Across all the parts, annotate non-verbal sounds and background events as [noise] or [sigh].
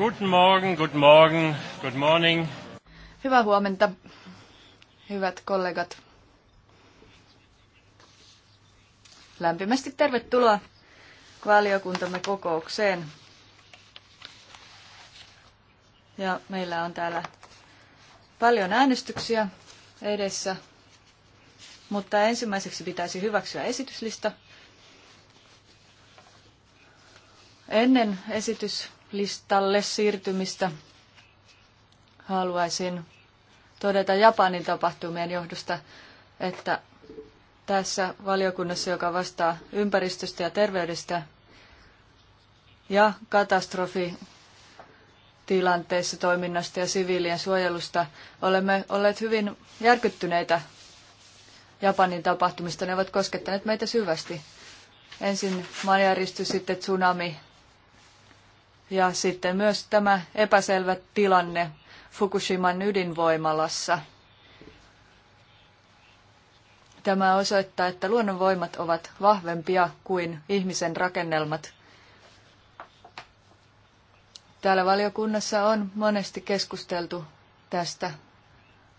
Guten Morgen, guten Morgen, good morning. Hyvää huomenta, hyvät kollegat. Lämpimästi tervetuloa valiokuntamme kokoukseen. Ja meillä on täällä paljon äänestyksiä edessä, mutta ensimmäiseksi pitäisi hyväksyä esityslista. Ennen esitys listalle siirtymistä haluaisin todeta Japanin tapahtumien johdosta, että tässä valiokunnassa, joka vastaa ympäristöstä ja terveydestä ja katastrofitilanteessa toiminnasta ja siviilien suojelusta, olemme olleet hyvin järkyttyneitä Japanin tapahtumista. Ne ovat koskettaneet meitä syvästi. Ensin maanjäristys, sitten tsunami, ja sitten myös tämä epäselvä tilanne Fukushiman ydinvoimalassa. Tämä osoittaa, että luonnonvoimat ovat vahvempia kuin ihmisen rakennelmat. Täällä valiokunnassa on monesti keskusteltu tästä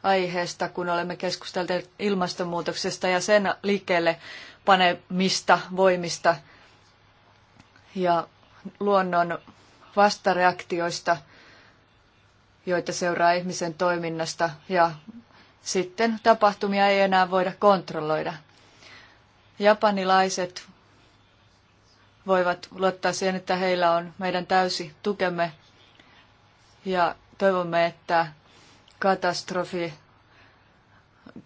aiheesta, kun olemme keskustelleet ilmastonmuutoksesta ja sen liikkeelle panemista voimista ja luonnon vastareaktioista, joita seuraa ihmisen toiminnasta ja sitten tapahtumia ei enää voida kontrolloida. Japanilaiset voivat luottaa siihen, että heillä on meidän täysi tukemme ja toivomme, että katastrofi,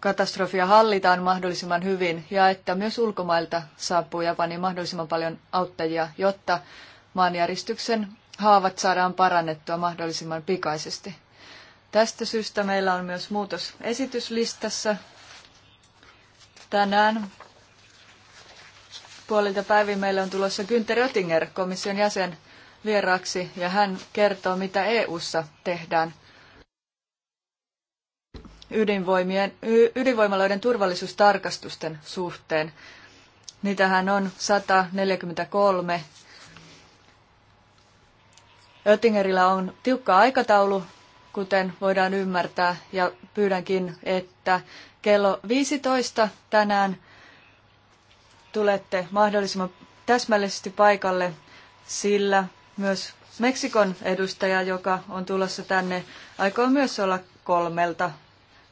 katastrofia hallitaan mahdollisimman hyvin ja että myös ulkomailta saapuu Japaniin mahdollisimman paljon auttajia, jotta maanjäristyksen haavat saadaan parannettua mahdollisimman pikaisesti. Tästä syystä meillä on myös muutos esityslistassa tänään. Puolilta päivin meillä on tulossa Günther Oettinger, komission jäsen, vieraaksi, ja hän kertoo, mitä EU:ssa tehdään ydinvoimien, ydinvoimaloiden turvallisuustarkastusten suhteen. Niitähän on 143 Oettingerillä on tiukka aikataulu, kuten voidaan ymmärtää, ja pyydänkin, että kello 15 tänään tulette mahdollisimman täsmällisesti paikalle, sillä myös Meksikon edustaja, joka on tulossa tänne, aikoo myös olla kolmelta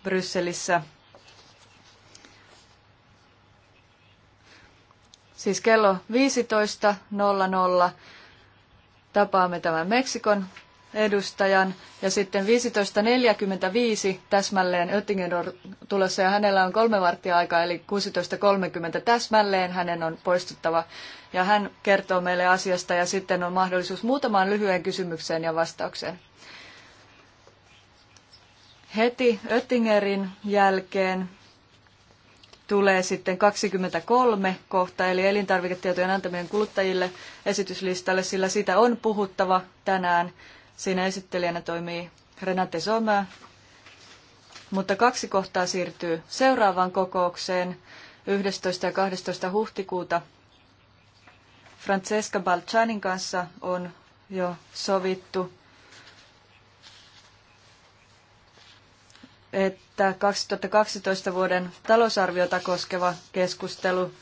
Brysselissä. Siis kello 15.00 tapaamme tämän Meksikon edustajan ja sitten 15.45 täsmälleen Oettingen on tulossa ja hänellä on kolme varttia aikaa eli 16.30 täsmälleen hänen on poistuttava ja hän kertoo meille asiasta ja sitten on mahdollisuus muutamaan lyhyen kysymykseen ja vastaukseen. Heti Oettingerin jälkeen tulee sitten 23 kohta, eli elintarviketietojen antaminen kuluttajille esityslistalle, sillä sitä on puhuttava tänään. Siinä esittelijänä toimii Renate Sommer, mutta kaksi kohtaa siirtyy seuraavaan kokoukseen 11. ja 12. huhtikuuta. Francesca Balchanin kanssa on jo sovittu että 2012 vuoden talousarviota koskeva keskustelu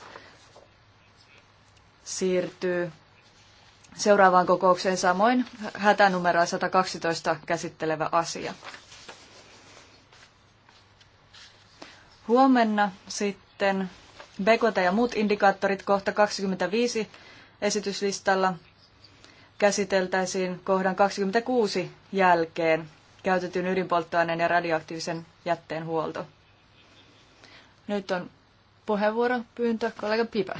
siirtyy seuraavaan kokoukseen samoin hätänumeroa 112 käsittelevä asia. Huomenna sitten BKT ja muut indikaattorit kohta 25 esityslistalla käsiteltäisiin kohdan 26 jälkeen käytetyn ydinpolttoaineen ja radioaktiivisen jätteen huolto. Nyt on puheenvuoro, pyyntö, kollega Pipa.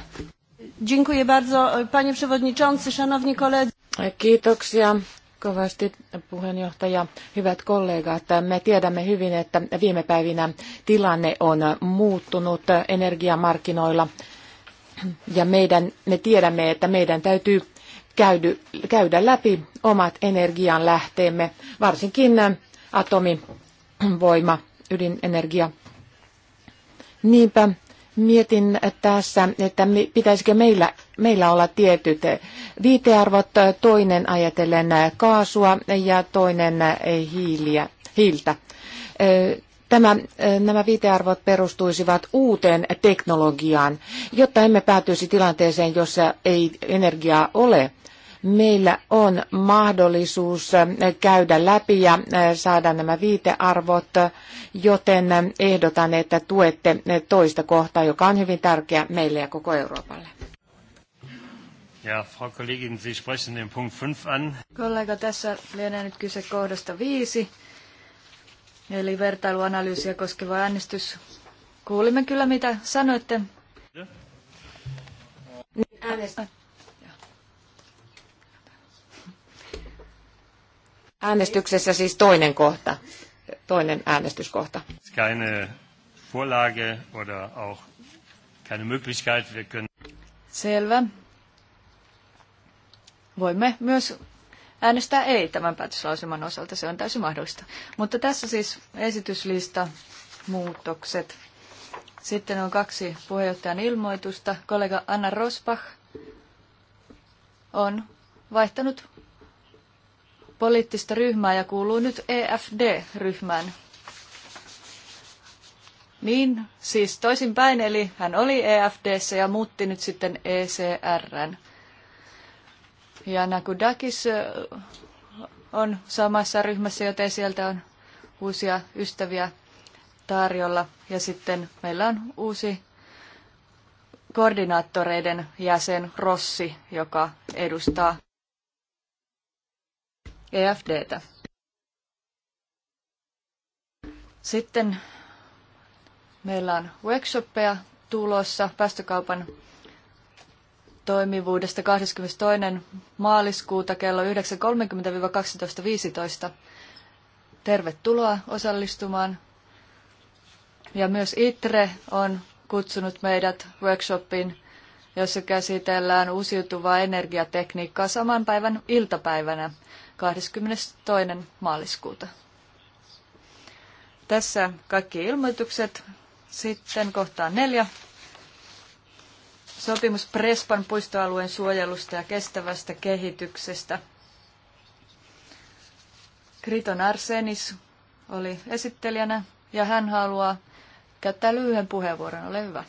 Dziękuję bardzo, panie przewodniczący, szanowni koledzy. Kiitoksia kovasti puheenjohtaja. Hyvät kollegat, me tiedämme hyvin, että viime päivinä tilanne on muuttunut energiamarkkinoilla ja meidän, me tiedämme, että meidän täytyy käydy, käydä läpi omat energianlähteemme, varsinkin äh, atomivoima, ydinenergia. Niinpä mietin tässä, että pitäisikö meillä, meillä olla tietyt viitearvot, toinen ajatellen kaasua ja toinen hiiliä, hiiltä. Tämä, nämä viitearvot perustuisivat uuteen teknologiaan, jotta emme päätyisi tilanteeseen, jossa ei energiaa ole meillä on mahdollisuus äh, käydä läpi ja äh, saada nämä viitearvot, joten äh, ehdotan, että tuette toista kohtaa, joka on hyvin tärkeä meille ja koko Euroopalle. Ja, Frau Kollegin, Sie sprechen den Punkt 5 an. Kollega, tässä lienee nyt kyse kohdasta 5, eli vertailuanalyysiä koskeva äänestys. Kuulimme kyllä, mitä sanoitte. Äänestys Äänestyksessä siis toinen kohta, toinen äänestyskohta. Keine Vorlage oder auch keine Möglichkeit. Wir können... Selvä. Voimme myös äänestää ei tämän päätöslauseman osalta, se on täysin mahdollista. Mutta tässä siis esityslista muutokset. Sitten on kaksi puheenjohtajan ilmoitusta. Kollega Anna Rosbach on vaihtanut poliittista ryhmää ja kuuluu nyt EFD-ryhmään. Niin, siis toisinpäin, eli hän oli EFDssä ja muutti nyt sitten ECRn. Ja Nakudakis on samassa ryhmässä, joten sieltä on uusia ystäviä tarjolla. Ja sitten meillä on uusi koordinaattoreiden jäsen Rossi, joka edustaa EFDtä. Sitten meillä on workshoppeja tulossa päästökaupan toimivuudesta 22. maaliskuuta kello 9.30-12.15. Tervetuloa osallistumaan. Ja myös ITRE on kutsunut meidät workshopin jossa käsitellään uusiutuvaa energiatekniikkaa saman päivän iltapäivänä 22. maaliskuuta. Tässä kaikki ilmoitukset. Sitten kohtaan neljä. Sopimus Prespan puistoalueen suojelusta ja kestävästä kehityksestä. Kriton Arsenis oli esittelijänä ja hän haluaa käyttää lyhyen puheenvuoron. Ole hyvä.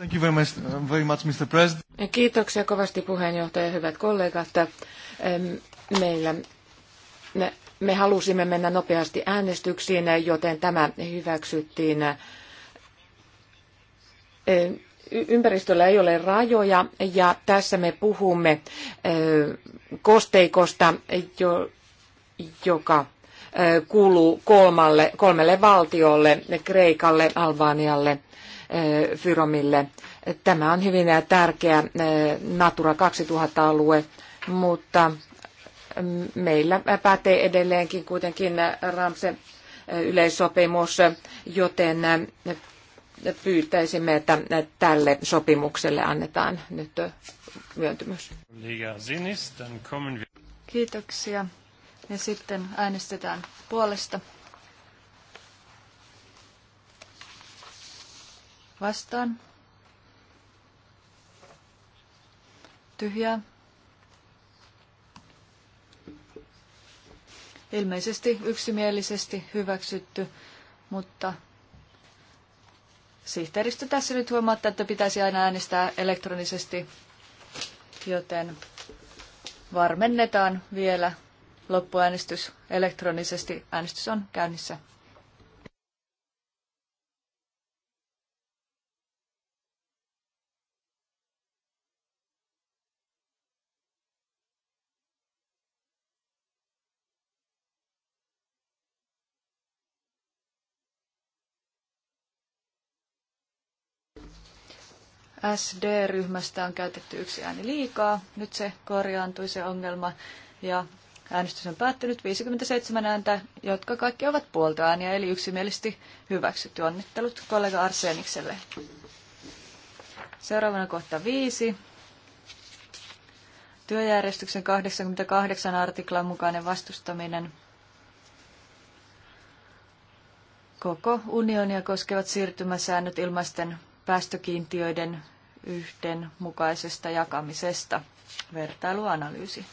Thank you very much, very much, Mr. President. Kiitoksia kovasti puheenjohtaja, hyvät kollegat. Ähm, meillä me, me halusimme mennä nopeasti äänestyksiin, joten tämä hyväksyttiin. Äh, ympäristöllä ei ole rajoja ja tässä me puhumme äh, kosteikosta, joka äh, kuuluu kolmalle, kolmelle valtiolle, Kreikalle, Albanialle – Fyromille. Tämä on hyvin tärkeä eh, Natura 2000-alue, mutta meillä pätee edelleenkin kuitenkin Ramse eh, yleissopimus, joten eh, pyytäisimme, että tälle sopimukselle annetaan nyt myöntymys. Kiitoksia. Ja sitten äänestetään puolesta. vastaan. Tyhjää. Ilmeisesti yksimielisesti hyväksytty, mutta sihteeristö tässä nyt huomauttaa, että pitäisi aina äänestää elektronisesti, joten varmennetaan vielä loppuäänestys elektronisesti. Äänestys on käynnissä. SD-ryhmästä on käytetty yksi ääni liikaa. Nyt se korjaantui se ongelma ja äänestys on päättynyt 57 ääntä, jotka kaikki ovat puolta ääniä, eli yksimielisesti hyväksytty. Onnittelut kollega Arsenikselle. Seuraavana kohta viisi. Työjärjestyksen 88 artiklan mukainen vastustaminen. Koko unionia koskevat siirtymäsäännöt ilmaisten päästökiintiöiden yhdenmukaisesta jakamisesta. Vertailuanalyysi.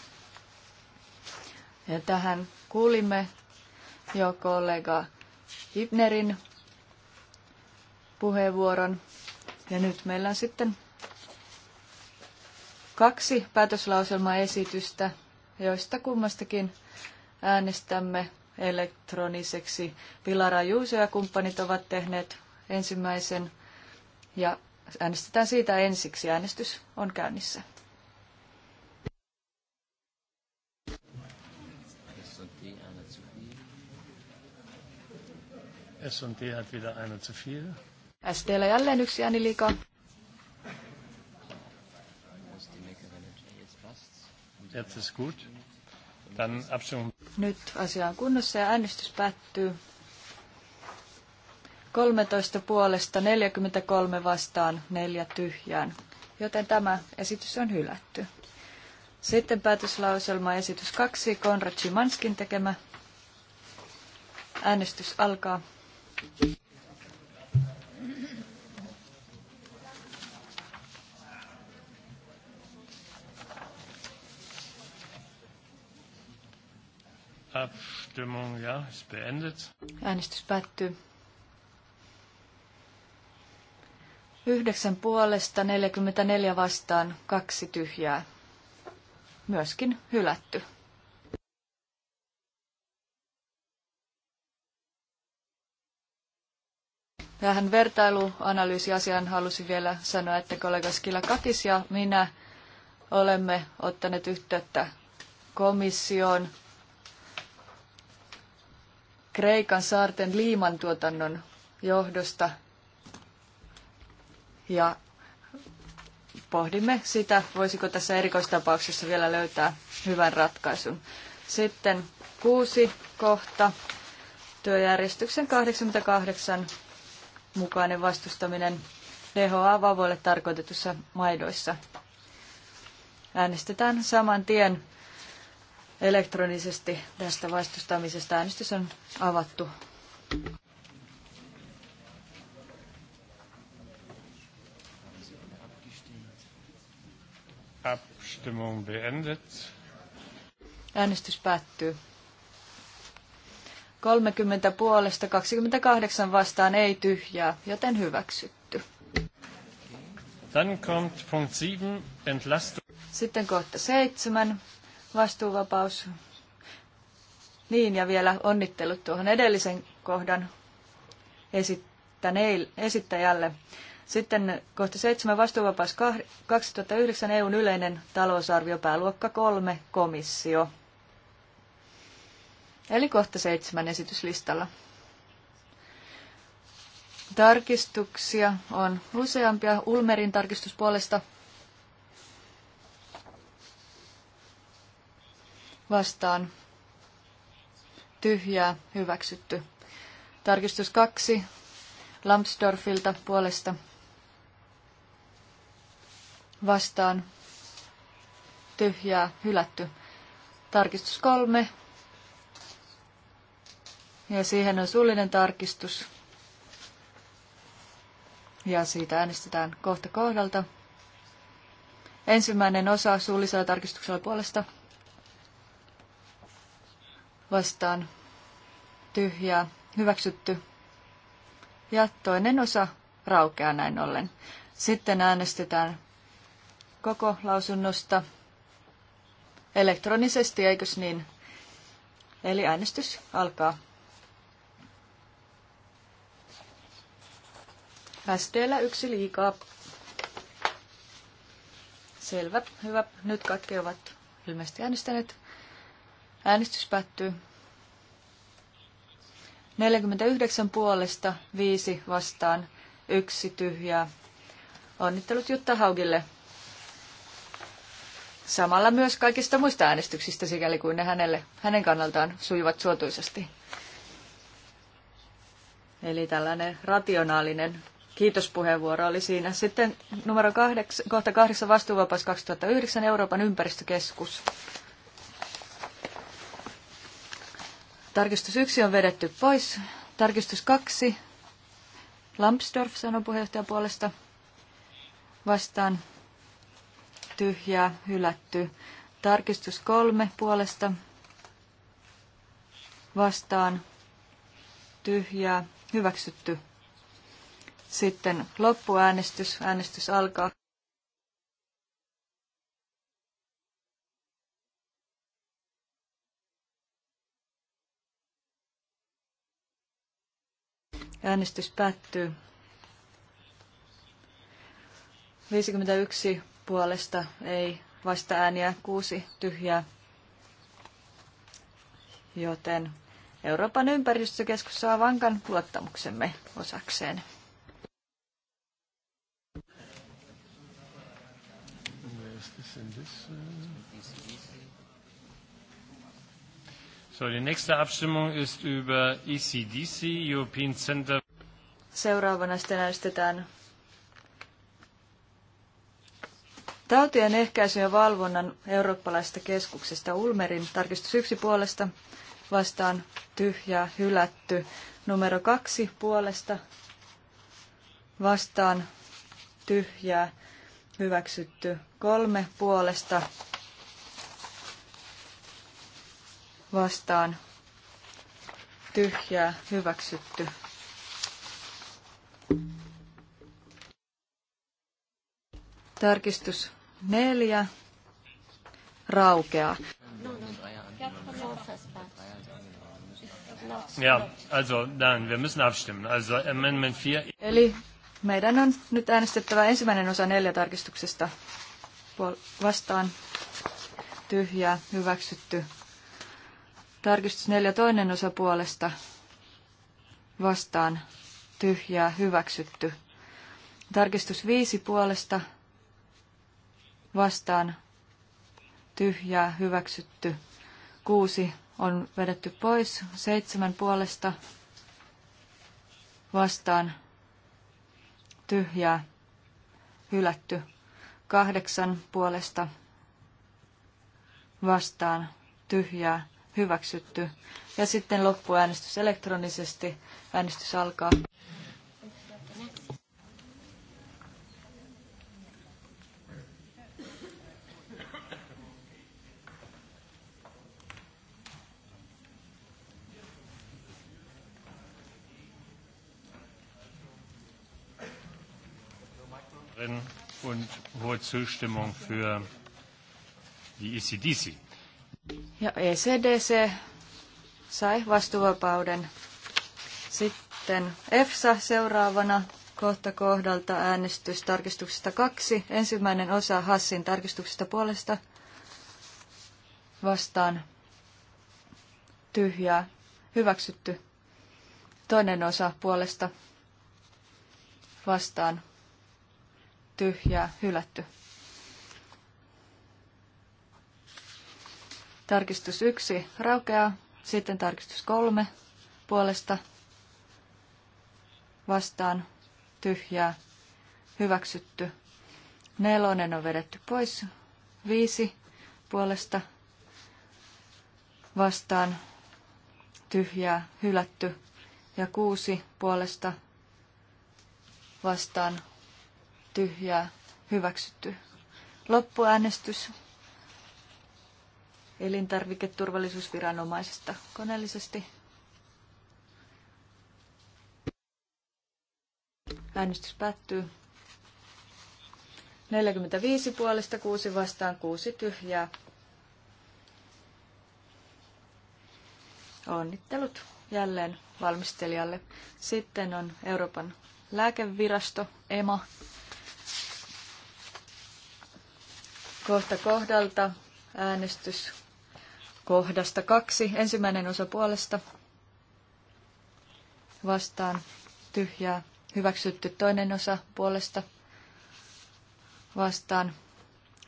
Ja tähän kuulimme jo kollega Hibnerin puheenvuoron. Ja nyt meillä on sitten kaksi päätöslauselmaesitystä, joista kummastakin äänestämme elektroniseksi. Pilara Juuso ja kumppanit ovat tehneet ensimmäisen ja äänestetään siitä ensiksi. Äänestys on käynnissä. S&T hat wieder einer zu viel. STllä jälleen yksi ääni liikaa. Jetzt ist gut. Dann Abstimmung. Nyt asia on kunnossa ja äänestys päättyy. 13 puolesta 43 vastaan 4 tyhjään, joten tämä esitys on hylätty. Sitten päätöslauselma esitys 2, Konrad Szymanskin tekemä. Äänestys alkaa. Äänestys päättyy. Yhdeksän puolesta, 44 vastaan, kaksi tyhjää. Myöskin hylätty. Tähän vertailuanalyysiasiaan halusin vielä sanoa, että kollega Skila Katis ja minä olemme ottaneet yhteyttä komissioon Kreikan saarten liiman tuotannon johdosta – ja pohdimme sitä, voisiko tässä erikoistapauksessa vielä löytää hyvän ratkaisun. Sitten kuusi kohta, työjärjestyksen 88 mukainen vastustaminen DHA-vavoille tarkoitetussa maidoissa. Äänestetään saman tien elektronisesti tästä vastustamisesta. Äänestys on avattu. Abstimmung beendet. Äänestys päättyy. 30 puolesta 28 vastaan ei tyhjää, joten hyväksytty. Dann kommt Punkt 7, Entlastung. Sitten kohta seitsemän, vastuuvapaus. Niin ja vielä onnittelut tuohon edellisen kohdan esittäjälle. Sitten kohta seitsemän vastuuvapaus 2009 EUn yleinen talousarvio pääluokka 3 komissio. Eli kohta seitsemän esityslistalla. Tarkistuksia on useampia. Ulmerin tarkistuspuolesta vastaan tyhjää hyväksytty. Tarkistus kaksi Lambsdorffilta puolesta vastaan tyhjää hylätty. Tarkistus kolme. Ja siihen on suullinen tarkistus. Ja siitä äänestetään kohta kohdalta. Ensimmäinen osa suullisella tarkistuksella puolesta. Vastaan tyhjää, hyväksytty. Ja toinen osa raukeaa näin ollen. Sitten äänestetään koko lausunnosta elektronisesti, eikös niin? Eli äänestys alkaa. SDllä yksi liikaa. Selvä, hyvä. Nyt kaikki ovat ilmeisesti äänestäneet. Äänestys päättyy. 49 puolesta, 5 vastaan, yksi tyhjää. Onnittelut Jutta Haugille. Samalla myös kaikista muista äänestyksistä, sikäli kuin ne hänelle, hänen kannaltaan sujuvat suotuisasti. Eli tällainen rationaalinen kiitospuheenvuoro oli siinä. Sitten numero kahdeksan, kohta kahdeksan vastuuvapas 2009 Euroopan ympäristökeskus. Tarkistus yksi on vedetty pois. Tarkistus kaksi. Lambsdorff sanoi puheenjohtajan puolesta vastaan tyhjää, hylätty. Tarkistus kolme puolesta vastaan, tyhjää, hyväksytty. Sitten loppuäänestys, äänestys alkaa. Äänestys päättyy. 51 puolesta ei vasta ääniä kuusi tyhjää. Joten Euroopan ympäristökeskus saa vankan luottamuksemme osakseen. So, die nächste Abstimmung ist über ECDC, European Center. Seuraavana sitten äänestetään Tautien ehkäisyn ja valvonnan eurooppalaisesta keskuksesta Ulmerin tarkistus yksi puolesta vastaan tyhjä hylätty. Numero kaksi puolesta vastaan tyhjää hyväksytty. Kolme puolesta vastaan tyhjää hyväksytty. Tarkistus neljä raukeaa. Ja, also dann, wir müssen abstimmen. Also Amendment 4. Eli meidän on nyt äänestettävä ensimmäinen osa neljä tarkistuksesta Puol- vastaan tyhjää, hyväksytty. Tarkistus neljä toinen osa puolesta vastaan tyhjää, hyväksytty. Tarkistus viisi puolesta vastaan tyhjää hyväksytty. Kuusi on vedetty pois. Seitsemän puolesta vastaan tyhjää hylätty. Kahdeksan puolesta vastaan tyhjää hyväksytty. Ja sitten loppuäänestys elektronisesti. Äänestys alkaa. hohe Zustimmung für die ECDC. Ja ECDC sai vastuvapauden. Sitten EFSA seuraavana kohta kohdalta äänestys tarkistuksesta kaksi. Ensimmäinen osa Hassin tarkistuksesta puolesta vastaan tyhjää hyväksytty. Toinen osa puolesta vastaan tyhjää, hylätty. Tarkistus yksi raukeaa, sitten tarkistus kolme puolesta vastaan tyhjää, hyväksytty. Nelonen on vedetty pois, viisi puolesta vastaan tyhjää, hylätty. Ja kuusi puolesta vastaan tyhjää hyväksytty. Loppuäänestys elintarviketurvallisuusviranomaisesta koneellisesti. Äänestys päättyy. 45 puolesta, 6 vastaan, 6 tyhjää. Onnittelut jälleen valmistelijalle. Sitten on Euroopan lääkevirasto, EMA. kohta kohdalta äänestys kohdasta kaksi. Ensimmäinen osa puolesta vastaan tyhjää hyväksytty. Toinen osa puolesta vastaan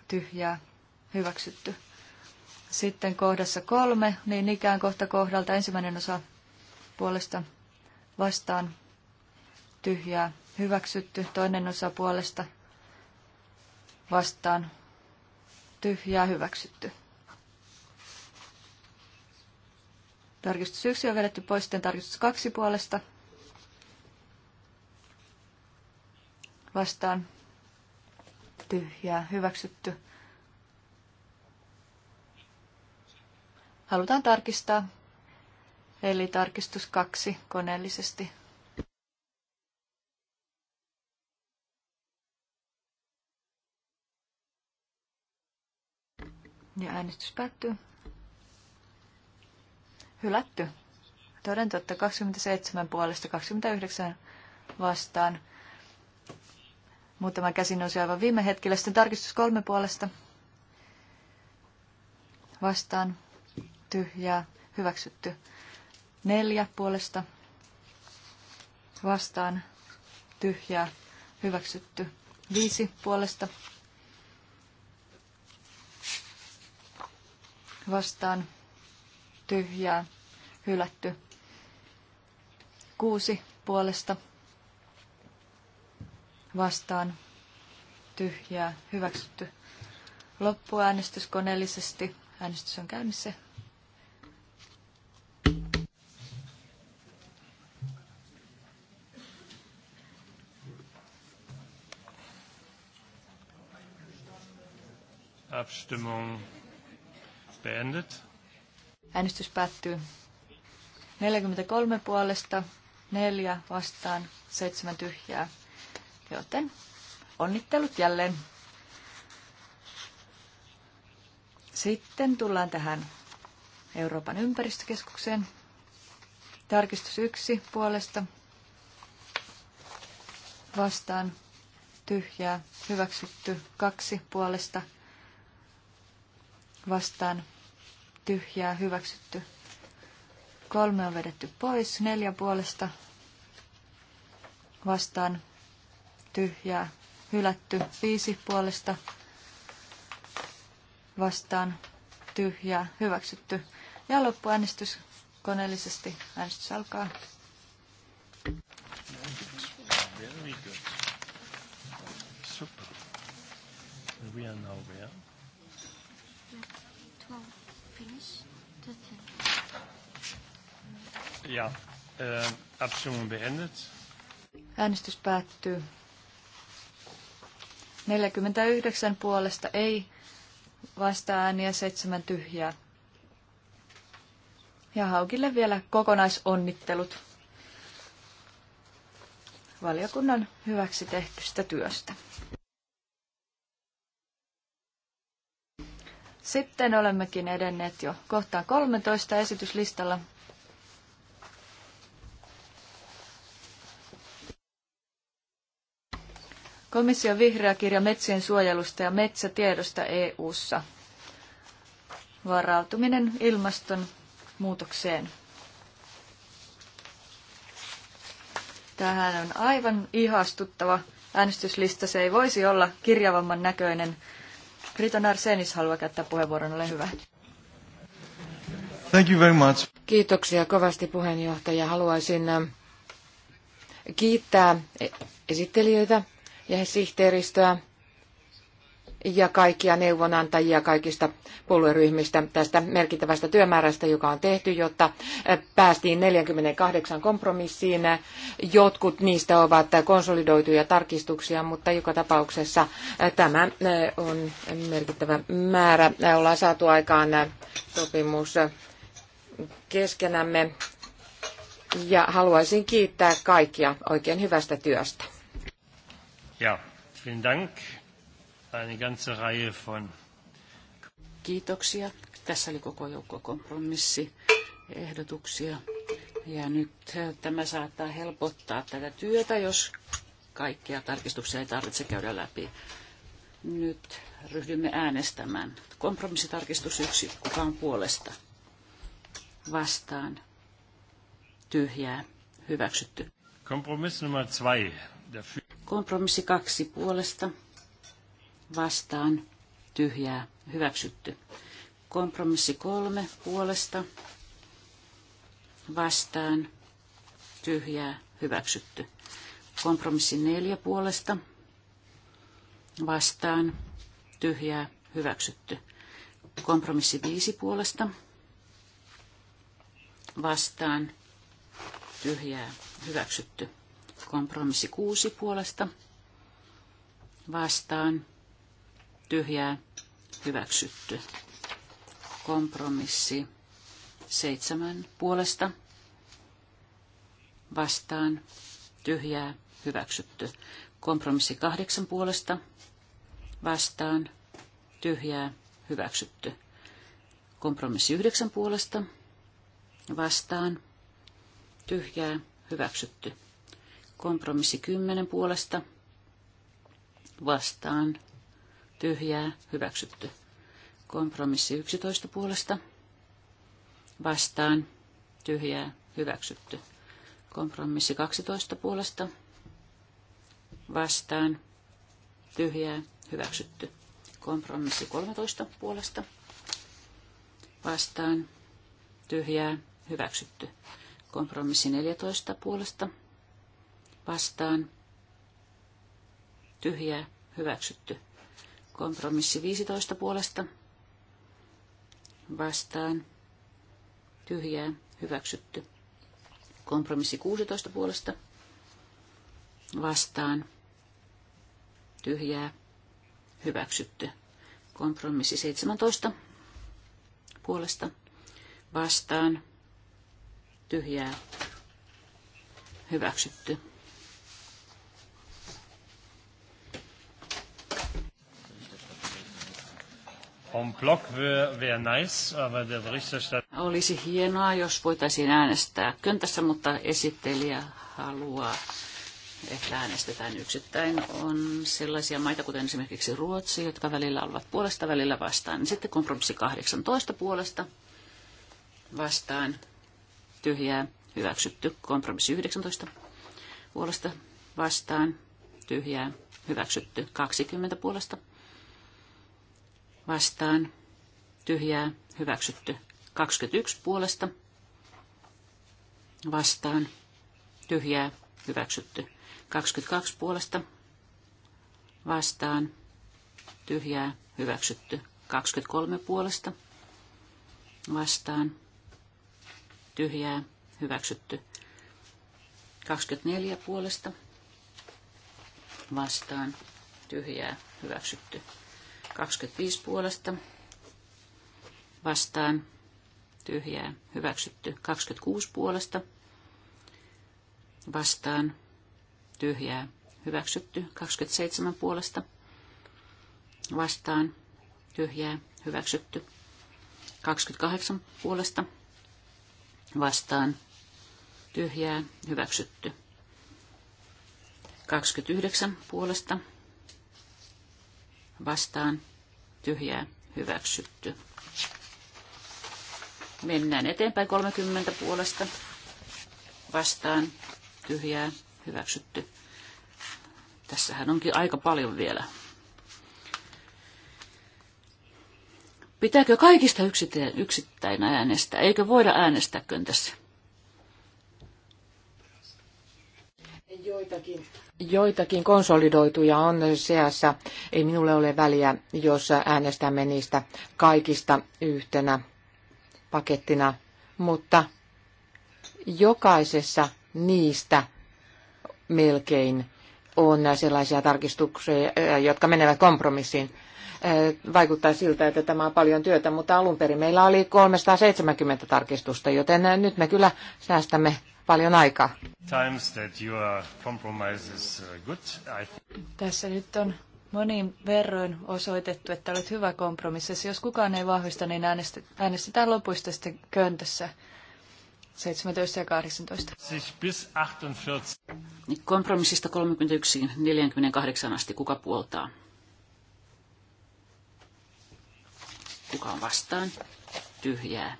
tyhjää hyväksytty. Sitten kohdassa kolme, niin ikään kohta kohdalta ensimmäinen osa puolesta vastaan tyhjää hyväksytty. Toinen osa puolesta vastaan ja hyväksytty. Tarkistus 1 on vedetty pois, sitten tarkistus 2 puolesta. Vastaan tyhjää hyväksytty. Halutaan tarkistaa. Eli tarkistus 2 koneellisesti. Ja äänestys päättyy. Hylätty. Toden totta 27 puolesta 29 vastaan. Muutama käsi nousi aivan viime hetkellä. Sitten tarkistus kolme puolesta. Vastaan. Tyhjää. Hyväksytty. Neljä puolesta. Vastaan. Tyhjää. Hyväksytty. Viisi puolesta vastaan tyhjää hylätty. Kuusi puolesta vastaan tyhjää hyväksytty. Loppuäänestys koneellisesti. Äänestys on käynnissä. Abstimmung beendet. Äänestys päättyy. 43 puolesta, 4 vastaan, 7 tyhjää. Joten onnittelut jälleen. Sitten tullaan tähän Euroopan ympäristökeskukseen. Tarkistus 1 puolesta, vastaan, tyhjää, hyväksytty, kaksi puolesta, vastaan tyhjää hyväksytty. Kolme on vedetty pois, neljä puolesta vastaan tyhjää hylätty, viisi puolesta vastaan tyhjää hyväksytty. Ja loppuäänestys koneellisesti. Äänestys alkaa. Super. We are now there. Ja, äh, Abstimmung beendet. Äänestys päättyy. 49 puolesta ei vasta ääniä, 7 tyhjää. Ja Haukille vielä kokonaisonnittelut valiokunnan hyväksi tehtystä työstä. Sitten olemmekin edenneet jo kohtaan 13 esityslistalla. Komission vihreä kirja metsien suojelusta ja metsätiedosta EU:ssa. Varautuminen ilmaston muutokseen. Tähän on aivan ihastuttava äänestyslista. Se ei voisi olla kirjavamman näköinen. Riton Arsenis haluaa käyttää puheenvuoron. Ole hyvä. Thank you very much. Kiitoksia kovasti puheenjohtaja. Haluaisin äh, kiittää esittelijöitä ja sihteeristöä ja kaikkia neuvonantajia kaikista puolueryhmistä tästä merkittävästä työmäärästä, joka on tehty, jotta eh, päästiin 48 kompromissiin. Jotkut niistä ovat konsolidoituja tarkistuksia, mutta joka tapauksessa eh, tämä eh, on merkittävä määrä. Ollaan saatu aikaan sopimus keskenämme ja haluaisin kiittää kaikkia oikein hyvästä työstä. Ja, vielen Dank. Eine ganze Reihe von... Kiitoksia. Tässä oli koko joukko kompromissiehdotuksia. Ja nyt tämä saattaa helpottaa tätä työtä, jos kaikkia tarkistuksia ei tarvitse käydä läpi. Nyt ryhdymme äänestämään. Kompromissitarkistus yksi. Kuka on puolesta? Vastaan. Tyhjää. Hyväksytty. Kompromiss numero 2. Kompromissi kaksi puolesta vastaan tyhjää hyväksytty. Kompromissi kolme puolesta vastaan tyhjää hyväksytty. Kompromissi neljä puolesta vastaan tyhjää hyväksytty. Kompromissi viisi puolesta vastaan tyhjää hyväksytty. Kompromissi kuusi puolesta vastaan tyhjää hyväksytty. Kompromissi seitsemän puolesta vastaan tyhjää hyväksytty. Kompromissi kahdeksan puolesta vastaan tyhjää hyväksytty. Kompromissi yhdeksän puolesta vastaan tyhjää hyväksytty. Kompromissi kymmenen puolesta vastaan tyhjää hyväksytty. Kompromissi 11 puolesta vastaan tyhjää hyväksytty. Kompromissi 12 puolesta vastaan tyhjää hyväksytty. Kompromissi 13 puolesta vastaan tyhjää hyväksytty. Kompromissi 14 puolesta vastaan, vastaan tyhjää hyväksytty. Kompromissi 15 puolesta vastaan tyhjää hyväksytty. Kompromissi 16 puolesta vastaan tyhjää hyväksytty. Kompromissi 17 puolesta vastaan tyhjää hyväksytty. On block nice, aber der Berichterstatter... Olisi hienoa, jos voitaisiin äänestää köntässä, mutta esittelijä haluaa, että äänestetään yksittäin. On sellaisia maita, kuten esimerkiksi Ruotsi, jotka välillä ovat puolesta, välillä vastaan. Niin sitten kompromissi 18 puolesta vastaan. Tyhjää hyväksytty. Kompromissi 19 puolesta vastaan. Tyhjää hyväksytty. 20 puolesta vastaan tyhjää hyväksytty. 21 puolesta vastaan tyhjää hyväksytty. 22 puolesta vastaan tyhjää hyväksytty. 23 puolesta vastaan tyhjää hyväksytty. 24 puolesta vastaan tyhjää hyväksytty. 25 puolesta vastaan tyhjää hyväksytty. 26 puolesta vastaan tyhjää hyväksytty. 27 puolesta vastaan tyhjää hyväksytty. 28 puolesta vastaan tyhjää hyväksytty. 29 puolesta vastaan tyhjää hyväksytty. Mennään eteenpäin 30 puolesta vastaan tyhjää hyväksytty. Tässähän onkin aika paljon vielä. Pitääkö kaikista yksittäin äänestää? Eikö voida äänestää tässä? Joitakin, joitakin konsolidoituja on seassa. Ei minulle ole väliä, jos äänestämme niistä kaikista yhtenä pakettina, mutta jokaisessa niistä melkein on sellaisia tarkistuksia, jotka menevät kompromissiin. Vaikuttaa siltä, että tämä on paljon työtä, mutta alun perin meillä oli 370 tarkistusta, joten nyt me kyllä säästämme paljon aikaa. Uh, Tässä nyt on monin verroin osoitettu, että olet hyvä kompromissi, Jos kukaan ei vahvista, niin äänestetään lopuista sitten köntössä. 17 ja 18. Niin kompromissista 31 48 asti. Kuka puoltaa? Kuka on vastaan? Tyhjää.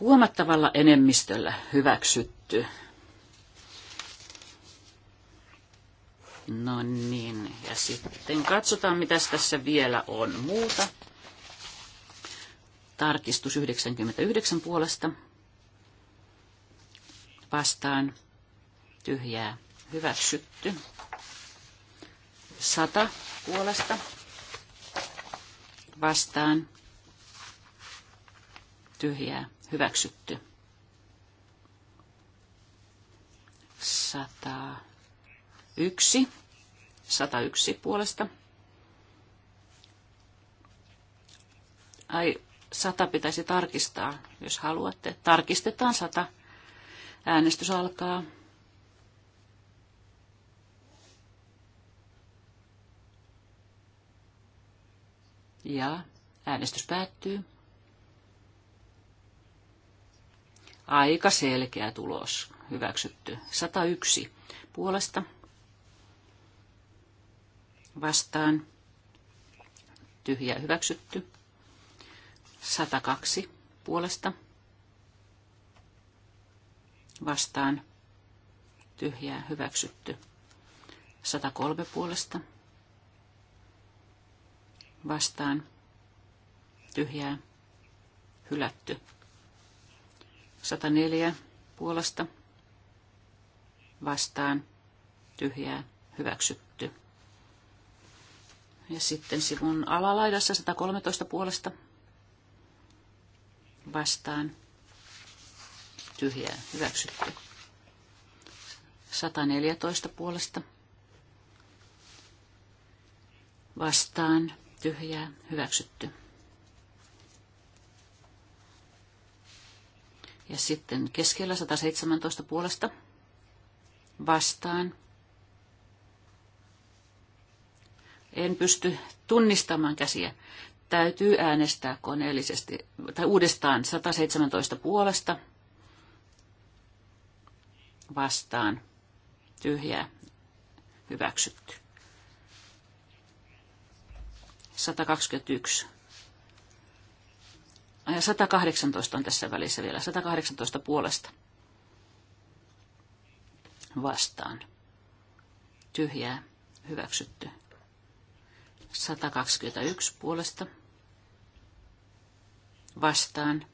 huomattavalla enemmistöllä hyväksytty. No niin, ja sitten katsotaan, mitä tässä vielä on muuta. Tarkistus 99 puolesta. Vastaan tyhjää hyväksytty. 100 puolesta. Vastaan tyhjää hyväksytty. 101. 101 puolesta. Ai, 100 pitäisi tarkistaa, jos haluatte. Tarkistetaan 100. Äänestys alkaa. Ja äänestys päättyy. Aika selkeä tulos. Hyväksytty. 101 puolesta. Vastaan. Tyhjä hyväksytty. 102 puolesta. Vastaan. Tyhjää hyväksytty. 103 puolesta. Vastaan. Tyhjää hylätty. 104 puolesta vastaan tyhjää hyväksytty. Ja sitten sivun alalaidassa 113 puolesta vastaan tyhjää hyväksytty. 114 puolesta vastaan tyhjää hyväksytty. Ja sitten keskellä 117 puolesta vastaan. En pysty tunnistamaan käsiä. Täytyy äänestää koneellisesti, tai uudestaan 117 puolesta vastaan. Tyhjää. Hyväksytty. 121 ja 118 on tässä välissä vielä. 118 puolesta. Vastaan. Tyhjää. Hyväksytty. 121 puolesta. Vastaan.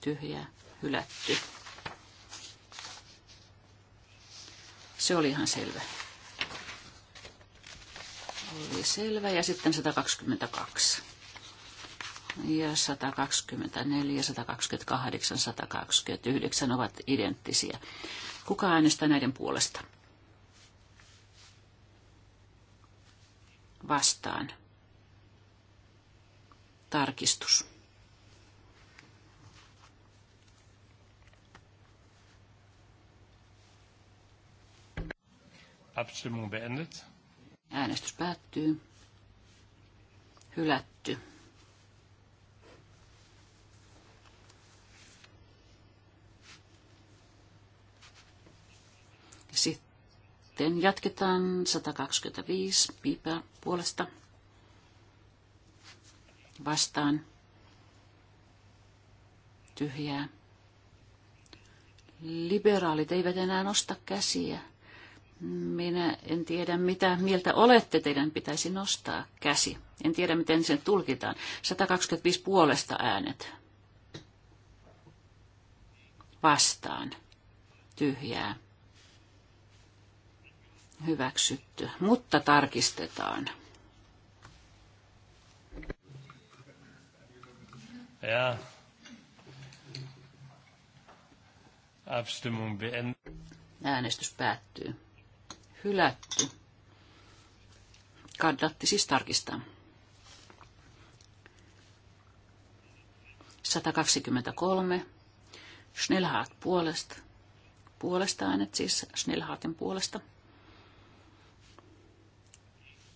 Tyhjää. Hylätty. Se oli ihan selvä. Oli selvä. Ja sitten 122 ja 124, 128, 129 ovat identtisiä. Kuka äänestää näiden puolesta? Vastaan. Tarkistus. Äänestys päättyy. Hylätty. Sitten jatketaan 125 piipää puolesta vastaan tyhjää. Liberaalit eivät enää nosta käsiä. Minä en tiedä, mitä mieltä olette, teidän pitäisi nostaa käsi. En tiedä, miten sen tulkitaan. 125 puolesta äänet. Vastaan. Tyhjää hyväksytty, mutta tarkistetaan. Ja. Äänestys päättyy. Hylätty. Kannatti siis tarkistaa. 123. Schnellhaat puolesta. Puolesta äänet siis Schnellhaatin puolesta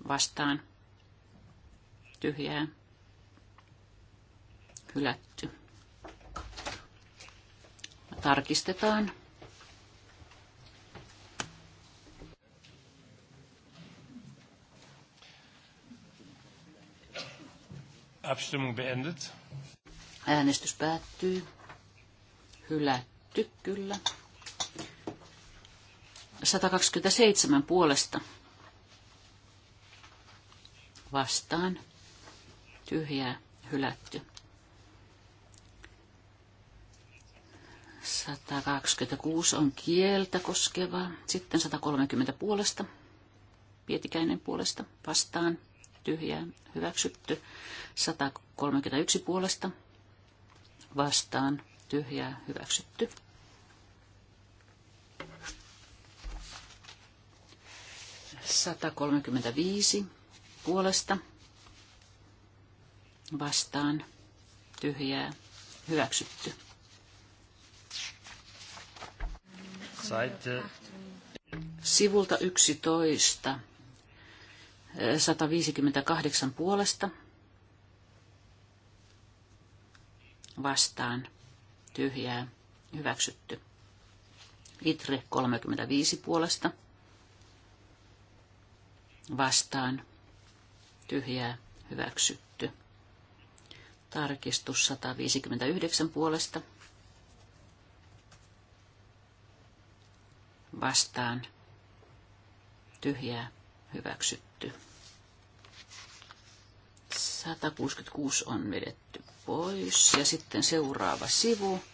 vastaan tyhjää hylätty. Tarkistetaan. Abstimmung beendet. Äänestys päättyy. Hylätty, kyllä. 127 puolesta vastaan tyhjä hylätty. 126 on kieltä koskeva. Sitten 130 puolesta. Pietikäinen puolesta vastaan. tyhjä hyväksytty. 131 puolesta vastaan. tyhjä hyväksytty. 135 puolesta vastaan tyhjää hyväksytty. Sivulta 11. 158 eh, puolesta vastaan tyhjää hyväksytty. Itre 35 puolesta vastaan tyhjää hyväksytty. Tarkistus 159 puolesta. Vastaan tyhjää hyväksytty. 166 on vedetty pois. Ja sitten seuraava sivu.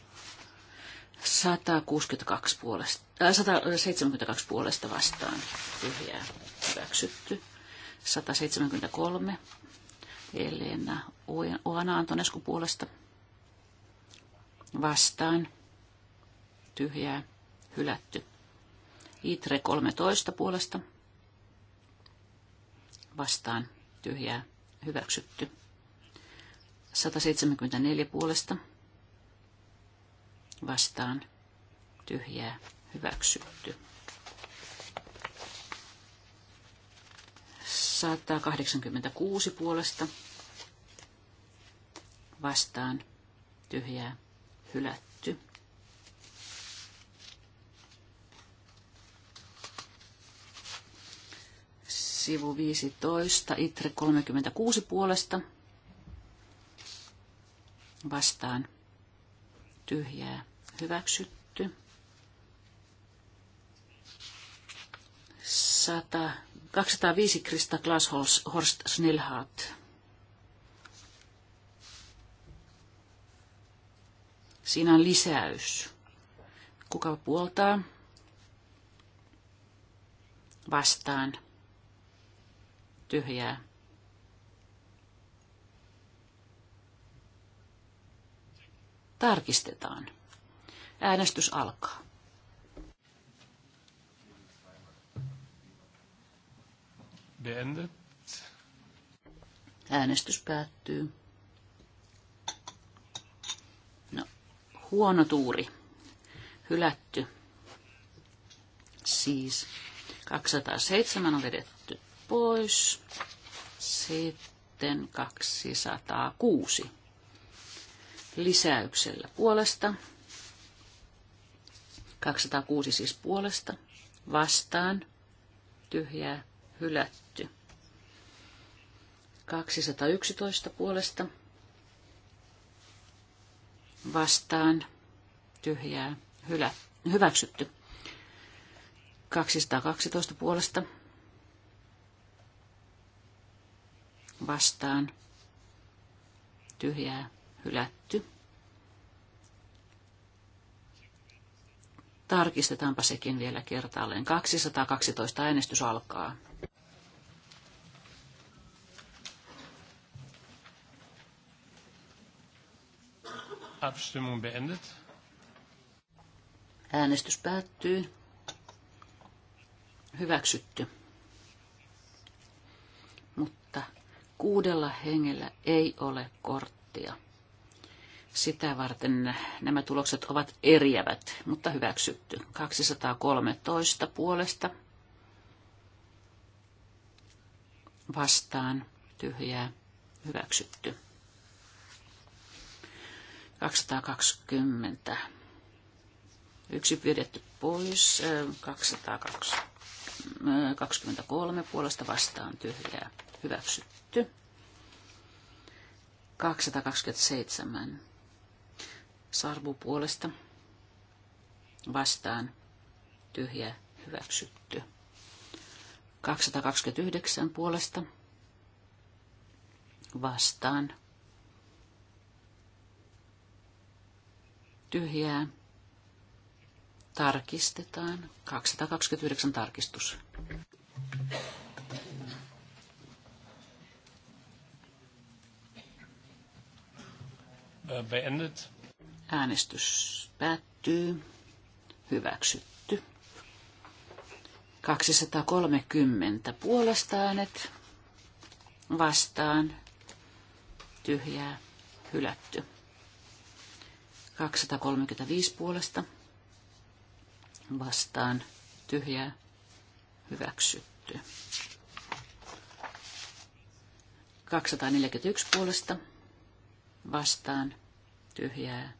162 puolesta, äh, 172 puolesta vastaan tyhjää hyväksytty. 173. Elena Oana Antonesku puolesta vastaan. Tyhjää hylätty. Itre 13 puolesta vastaan tyhjää hyväksytty. 174 puolesta vastaan tyhjää hyväksytty. saattaa 86 puolesta vastaan tyhjää hylätty. Sivu 15, ITRE 36 puolesta vastaan tyhjää hyväksytty. 100 205 Krista Horst Snellhaat. Siinä on lisäys. Kuka puoltaa? Vastaan. Tyhjää. Tarkistetaan. Äänestys alkaa. beendet. Äänestys päättyy. No, huono tuuri. Hylätty. Siis 207 on vedetty pois. Sitten 206 lisäyksellä puolesta. 206 siis puolesta. Vastaan. Tyhjää hylätty. 211 puolesta vastaan tyhjää hylä, hyväksytty. 212 puolesta vastaan tyhjää hylätty. Tarkistetaanpa sekin vielä kertaalleen. 212 äänestys alkaa. Abstimmung beendet. Äänestys päättyy. Hyväksytty. Mutta kuudella hengellä ei ole korttia. Sitä varten nämä tulokset ovat eriävät, mutta hyväksytty. 213 puolesta vastaan tyhjää hyväksytty. 220. Yksi pyydetty pois, 223 puolesta vastaan tyhjää hyväksytty. 227 sarvu puolesta vastaan tyhjä hyväksytty. 229 puolesta vastaan tyhjää. Tarkistetaan. 229 tarkistus. Äh, beendet. Äänestys päättyy. Hyväksytty. 230 puolesta äänet vastaan. Tyhjää. Hylätty. 235 puolesta vastaan tyhjää hyväksytty. 241 puolesta vastaan tyhjää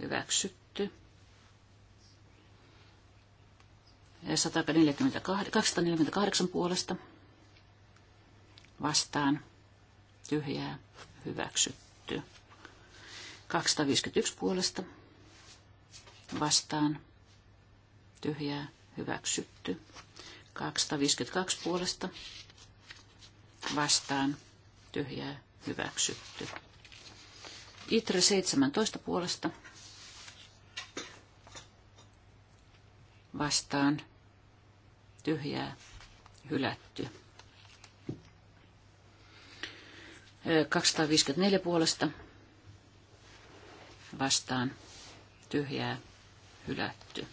hyväksytty. Ja 248 puolesta vastaan tyhjää hyväksytty. 251 puolesta vastaan tyhjää hyväksytty. 252 puolesta vastaan tyhjää hyväksytty. Itre 17 puolesta vastaan tyhjää hylätty. 254 puolesta vastaan tyhjää hylätty.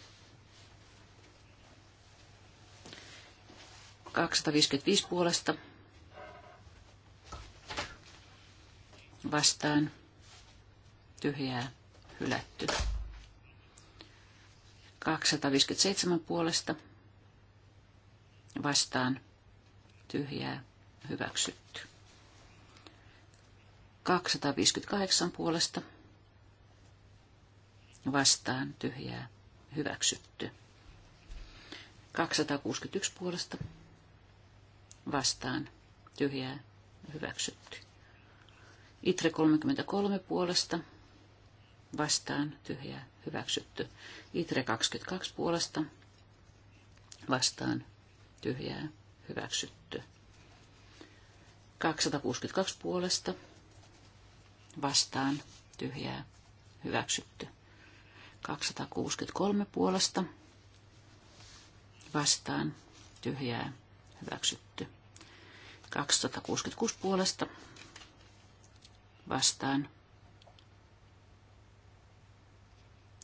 255 puolesta vastaan tyhjää hylätty. 257 puolesta vastaan tyhjää hyväksytty. 258 puolesta vastaan tyhjää hyväksytty. 261 puolesta vastaan tyhjää hyväksytty. Itre 33 puolesta vastaan tyhjää hyväksytty. Itre 22 puolesta vastaan tyhjää hyväksytty. 262 puolesta vastaan tyhjää hyväksytty. 263 puolesta vastaan tyhjää hyväksytty. 266 puolesta vastaan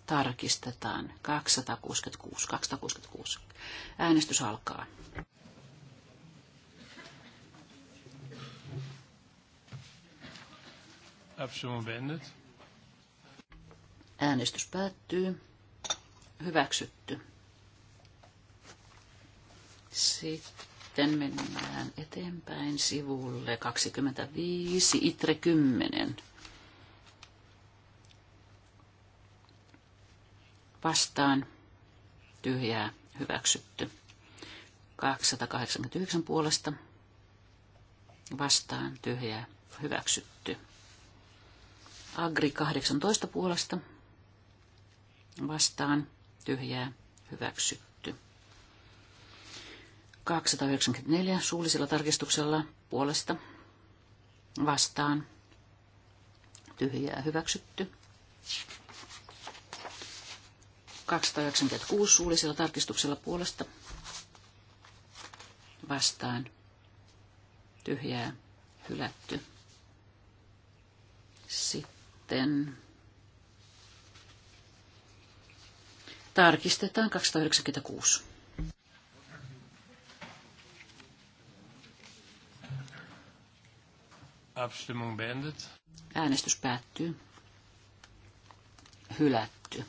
tarkistetaan 266. 266. Äänestys alkaa. Abstimmung beendet. Äänestys päättyy. Hyväksytty. Sitten mennään eteenpäin sivulle 25, itre 10. Vastaan tyhjää hyväksytty. 289 puolesta vastaan tyhjää hyväksytty. Agri 18 puolesta vastaan tyhjää hyväksytty. 294 suullisella tarkistuksella puolesta vastaan tyhjää hyväksytty. 296 suullisella tarkistuksella puolesta vastaan tyhjää hylätty. Sitten Tarkistetaan 296. Abstimmung beendet. Äänestys päättyy. Hylätty.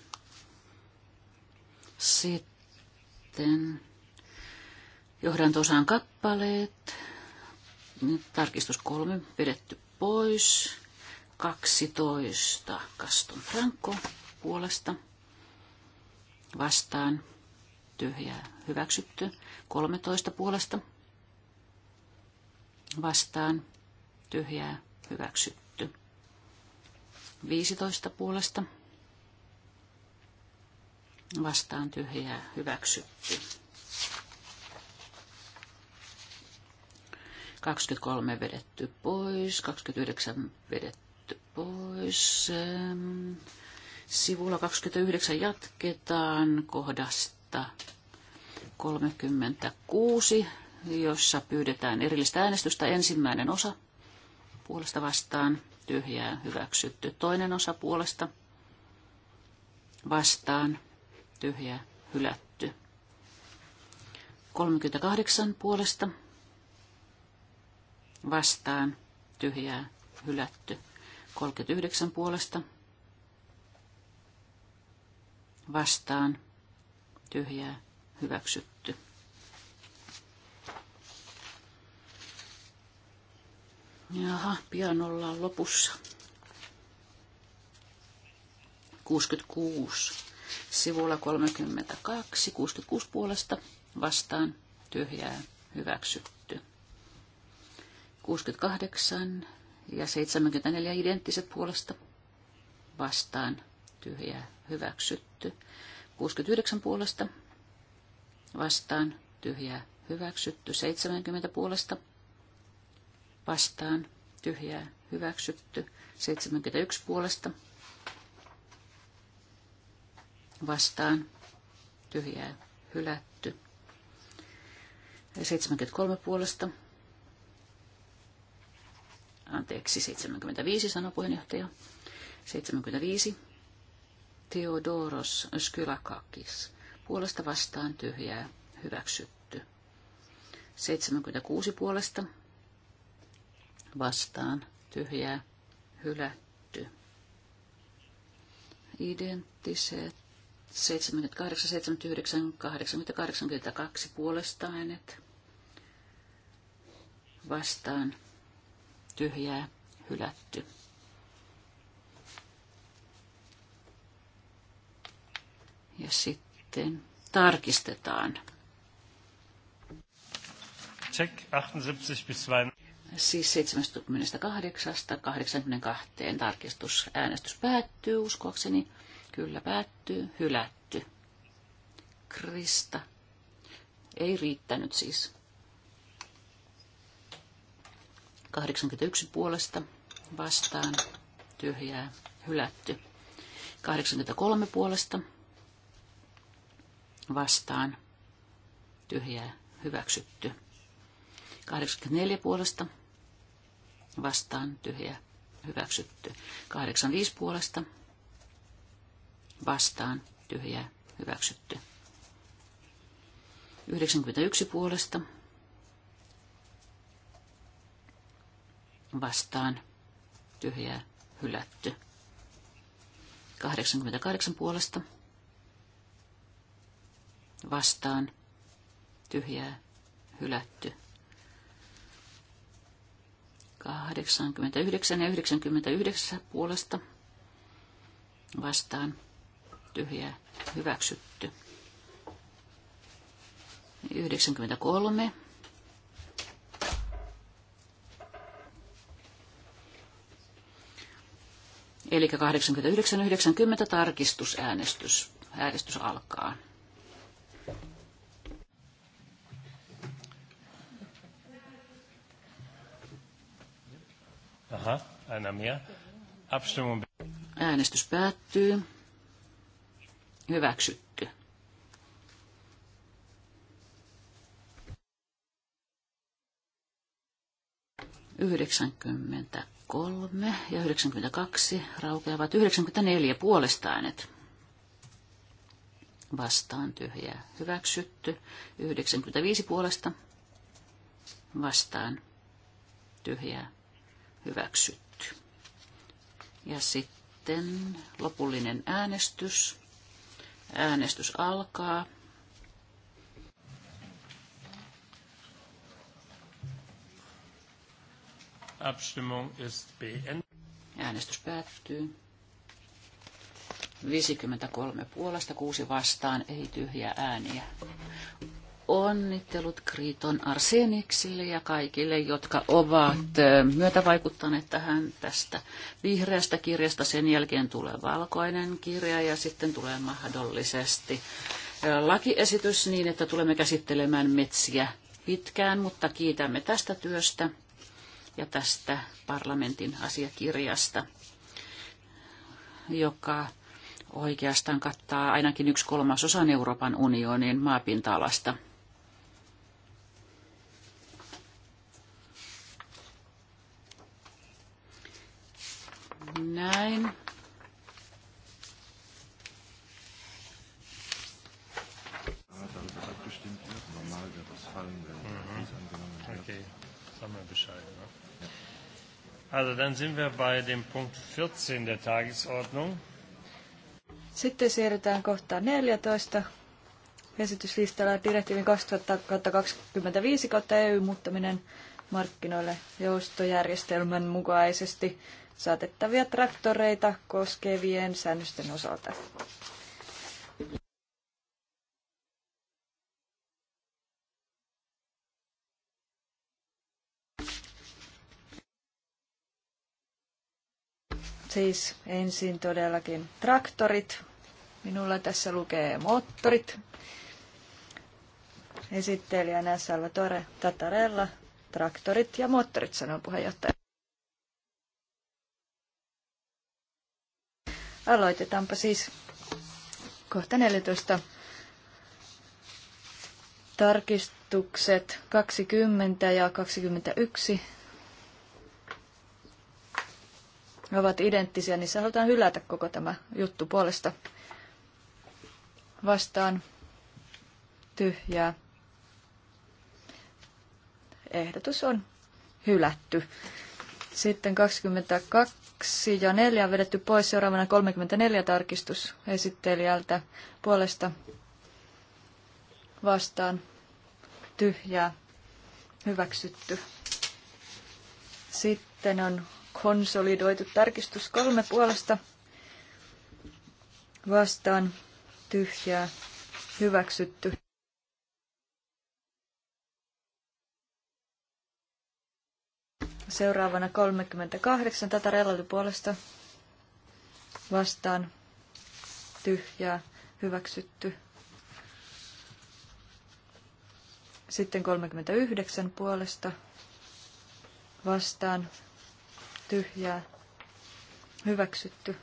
Sitten johdantosaan kappaleet. Tarkistus kolme pidetty pois. 12. Kaston Franco puolesta vastaan tyhjää hyväksytty. 13 puolesta vastaan tyhjää hyväksytty. 15 puolesta vastaan tyhjää hyväksytty. 23 vedetty pois, 29 vedetty pois. Sivulla 29 jatketaan kohdasta 36, jossa pyydetään erillistä äänestystä. Ensimmäinen osa puolesta vastaan, tyhjää hyväksytty. Toinen osa puolesta vastaan, tyhjää hylätty. 38 puolesta vastaan, tyhjää hylätty. 39 puolesta vastaan tyhjää hyväksytty. Jaha, pian ollaan lopussa. 66. Sivulla 32, 66 puolesta vastaan tyhjää hyväksytty. 68 ja 74 identtiset puolesta vastaan tyhjä hyväksytty. 69 puolesta vastaan tyhjää hyväksytty. 70 puolesta vastaan tyhjää hyväksytty. 71 puolesta vastaan tyhjää hylätty. 73 puolesta anteeksi, 75 sanoi puheenjohtaja. 75 Theodoros Skylakakis. Puolesta vastaan tyhjää hyväksytty. 76 puolesta vastaan tyhjää hylätty. Identtiset 78, 79, 80, 82 puolesta äänet vastaan tyhjää hylätty. ja sitten tarkistetaan. Check 78 Siis 78, 82 tarkistus. Äänestys päättyy, uskoakseni. Kyllä päättyy, hylätty. Krista. Ei riittänyt siis. 81 puolesta vastaan tyhjää hylätty. 83 puolesta vastaan tyhjää hyväksytty. 84 puolesta vastaan tyhjä hyväksytty. 85 puolesta vastaan tyhjä hyväksytty. 91 puolesta vastaan tyhjä hylätty. 88 puolesta vastaan tyhjää hylätty. 89 ja 99 puolesta vastaan tyhjää hyväksytty. 93 Eli 89-90 tarkistusäänestys. Äänestys alkaa. Aha, aina mehr. Abstimmung. Äänestys päättyy. Hyväksytty. Yhdeksänkymmentä kolme ja 92 raukeavat 94 puolesta äänet. Vastaan tyhjää hyväksytty. 95 puolesta vastaan tyhjää hyväksytty. Ja sitten lopullinen äänestys. Äänestys alkaa. Abstimmung ist Äänestys päättyy. 53 puolesta, 6 vastaan, ei tyhjää ääniä onnittelut Kriiton Arseniksille ja kaikille, jotka ovat myötävaikuttaneet tähän tästä vihreästä kirjasta. Sen jälkeen tulee valkoinen kirja ja sitten tulee mahdollisesti lakiesitys niin, että tulemme käsittelemään metsiä pitkään, mutta kiitämme tästä työstä ja tästä parlamentin asiakirjasta, joka oikeastaan kattaa ainakin yksi kolmasosan Euroopan unionin maapinta-alasta. sind wir bei dem Punkt 14 der Tagesordnung. Sitten siirrytään kohtaan 14. Esityslistalla direktiivin 2025-EU e muuttaminen markkinoille joustojärjestelmän mukaisesti saatettavia traktoreita koskevien säännösten osalta. siis ensin todellakin traktorit. Minulla tässä lukee moottorit. Esittelijänä Salvatore Tatarella, traktorit ja moottorit, sanoo puheenjohtaja. Aloitetaanpa siis kohta 14. Tarkistukset 20 ja 21 ne ovat identtisiä, niin se halutaan hylätä koko tämä juttu puolesta vastaan tyhjää. Ehdotus on hylätty. Sitten 22 ja 4 on vedetty pois. Seuraavana 34 tarkistus esittelijältä puolesta vastaan tyhjää hyväksytty. Sitten on konsolidoitu tarkistus kolme puolesta vastaan tyhjää hyväksytty. Seuraavana 38 tätä relali puolesta vastaan tyhjää hyväksytty. Sitten 39 puolesta vastaan tyhjää, hyväksytty.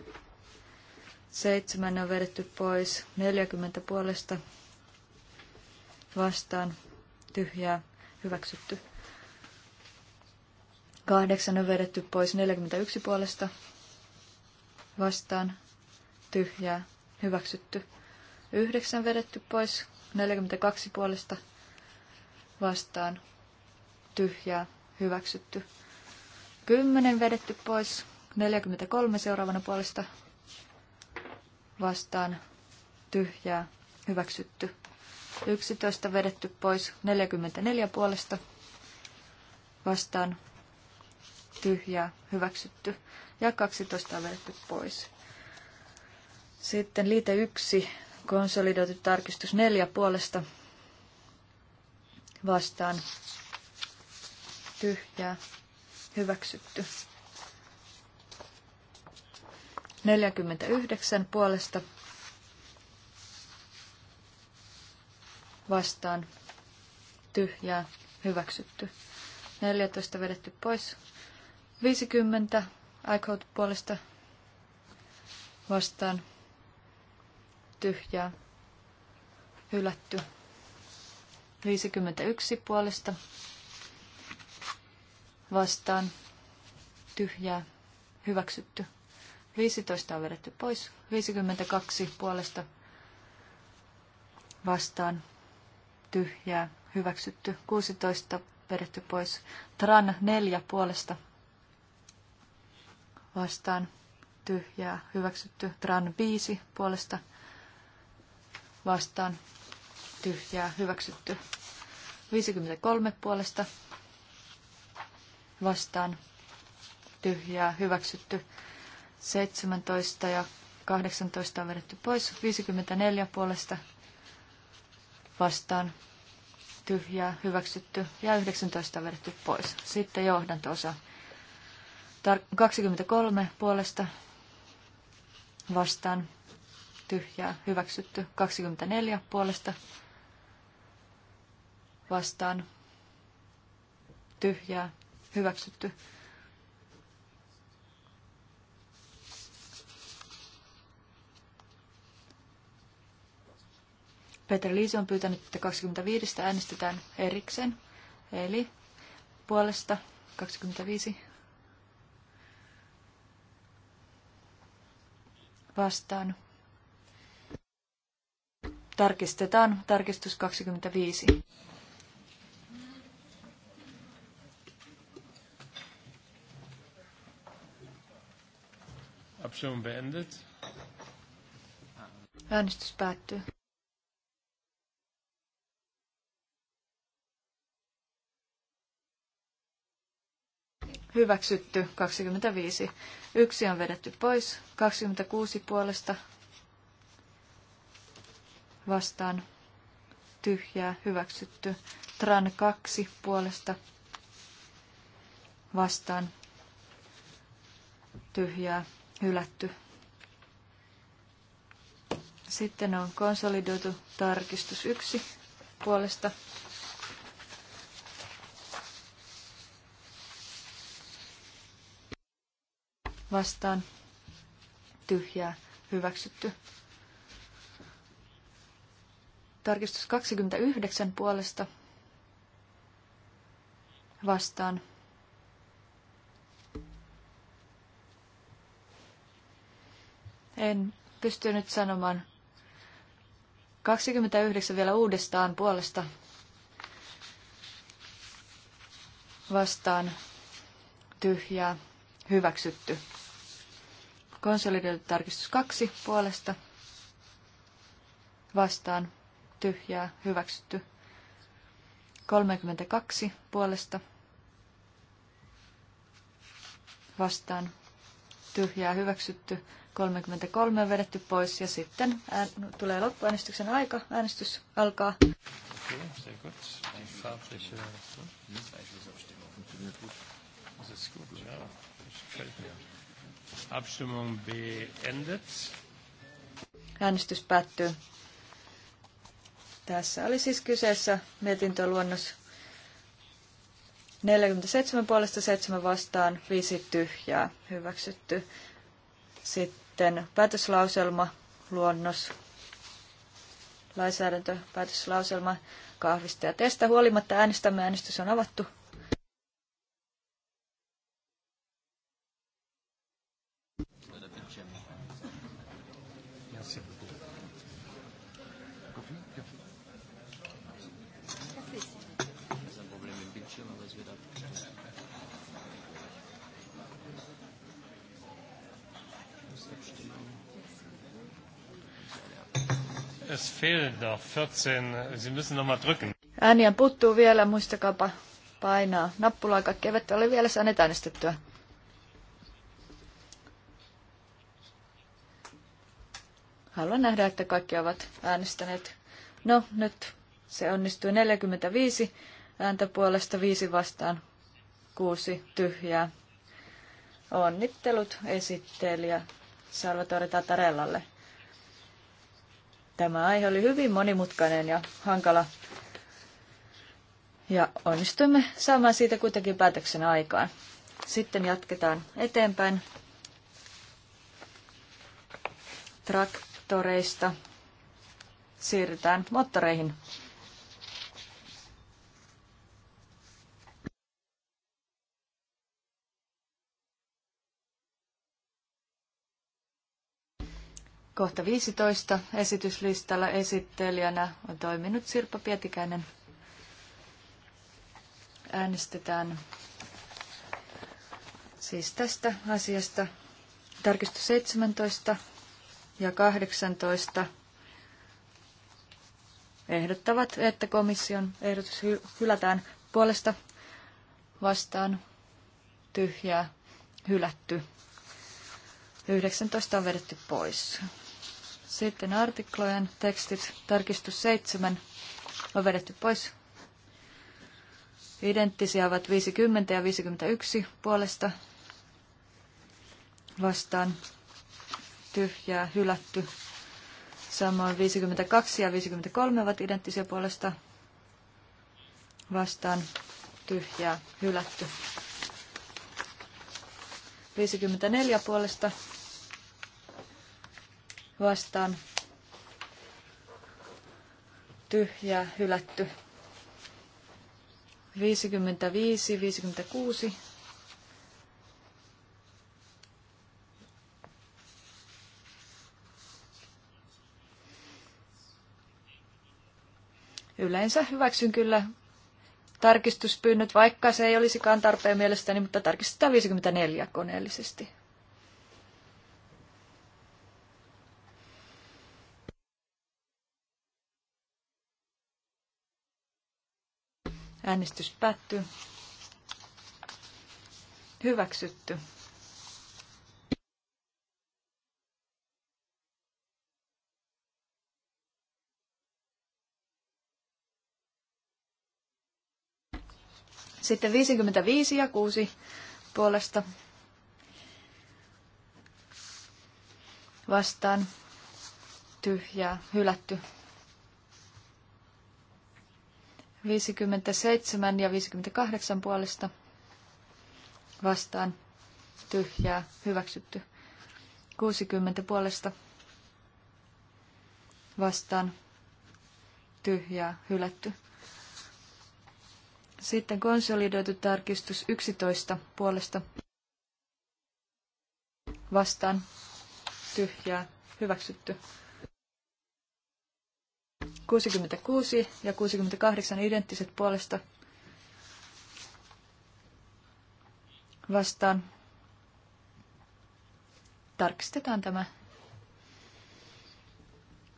Seitsemän on vedetty pois, 40 puolesta vastaan, tyhjää, hyväksytty. Kahdeksan on vedetty pois, 41 puolesta vastaan, tyhjää, hyväksytty. Yhdeksän vedetty pois, 42 puolesta vastaan, tyhjää, hyväksytty. 10 vedetty pois. 43 seuraavana puolesta vastaan tyhjää hyväksytty. 11 vedetty pois. 44 puolesta vastaan tyhjää hyväksytty. Ja 12 on vedetty pois. Sitten liite 1 konsolidoitu tarkistus 4 puolesta vastaan tyhjää hyväksytty. 49 puolesta vastaan tyhjää hyväksytty. 14 vedetty pois. 50 aikout puolesta vastaan tyhjää hylätty. 51 puolesta vastaan tyhjää hyväksytty. 15 on vedetty pois. 52 puolesta vastaan tyhjää hyväksytty. 16 vedetty pois. Tran 4 puolesta vastaan tyhjää hyväksytty. Tran 5 puolesta vastaan tyhjää hyväksytty. 53 puolesta vastaan tyhjää hyväksytty. 17 ja 18 on vedetty pois. 54 puolesta vastaan tyhjää hyväksytty ja 19 on vedetty pois. Sitten johdantoosa. 23 puolesta vastaan tyhjää hyväksytty. 24 puolesta vastaan tyhjää hyväksytty. Peter Liisi on pyytänyt, että 25 äänestetään erikseen, eli puolesta 25 vastaan. Tarkistetaan tarkistus 25. Abstimmung beendet. Äänestys päättyy. Hyväksytty 25. Yksi on vedetty pois. 26 puolesta vastaan tyhjää hyväksytty. Tran 2 puolesta vastaan tyhjää hylätty. Sitten on konsolidoitu tarkistus yksi puolesta. Vastaan tyhjää hyväksytty. Tarkistus 29 puolesta vastaan en pystynyt sanomaan. 29 vielä uudestaan puolesta vastaan tyhjää hyväksytty. Konsolidoitu tarkistus 2 puolesta vastaan tyhjää hyväksytty. 32 puolesta vastaan tyhjää hyväksytty, 33 on vedetty pois ja sitten ään, tulee loppuäänestyksen aika. Äänestys alkaa. Äänestys päättyy. Tässä oli siis kyseessä mietintöluonnos 47 puolesta 7 vastaan, 5 tyhjää hyväksytty. Sitten päätöslauselma, luonnos, lainsäädäntö, päätöslauselma, kahvista ja testä. Huolimatta äänestämme, äänestys on avattu. fehlen 14. Sie müssen drücken. Ääniä puuttuu vielä, muistakaapa painaa nappulaa. Kaikki eivät ole vielä saaneet äänestettyä. Haluan nähdä, että kaikki ovat äänestäneet. No, nyt se onnistui 45 ääntä puolesta, 5 vastaan, 6 tyhjää. Onnittelut esittelijä Salvatore Tatarellalle. Tämä aihe oli hyvin monimutkainen ja hankala. Ja onnistuimme saamaan siitä kuitenkin päätöksen aikaan. Sitten jatketaan eteenpäin traktoreista. Siirrytään moottoreihin. Kohta 15 esityslistalla esittelijänä on toiminut Sirpa Pietikäinen. Äänestetään siis tästä asiasta tarkistus 17 ja 18 ehdottavat, että komission ehdotus hylätään puolesta vastaan tyhjää hylätty. 19 on vedetty pois. Sitten artiklojen tekstit. Tarkistus seitsemän on vedetty pois. Identtisiä ovat 50 ja 51 puolesta vastaan tyhjää, hylätty. Samoin 52 ja 53 ovat identtisiä puolesta vastaan tyhjää, hylätty. 54 puolesta vastaan tyhjä, hylätty. 55, 56. Yleensä hyväksyn kyllä tarkistuspyynnöt, vaikka se ei olisikaan tarpeen mielestäni, mutta tarkistetaan 54 koneellisesti. Äänestys päättyy. Hyväksytty. Sitten 55 ja 6 puolesta vastaan tyhjää, hylätty 57 ja 58 puolesta vastaan tyhjää hyväksytty. 60 puolesta vastaan tyhjää hylätty. Sitten konsolidoitu tarkistus 11 puolesta vastaan tyhjää hyväksytty. 66 ja 68 identtiset puolesta vastaan. Tarkistetaan tämä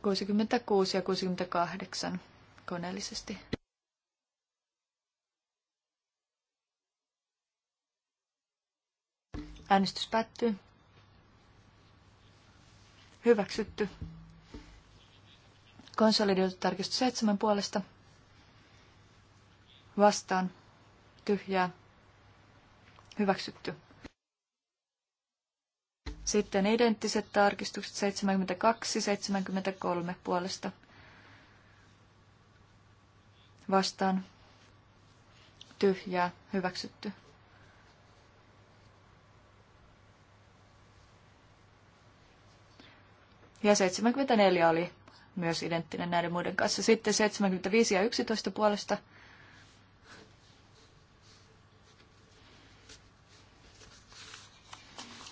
66 ja 68 koneellisesti. Äänestys päättyy. Hyväksytty. Konsolidoitu tarkistus 7 puolesta. Vastaan. Tyhjää. Hyväksytty. Sitten identtiset tarkistukset 72, 73 puolesta. Vastaan. Tyhjää. Hyväksytty. Ja 74 oli myös identtinen näiden muiden kanssa. Sitten 75 ja 11 puolesta.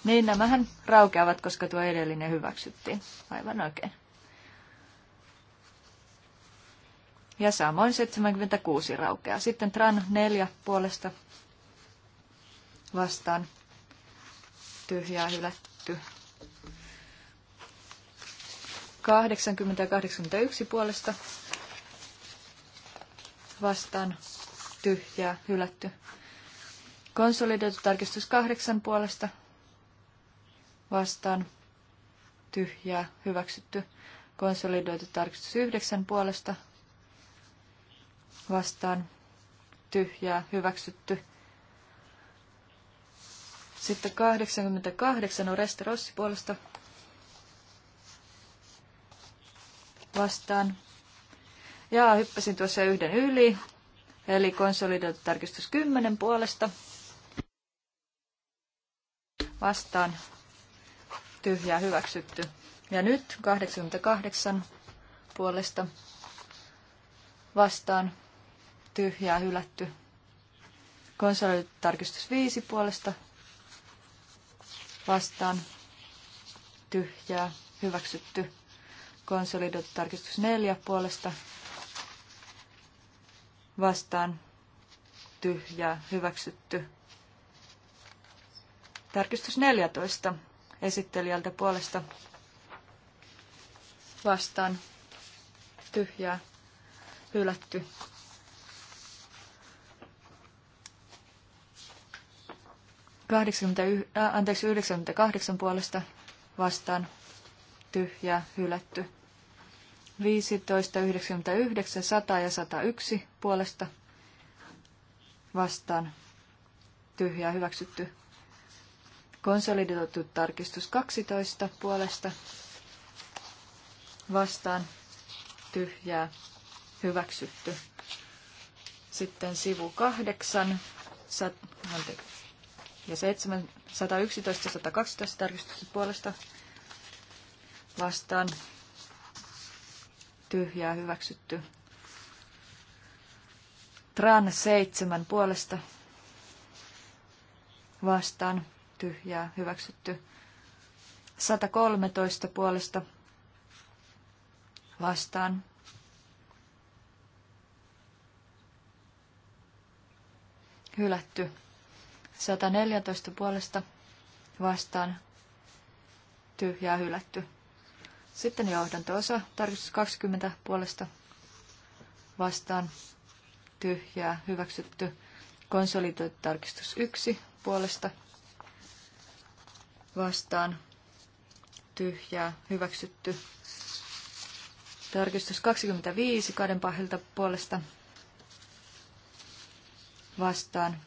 Niin, nämähän raukeavat, koska tuo edellinen hyväksyttiin. Aivan oikein. Ja samoin 76 raukeaa. Sitten Tran 4 puolesta vastaan tyhjää hylätty. 80 81 puolesta vastaan tyhjää hylätty. Konsolidoitu tarkistus 8 puolesta vastaan tyhjää hyväksytty. Konsolidoitu tarkistus 9 puolesta vastaan tyhjää hyväksytty. Sitten 88 on Rossi puolesta vastaan. Ja hyppäsin tuossa yhden yli, eli konsolidoitu tarkistus 10 puolesta vastaan tyhjää hyväksytty. Ja nyt 88 puolesta vastaan tyhjää hylätty. Konsolidoitu tarkistus 5 puolesta vastaan tyhjää hyväksytty. Konsolidoitu tarkistus 4 puolesta vastaan tyhjä hyväksytty. Tarkistus 14 esittelijältä puolesta vastaan tyhjä hylätty. Äh, anteeksi, 98 puolesta vastaan ja hylätty. 15, 99, 100 ja 101 puolesta vastaan tyhjää hyväksytty. Konsolidoitu tarkistus 12 puolesta vastaan tyhjää hyväksytty. Sitten sivu 8 sat, ja 7, 111, 112 tarkistus puolesta vastaan tyhjää hyväksytty. Tran seitsemän puolesta vastaan tyhjää hyväksytty. 113 puolesta vastaan hylätty. 114 puolesta vastaan tyhjää hylätty. Sitten johdanto-osa, tarkistus 20 puolesta vastaan tyhjää hyväksytty. Konsolidoitu tarkistus 1 puolesta vastaan tyhjää hyväksytty. Tarkistus 25 kaden pahilta puolesta vastaan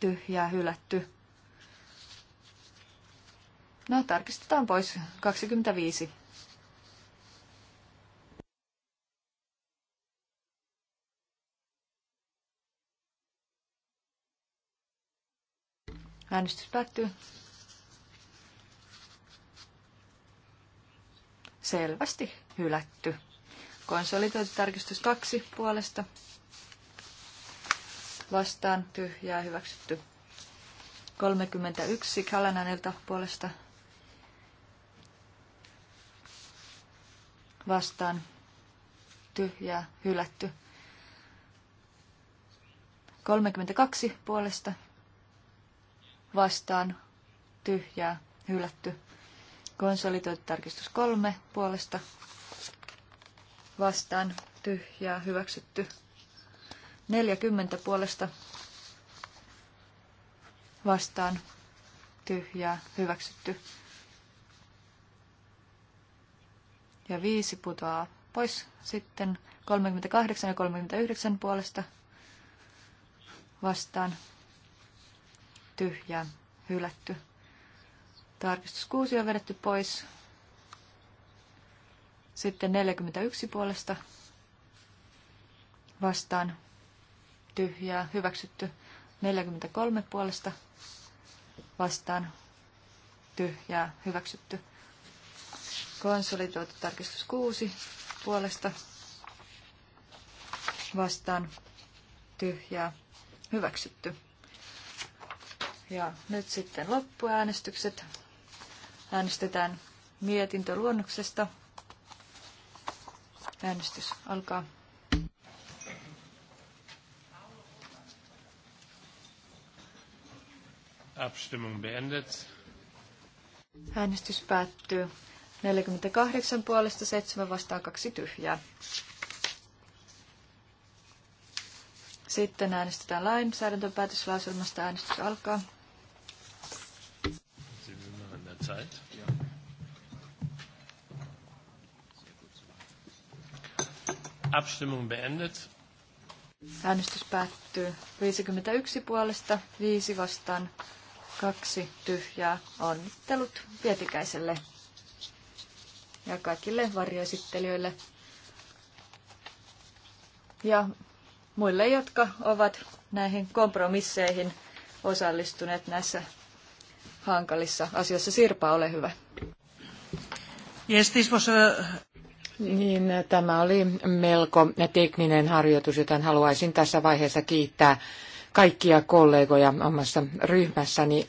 tyhjää hylätty. No, tarkistetaan pois. 25. Äänestys päättyy. Selvästi hylätty. Konsolitoitu tarkistus 2 puolesta. Vastaan tyhjää hyväksytty. 31 Kalananilta puolesta vastaan tyhjä hylätty. 32 puolesta vastaan tyhjää hylätty. Konsolidoitu tarkistus 3 puolesta vastaan tyhjää hyväksytty. 40 puolesta vastaan tyhjää hyväksytty. ja 5 putoaa pois. Sitten 38 ja 39 puolesta vastaan tyhjää hylätty. Tarkistus 6 on vedetty pois. Sitten 41 puolesta vastaan tyhjää hyväksytty. 43 puolesta vastaan tyhjää hyväksytty. Konsolidoitu tarkistus 6 puolesta vastaan tyhjää hyväksytty. Ja nyt sitten loppuäänestykset. Äänestetään mietintöluonnoksesta. Äänestys alkaa. Abstimmung beendet. Äänestys päättyy. 48 puolesta 7 vastaan kaksi tyhjää. Sitten äänestetään lainsäädäntöpäätöslauselmasta. Äänestys alkaa. Abstimmung beendet. Äänestys päättyy 51 puolesta, 5 vastaan, 2 tyhjää. Onnittelut Pietikäiselle ja kaikille varjoesittelijöille ja muille, jotka ovat näihin kompromisseihin osallistuneet näissä hankalissa asioissa. Sirpa, ole hyvä. Yes, this was a... Niin, tämä oli melko tekninen harjoitus, joten haluaisin tässä vaiheessa kiittää kaikkia kollegoja omassa ryhmässäni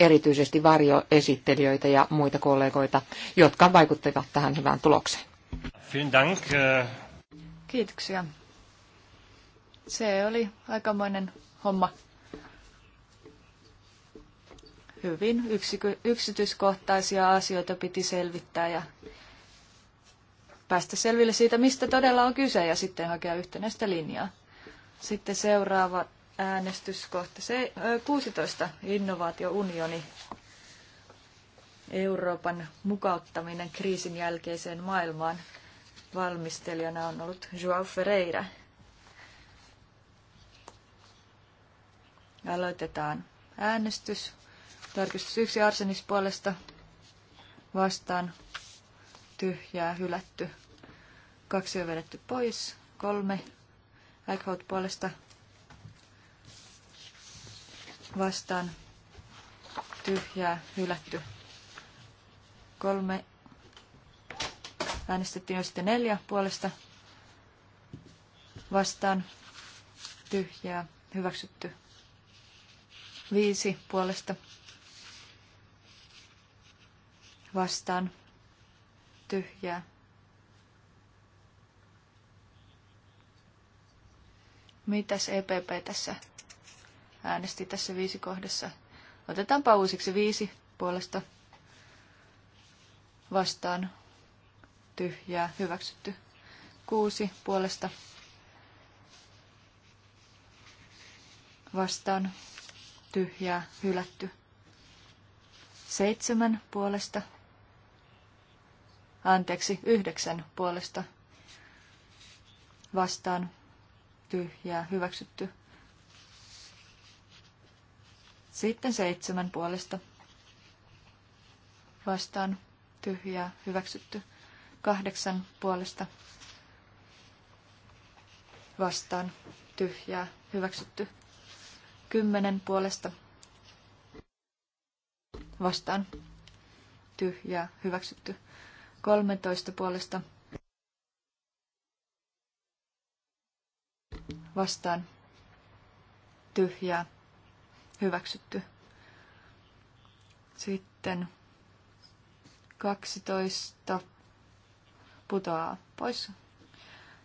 erityisesti varjoesittelijöitä ja muita kollegoita, jotka vaikuttivat tähän hyvään tulokseen. Äh. Kiitoksia. Se oli aikamoinen homma. Hyvin yksityiskohtaisia asioita piti selvittää ja päästä selville siitä, mistä todella on kyse ja sitten hakea yhtenäistä linjaa. Sitten seuraavat äänestyskohta. Se, 16. Innovaatiounioni. Euroopan mukauttaminen kriisin jälkeiseen maailmaan. Valmistelijana on ollut Joao Ferreira. Aloitetaan äänestys. Tarkistus yksi Arsenis puolesta vastaan tyhjää hylätty. Kaksi on vedetty pois. Kolme Eichhout puolesta vastaan tyhjää hylätty. Kolme äänestettiin jo sitten neljä puolesta vastaan tyhjää hyväksytty. Viisi puolesta vastaan tyhjää. Mitäs EPP tässä äänesti tässä viisi kohdassa. Otetaanpa uusiksi viisi puolesta vastaan tyhjää hyväksytty. Kuusi puolesta vastaan tyhjää hylätty. Seitsemän puolesta anteeksi, yhdeksän puolesta vastaan tyhjää hyväksytty. Sitten seitsemän puolesta vastaan tyhjää hyväksytty. Kahdeksan puolesta vastaan tyhjää hyväksytty. Kymmenen puolesta vastaan tyhjää hyväksytty. kolmetoista puolesta vastaan tyhjää hyväksytty. Sitten 12 putoaa pois.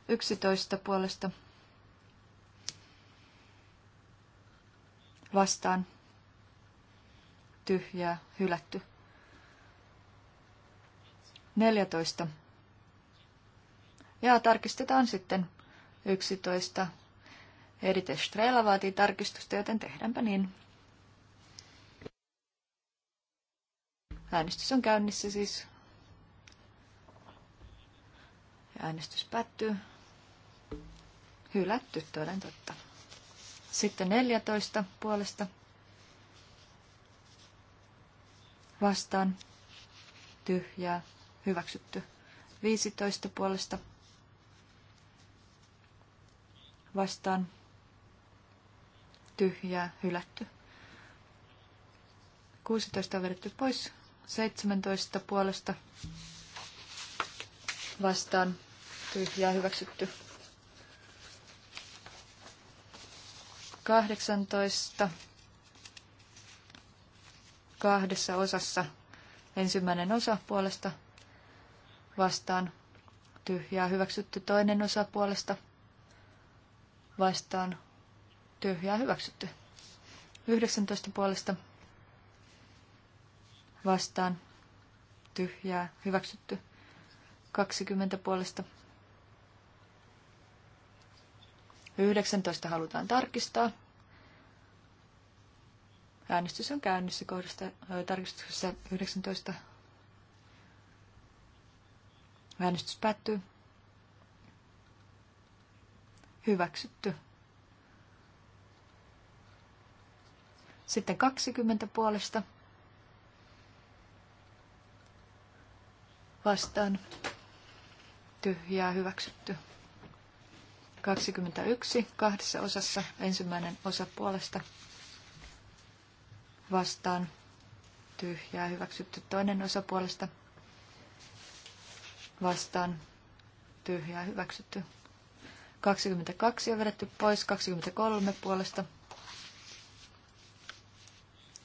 11 puolesta vastaan tyhjää hylätty. 14. Ja tarkistetaan sitten 11. Edite Strela vaatii tarkistusta, joten tehdäänpä niin. Äänestys on käynnissä siis. Äänestys päättyy. Hylätty, toden totta. Sitten 14 puolesta vastaan tyhjää, hyväksytty. 15 puolesta vastaan tyhjää, hylätty. 16 on vedetty pois. 17 puolesta vastaan tyhjää hyväksytty. 18 kahdessa osassa ensimmäinen osa puolesta vastaan tyhjää hyväksytty toinen osa puolesta vastaan tyhjää hyväksytty. 19 puolesta vastaan tyhjää hyväksytty 20 puolesta. 19 halutaan tarkistaa. Äänestys on käynnissä kohdasta tarkistuksessa 19. Äänestys päättyy. Hyväksytty. Sitten 20 puolesta vastaan tyhjää hyväksytty. 21 kahdessa osassa ensimmäinen osa puolesta vastaan tyhjää hyväksytty toinen osa puolesta vastaan tyhjää hyväksytty. 22 on vedetty pois, 23 puolesta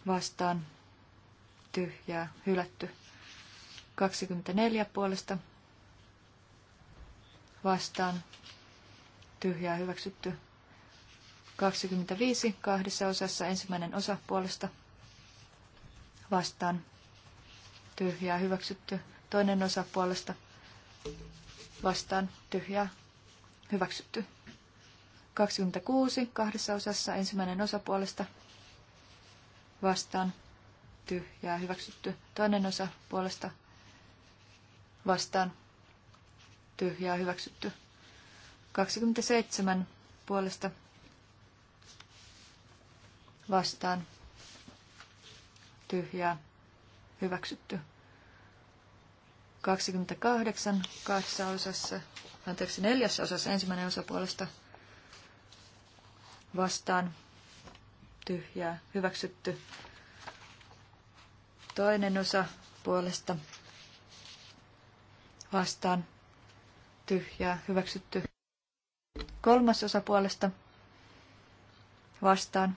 vastaan tyhjää hylätty. 24 puolesta vastaan tyhjää hyväksytty. 25 kahdessa osassa ensimmäinen osa puolesta vastaan tyhjää hyväksytty. Toinen osa puolesta vastaan tyhjää hyväksytty. 26 kahdessa osassa ensimmäinen osa puolesta vastaan tyhjää hyväksytty. Toinen osa puolesta vastaan tyhjää hyväksytty. 27 puolesta vastaan tyhjää hyväksytty. 28 kahdessa osassa, anteeksi neljässä osassa ensimmäinen osa puolesta vastaan tyhjää hyväksytty. Toinen osa puolesta vastaan tyhjää hyväksytty. Kolmas osa puolesta vastaan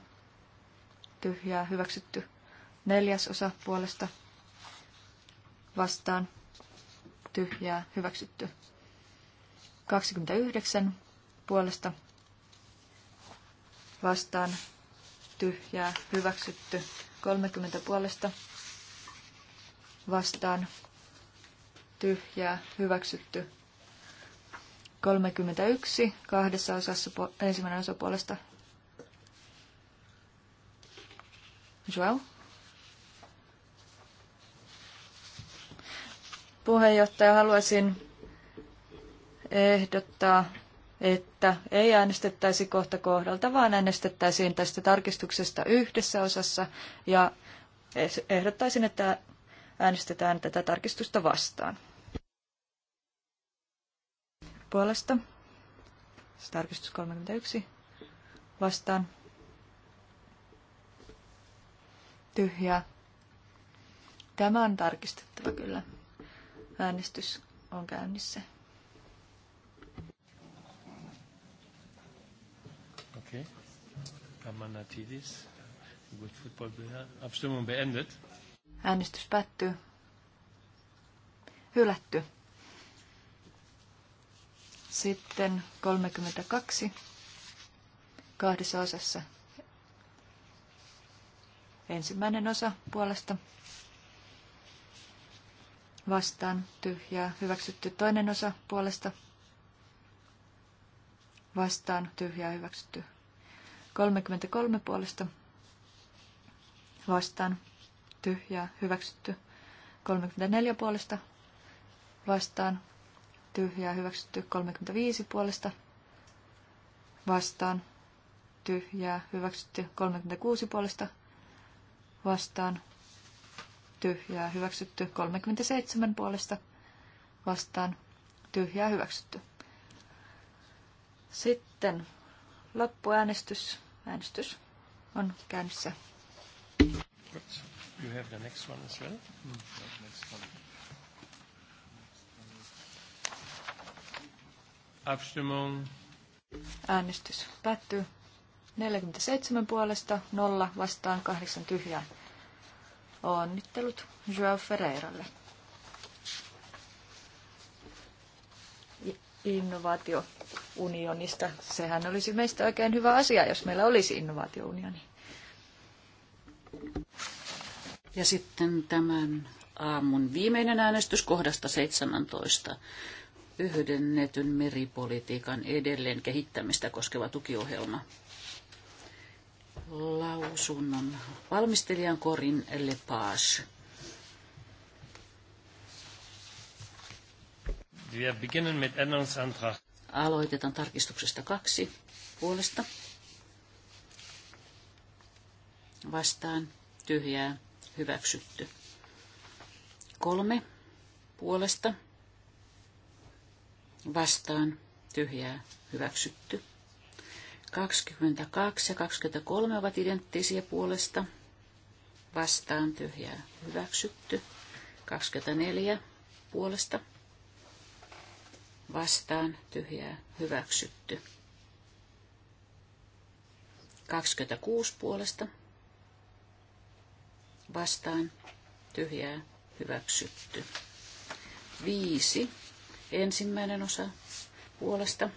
tyhjää hyväksytty. Neljäs osa puolesta vastaan tyhjää hyväksytty. 29 puolesta vastaan tyhjää hyväksytty. 30 puolesta vastaan tyhjää, hyväksytty. 31, kahdessa osassa ensimmäinen osa puolesta. Joel. Puheenjohtaja, haluaisin ehdottaa, että ei äänestettäisi kohta kohdalta, vaan äänestettäisiin tästä tarkistuksesta yhdessä osassa ja ehdottaisin, että Äänestetään tätä tarkistusta vastaan. Puolesta. Tarkistus 31. Vastaan. Tyhjää. Tämä on tarkistettava kyllä. Äänestys on käynnissä. Okei. Okay. natürlich Gut Football Abstimmung beendet. Äänestys päättyy. Hylätty. Sitten 32 kahdessa osassa. Ensimmäinen osa puolesta vastaan tyhjää hyväksytty. Toinen osa puolesta vastaan tyhjää hyväksytty. 33 puolesta vastaan ja hyväksytty. 34 puolesta vastaan, tyhjää, hyväksytty. 35 puolesta vastaan, tyhjää, hyväksytty. 36 puolesta vastaan, tyhjää, hyväksytty. 37 puolesta vastaan, tyhjää, hyväksytty. Sitten loppuäänestys. Äänestys on käynnissä. Kiitos. You have the next one as well? Mm. Next one. Abstimmung. Äänestys päättyy. 47 puolesta, 0 vastaan, 8 tyhjää. Onnittelut Joao Ferreiralle. Innovaatiounionista. Sehän olisi meistä oikein hyvä asia, jos meillä olisi innovaatiounioni. Ja sitten tämän aamun viimeinen äänestys kohdasta 17. Yhdennetyn meripolitiikan edelleen kehittämistä koskeva tukiohjelma. Lausunnon valmistelijan Korin Lepage. Wir beginnen mit Änderungsantrag. Aloitetaan tarkistuksesta kaksi puolesta. Vastaan tyhjää hyväksytty. Kolme puolesta vastaan tyhjää hyväksytty. 22 ja 23 ovat identtisiä puolesta vastaan tyhjää hyväksytty. 24 puolesta vastaan tyhjää hyväksytty. 26 puolesta vastaan tyhjää hyväksytty. Viisi. Ensimmäinen osa puolesta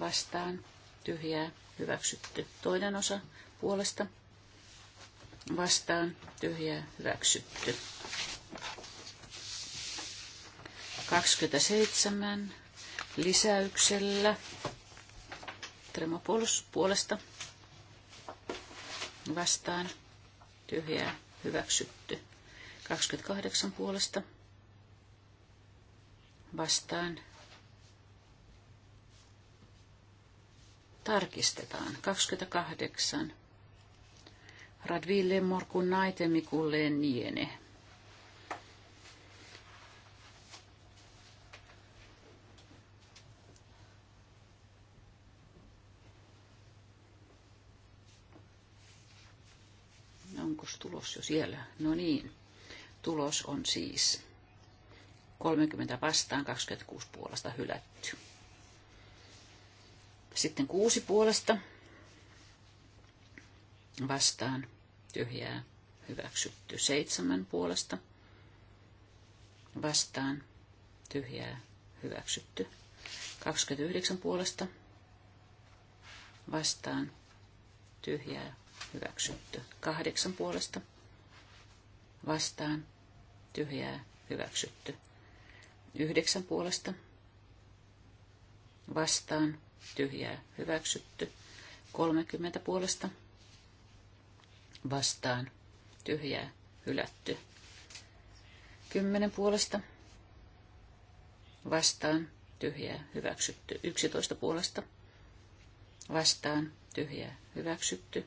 vastaan tyhjää hyväksytty. Toinen osa puolesta vastaan tyhjää hyväksytty. 27 lisäyksellä Tremopolus puolesta vastaan tyhjää hyväksytty. 28 puolesta vastaan tarkistetaan. 28. Radville morkun naitemikulleen niene. tulos jo siellä. No niin, tulos on siis 30 vastaan, 26 puolesta hylätty. Sitten 6 puolesta vastaan tyhjää hyväksytty. 7 puolesta vastaan tyhjää hyväksytty. 29 puolesta vastaan tyhjää hyväksytty. Kahdeksan puolesta vastaan tyhjää hyväksytty. Yhdeksän puolesta vastaan tyhjää hyväksytty. Kolmekymmentä puolesta vastaan tyhjää hylätty. Kymmenen puolesta vastaan tyhjää hyväksytty. Yksitoista puolesta vastaan tyhjää hyväksytty.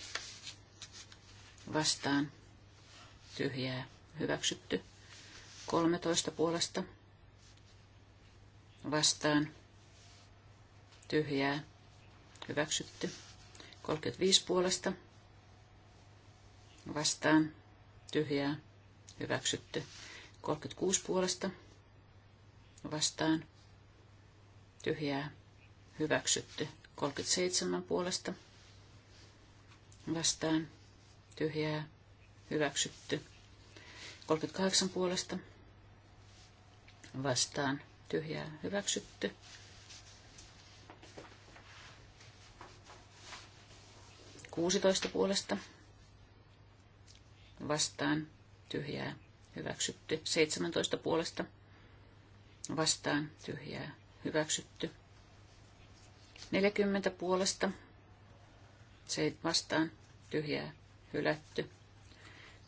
vastaan tyhjää hyväksytty. 13 puolesta vastaan tyhjää hyväksytty. 35 puolesta vastaan tyhjää hyväksytty. 36 puolesta vastaan tyhjää hyväksytty. 37 puolesta vastaan tyhjää, hyväksytty. 38 puolesta vastaan, tyhjää, hyväksytty. Kuusitoista puolesta vastaan, tyhjää, hyväksytty. Seitsemäntoista puolesta vastaan, tyhjää, hyväksytty. Neljäkymmentä puolesta vastaan, tyhjää, hylätty.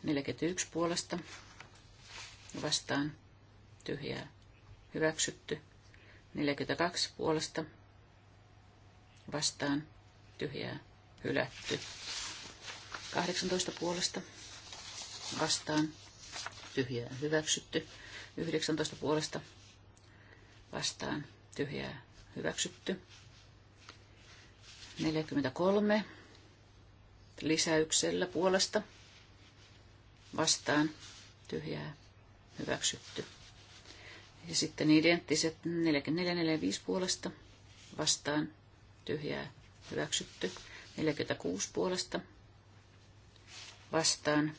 41 puolesta vastaan tyhjää hyväksytty. 42 puolesta vastaan tyhjää hylätty. 18 puolesta vastaan tyhjää hyväksytty. 19 puolesta vastaan tyhjää hyväksytty. 43 lisäyksellä puolesta vastaan tyhjää hyväksytty. Ja sitten identtiset 4445 puolesta vastaan tyhjää hyväksytty. 46 puolesta vastaan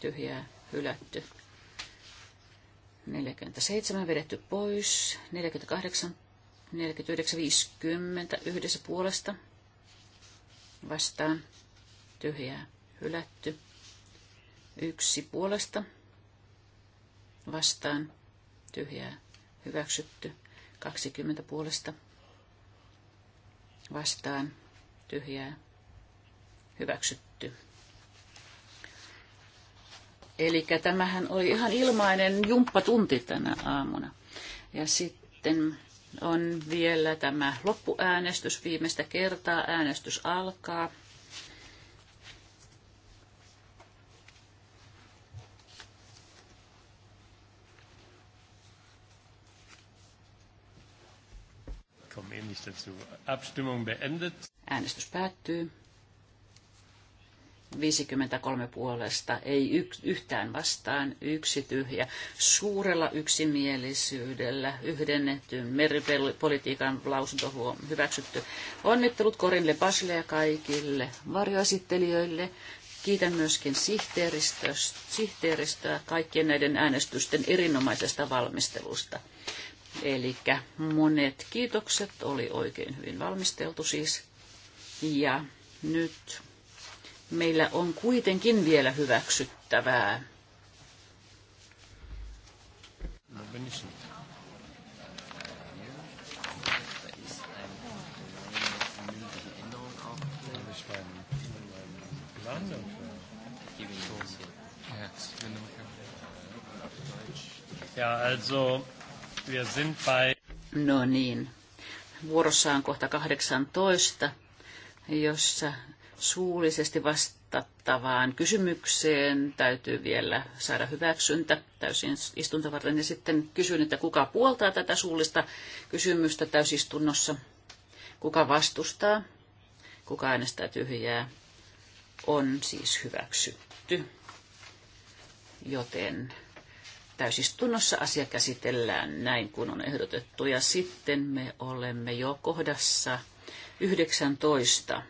tyhjää hylätty. 47 vedetty pois. 48, 49, 50 yhdessä puolesta vastaan tyhjää hylätty. Yksi puolesta vastaan tyhjää hyväksytty. 20 puolesta vastaan tyhjää hyväksytty. Eli tämähän oli ihan ilmainen jumppatunti tänä aamuna. Ja sitten on vielä tämä loppuäänestys viimeistä kertaa. Äänestys alkaa. Eh, dazu. Abstimmung beendet. Äänestys päättyy. 53 puolesta, ei yk, yhtään vastaan, yksi tyhjä. Suurella yksimielisyydellä yhdennetty meripolitiikan lausunto huom- hyväksytty. Onnittelut Korinle Basille ja kaikille varjoesittelijöille. Kiitän myöskin sihteeristöä kaikkien näiden äänestysten erinomaisesta valmistelusta. Eli monet kiitokset, oli oikein hyvin valmisteltu siis. Ja nyt meillä on kuitenkin vielä hyväksyttävää. Ja, no, also Wir sind bei... No niin. Vuorossa on kohta 18, jossa suullisesti vastattavaan kysymykseen täytyy vielä saada hyväksyntä täysin istunta varten. Ja sitten kysyn, että kuka puoltaa tätä suullista kysymystä täysistunnossa, kuka vastustaa, kuka äänestää tyhjää, on siis hyväksytty. Joten täysistunnossa asia käsitellään näin kuin on ehdotettu. Ja sitten me olemme jo kohdassa 19.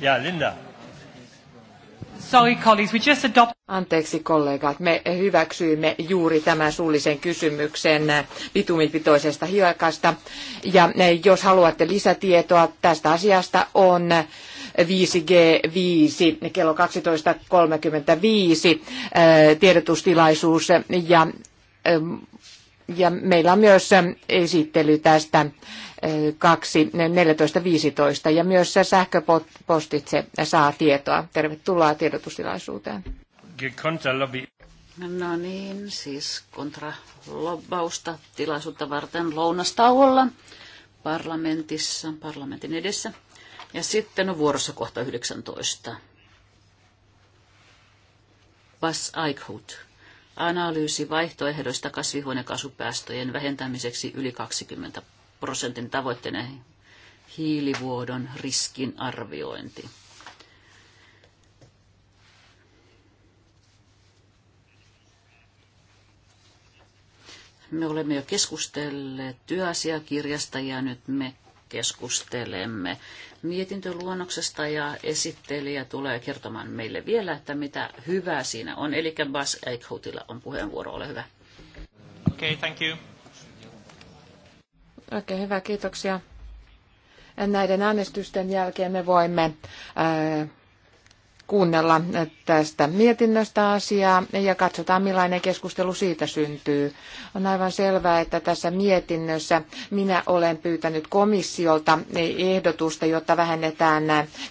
Ja, Linda sorry colleagues, we just adopt... Anteeksi kollegat, me hyväksyimme juuri tämän suullisen kysymyksen bitumipitoisesta hiekasta. Ja eh, jos haluatte lisätietoa tästä asiasta on 5G5 kello 12.35 eh, tiedotustilaisuus ja eh, ja meillä on myös ähm, esittely tästä 14.15 äh, äh, ja myös sähköpostitse saa tietoa. Tervetuloa tiedotustilaisuuteen. No niin, siis kontralobbausta tilaisuutta varten lounastauolla parlamentissa, parlamentin edessä. Ja sitten on vuorossa kohta 19. Bas Eichhut analyysi vaihtoehdoista kasvihuonekaasupäästöjen vähentämiseksi yli 20 prosentin tavoitteena hiilivuodon riskin arviointi. Me olemme jo keskustelleet työasiakirjasta ja nyt me keskustelemme mietintöluonnoksesta ja esittelijä tulee kertomaan meille vielä, että mitä hyvää siinä on. Eli Bas Eichhoutilla on puheenvuoro, ole hyvä. Okei, okay, thank you. Oikein hyvä, kiitoksia. Näiden äänestysten jälkeen me voimme kuunnella tästä mietinnöstä asiaa ja katsotaan millainen keskustelu siitä syntyy. On aivan selvää, että tässä mietinnössä minä olen pyytänyt komissiolta ehdotusta, jotta vähennetään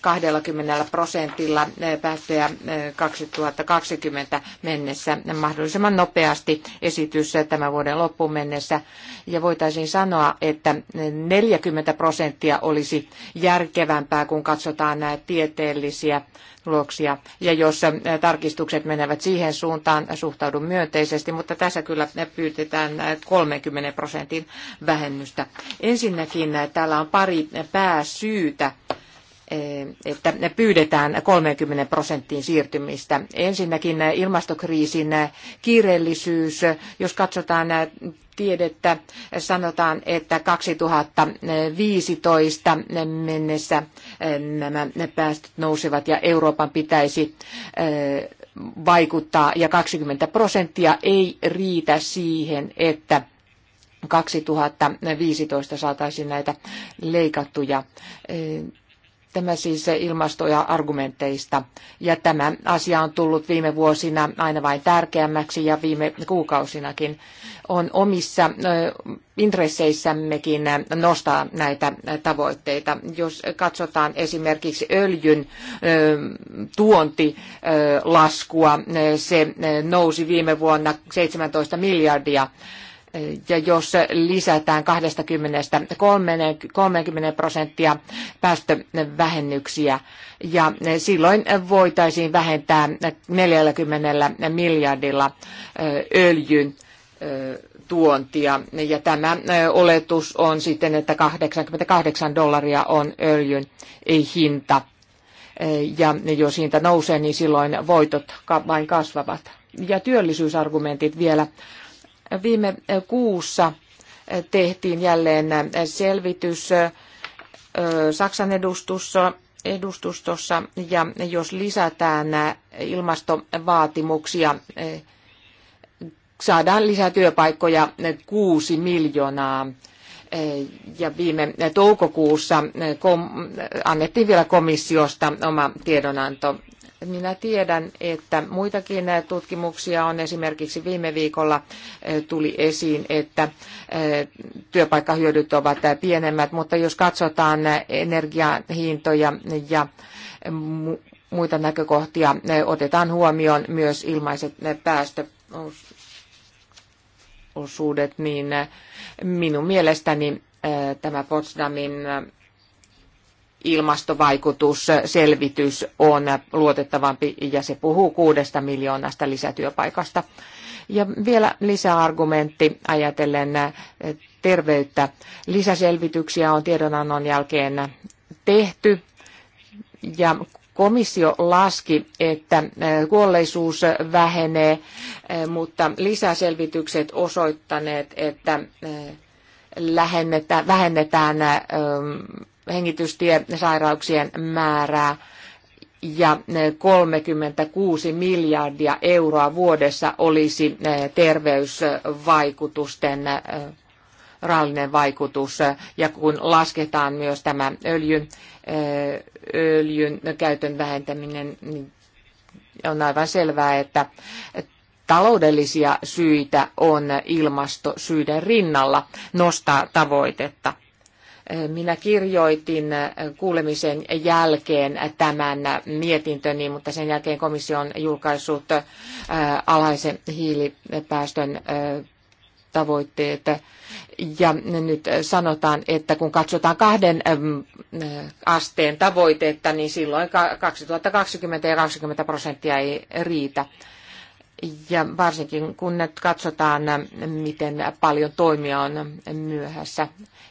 20 prosentilla päästöjä 2020 mennessä mahdollisimman nopeasti esitys tämän vuoden loppuun mennessä. Ja voitaisiin sanoa, että 40 prosenttia olisi järkevämpää, kun katsotaan näitä tieteellisiä tuloksia. Ja jos tarkistukset menevät siihen suuntaan, suhtaudun myönteisesti, mutta tässä kyllä pyydetään 30 prosentin vähennystä. Ensinnäkin täällä on pari pääsyytä Eh, että pyydetään 30 prosenttiin siirtymistä. Ensinnäkin ilmastokriisin kiireellisyys, jos katsotaan tiedettä, sanotaan, että 2015 mennessä eh, nämä päästöt nousevat ja Euroopan pitäisi eh, vaikuttaa ja 20 prosenttia ei riitä siihen, että 2015 saataisiin näitä leikattuja Tämä siis ilmastoja argumenteista. Ja tämä asia on tullut viime vuosina aina vain tärkeämmäksi ja viime kuukausinakin on omissa intresseissämmekin nostaa näitä tavoitteita. Jos katsotaan esimerkiksi öljyn tuontilaskua, se nousi viime vuonna 17 miljardia ja jos lisätään 20-30 prosenttia päästövähennyksiä, ja silloin voitaisiin vähentää 40 miljardilla öljyn tuontia. Ja tämä oletus on sitten, että 88 dollaria on öljyn hinta. Ja jos hinta nousee, niin silloin voitot vain kasvavat. Ja työllisyysargumentit vielä Viime eh, kuussa eh, tehtiin jälleen eh, selvitys Saksan edustussa, edustustossa ja jos lisätään ilmastovaatimuksia, saadaan lisää työpaikkoja 6 miljoonaa. Ja viime toukokuussa annettiin vielä komissiosta oma tiedonanto minä tiedän, että muitakin tutkimuksia on. Esimerkiksi viime viikolla eh, tuli esiin, että eh, työpaikkahyödyt ovat eh, pienemmät, mutta jos katsotaan energiahintoja ja muita näkökohtia, otetaan huomioon myös ilmaiset päästöosuudet, niin minun mielestäni tämä Potsdamin ilmastovaikutusselvitys on luotettavampi ja se puhuu kuudesta miljoonasta lisätyöpaikasta. Ja vielä lisäargumentti ajatellen äh, terveyttä. Lisäselvityksiä on tiedonannon jälkeen tehty ja komissio laski, että äh, kuolleisuus vähenee, äh, mutta lisäselvitykset osoittaneet, että vähennetään ähm, hengitystiesairauksien määrää ja 36 miljardia euroa vuodessa olisi eh, terveysvaikutusten eh, rallinen vaikutus. Ja kun lasketaan myös tämä öljyn, eh, öljyn käytön vähentäminen, niin on aivan selvää, että taloudellisia syitä on ilmastosyiden rinnalla nostaa tavoitetta. Minä kirjoitin kuulemisen jälkeen tämän mietintöni, mutta sen jälkeen komissio on julkaissut alhaisen hiilipäästön tavoitteet. Ja nyt sanotaan, että kun katsotaan kahden asteen tavoitetta, niin silloin 2020 ja 20 prosenttia ei riitä. Ja varsinkin kun nyt katsotaan, miten paljon toimia on myöhässä.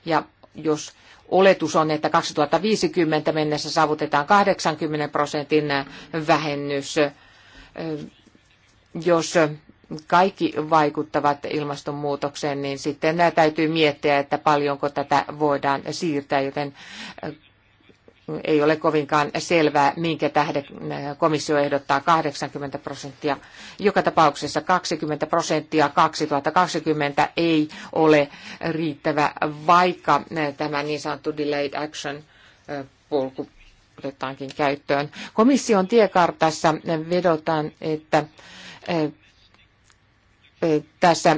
Ja jos oletus on, että 2050 mennessä saavutetaan 80 prosentin vähennys, eh, jos kaikki vaikuttavat ilmastonmuutokseen, niin sitten täytyy miettiä, että paljonko tätä voidaan siirtää, joten eh, ei ole kovinkaan selvää, minkä tähden äh, komissio ehdottaa 80 prosenttia. Joka tapauksessa 20 prosenttia 2020 ei ole riittävä, vaikka äh, tämä niin sanottu delayed action äh, polku otetaankin käyttöön. Komission tiekartassa vedotaan, että tässä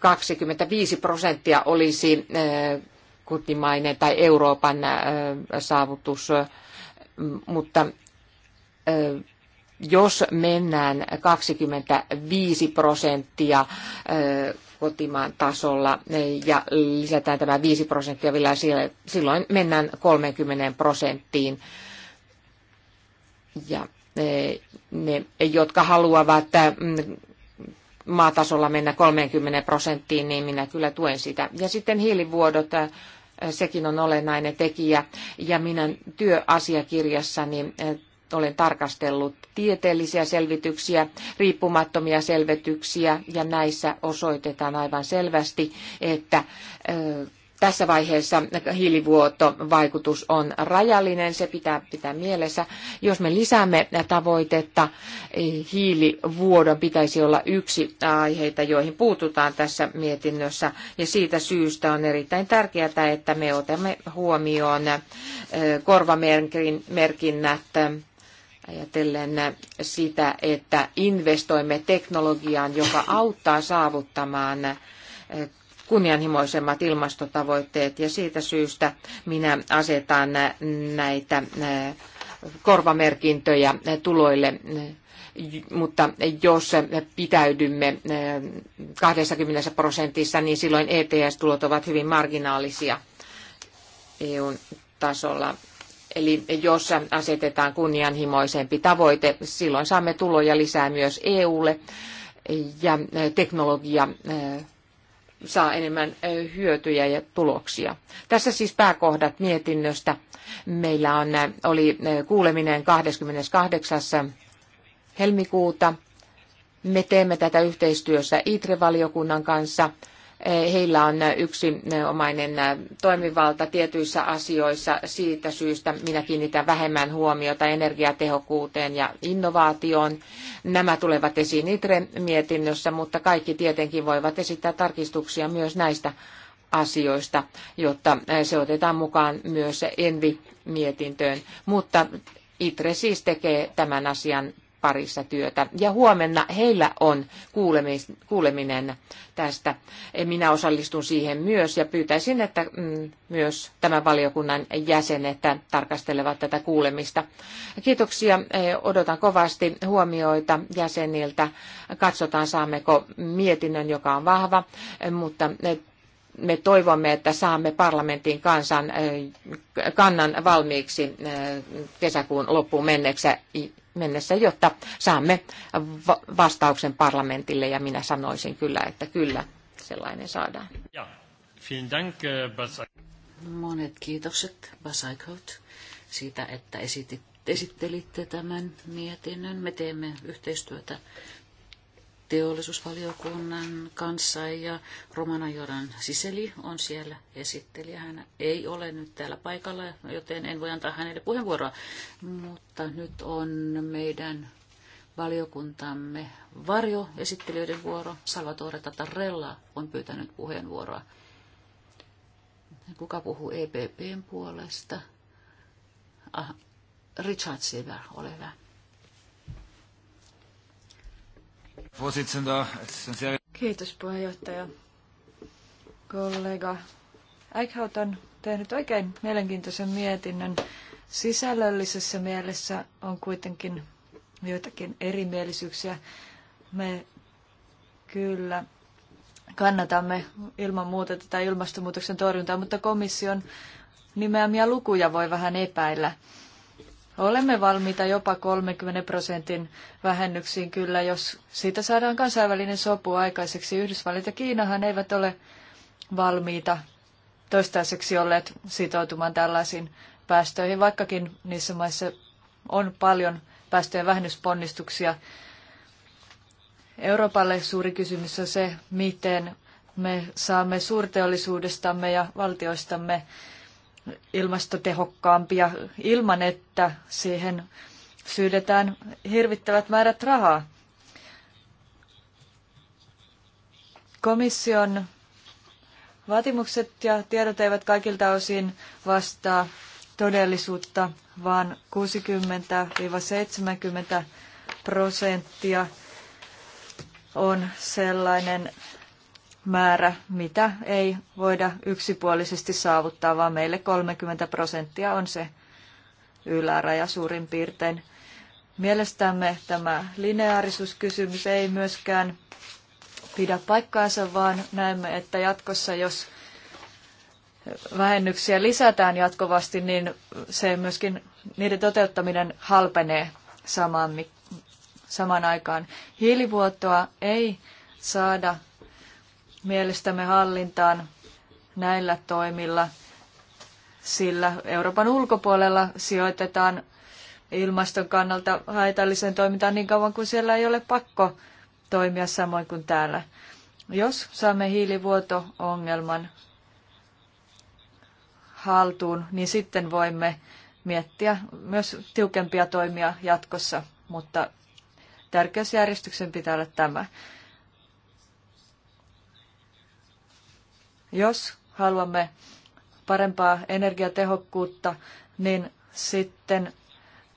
25 prosenttia olisi kotimainen tai Euroopan saavutus, mutta jos mennään 25 prosenttia kotimaan tasolla ja lisätään tämä 5 prosenttia vielä siellä, silloin mennään 30 prosenttiin. Ja ne, jotka haluavat maatasolla mennä 30 prosenttiin, niin minä kyllä tuen sitä. Ja sitten hiilivuodot, sekin on olennainen tekijä. Ja minä työasiakirjassani eh, olen tarkastellut tieteellisiä selvityksiä, riippumattomia selvityksiä, ja näissä osoitetaan aivan selvästi, että eh, tässä vaiheessa hiilivuotovaikutus on rajallinen, se pitää pitää mielessä. Jos me lisäämme tavoitetta, hiilivuodon pitäisi olla yksi aiheita, joihin puututaan tässä mietinnössä. Ja siitä syystä on erittäin tärkeää, että me otamme huomioon korvamerkinnät ajatellen sitä, että investoimme teknologiaan, joka auttaa saavuttamaan kunnianhimoisemmat ilmastotavoitteet ja siitä syystä minä asetan näitä korvamerkintöjä tuloille, mutta jos pitäydymme 20 prosentissa, niin silloin ETS-tulot ovat hyvin marginaalisia EUn tasolla. Eli jos asetetaan kunnianhimoisempi tavoite, silloin saamme tuloja lisää myös EUlle ja teknologia saa enemmän hyötyjä ja tuloksia. Tässä siis pääkohdat mietinnöstä. Meillä on, oli kuuleminen 28. helmikuuta. Me teemme tätä yhteistyössä ITRE-valiokunnan kanssa – Heillä on yksi omainen toimivalta tietyissä asioissa. Siitä syystä minä kiinnitän vähemmän huomiota energiatehokkuuteen ja innovaatioon. Nämä tulevat esiin ITRE-mietinnössä, mutta kaikki tietenkin voivat esittää tarkistuksia myös näistä asioista, jotta se otetaan mukaan myös Envi-mietintöön. Mutta ITRE siis tekee tämän asian parissa työtä. Ja huomenna heillä on kuuleminen tästä. E, minä osallistun siihen myös ja pyytäisin, että mm, myös tämän valiokunnan jäsenet tarkastelevat tätä kuulemista. Kiitoksia. E, odotan kovasti huomioita jäseniltä. Katsotaan, saammeko mietinnön, joka on vahva, e, mutta me toivomme, että saamme parlamentin kansan, kannan valmiiksi kesäkuun loppuun mennessä mennessä, jotta saamme vastauksen parlamentille ja minä sanoisin kyllä, että kyllä sellainen saadaan. Ja, dank, eh, Monet kiitokset, Basaikot, siitä, että esitit, esittelitte tämän mietinnön. Me teemme yhteistyötä teollisuusvaliokunnan kanssa ja Romana Joran Siseli on siellä esittelijä. Hän ei ole nyt täällä paikalla, joten en voi antaa hänelle puheenvuoroa, mutta nyt on meidän valiokuntamme varjoesittelijöiden vuoro. Salvatore Tatarella on pyytänyt puheenvuoroa. Kuka puhuu EPPn puolesta? Aha. Richard Silver, ole hyvä. Kiitos puheenjohtaja. Kollega Eichhout on tehnyt oikein mielenkiintoisen mietinnön. Sisällöllisessä mielessä on kuitenkin joitakin erimielisyyksiä. Me kyllä kannatamme ilman muuta tätä ilmastonmuutoksen torjuntaa, mutta komission nimeämiä lukuja voi vähän epäillä. Olemme valmiita jopa 30 prosentin vähennyksiin kyllä, jos siitä saadaan kansainvälinen sopu aikaiseksi. Yhdysvallit ja Kiinahan eivät ole valmiita toistaiseksi olleet sitoutumaan tällaisiin päästöihin, vaikkakin niissä maissa on paljon päästöjen vähennysponnistuksia. Euroopalle suuri kysymys on se, miten me saamme suurteollisuudestamme ja valtioistamme ilmastotehokkaampia ilman, että siihen syydetään hirvittävät määrät rahaa. Komission vaatimukset ja tiedot eivät kaikilta osin vastaa todellisuutta, vaan 60-70 prosenttia on sellainen määrä, mitä ei voida yksipuolisesti saavuttaa, vaan meille 30 prosenttia on se yläraja suurin piirtein. Mielestämme tämä lineaarisuuskysymys ei myöskään pidä paikkaansa, vaan näemme, että jatkossa, jos vähennyksiä lisätään jatkuvasti, niin se myöskin niiden toteuttaminen halpenee samaan, samaan aikaan. Hiilivuotoa ei saada mielestämme hallintaan näillä toimilla, sillä Euroopan ulkopuolella sijoitetaan ilmaston kannalta haitalliseen toimintaan niin kauan kuin siellä ei ole pakko toimia samoin kuin täällä. Jos saamme hiilivuoto-ongelman haltuun, niin sitten voimme miettiä myös tiukempia toimia jatkossa, mutta tärkeysjärjestyksen pitää olla tämä. Jos haluamme parempaa energiatehokkuutta, niin sitten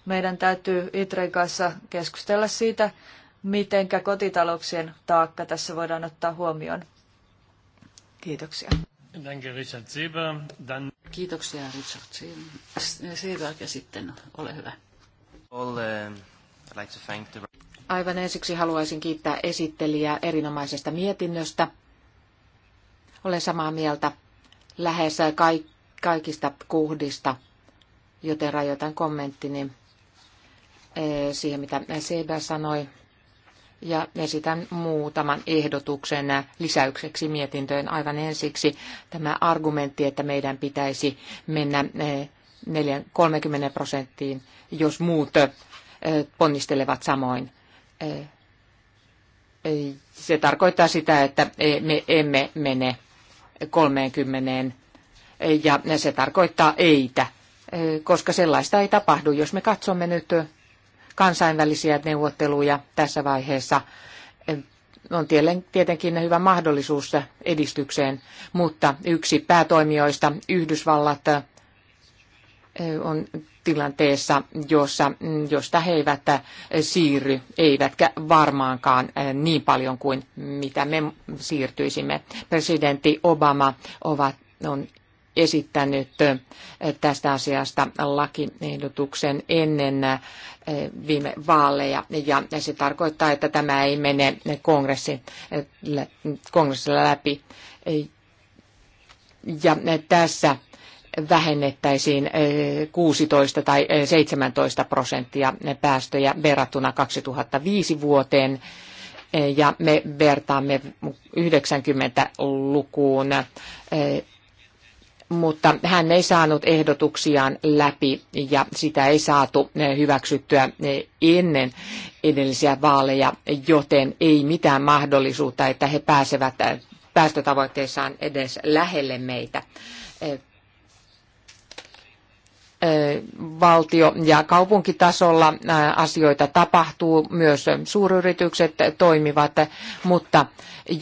meidän täytyy Itren kanssa keskustella siitä, miten kotitalouksien taakka tässä voidaan ottaa huomioon. Kiitoksia. Danke Richard Kiitoksia Richard Seber ja sitten ole hyvä. All, um, like to thank the... Aivan ensiksi haluaisin kiittää esittelijää erinomaisesta mietinnöstä. Olen samaa mieltä lähes kaikista kohdista, joten rajoitan kommenttini eh, siihen, mitä Seba sanoi, ja esitän muutaman ehdotuksen lisäykseksi mietintöön aivan ensiksi. Tämä argumentti, että meidän pitäisi mennä 30 eh, prosenttiin, jos muut eh, ponnistelevat samoin. Se tarkoittaa sitä, että me emme mene 30 ja se tarkoittaa eitä, e, koska sellaista ei tapahdu. Jos me katsomme nyt kansainvälisiä neuvotteluja tässä vaiheessa, e, on tietenkin hyvä mahdollisuus edistykseen, mutta yksi päätoimijoista, Yhdysvallat, e, on tilanteessa, jossa, josta he eivät äh, siirry, eivätkä varmaankaan äh, niin paljon kuin mitä me siirtyisimme. Presidentti Obama ovat, on esittänyt äh, tästä asiasta lakiehdotuksen ennen viime vaaleja, ja se tarkoittaa, että tämä ei mene kongressin, kongressilla läpi. Ja tässä vähennettäisiin 16 eh, tai 17 eh, prosenttia päästöjä verrattuna 2005 vuoteen. Eh, ja me vertaamme 90-lukuun, mutta hän ei saanut ehdotuksiaan läpi ja sitä ei saatu hyväksyttyä ennen edellisiä vaaleja, joten ei mitään mahdollisuutta, että he pääsevät päästötavoitteissaan edes lähelle meitä valtio- ja kaupunkitasolla asioita tapahtuu, myös suuryritykset toimivat, mutta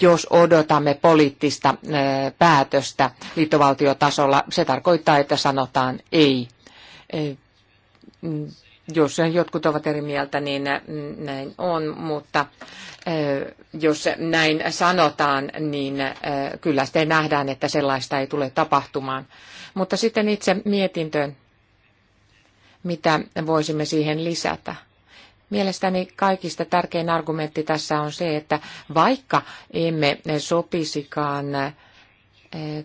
jos odotamme poliittista päätöstä liittovaltiotasolla, se tarkoittaa, että sanotaan ei. Jos jotkut ovat eri mieltä, niin näin on, mutta jos näin sanotaan, niin kyllä sitten nähdään, että sellaista ei tule tapahtumaan. Mutta sitten itse mietintöön mitä voisimme siihen lisätä. Mielestäni kaikista tärkein argumentti tässä on se, että vaikka emme sopisikaan eh,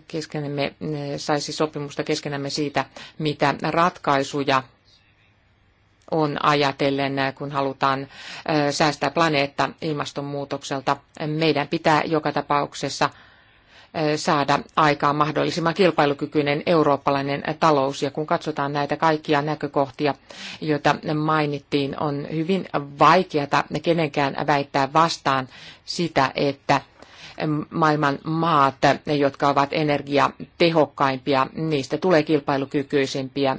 keskenämme, eh, saisi sopimusta keskenämme siitä, mitä ratkaisuja on ajatellen, eh, kun halutaan säästää planeetta ilmastonmuutokselta. Meidän pitää joka tapauksessa saada aikaan mahdollisimman kilpailukykyinen eurooppalainen talous. Ja kun katsotaan näitä kaikkia näkökohtia, joita mainittiin, on hyvin vaikeata kenenkään väittää vastaan sitä, että maailman maat, jotka ovat energiatehokkaimpia, niistä tulee kilpailukykyisempiä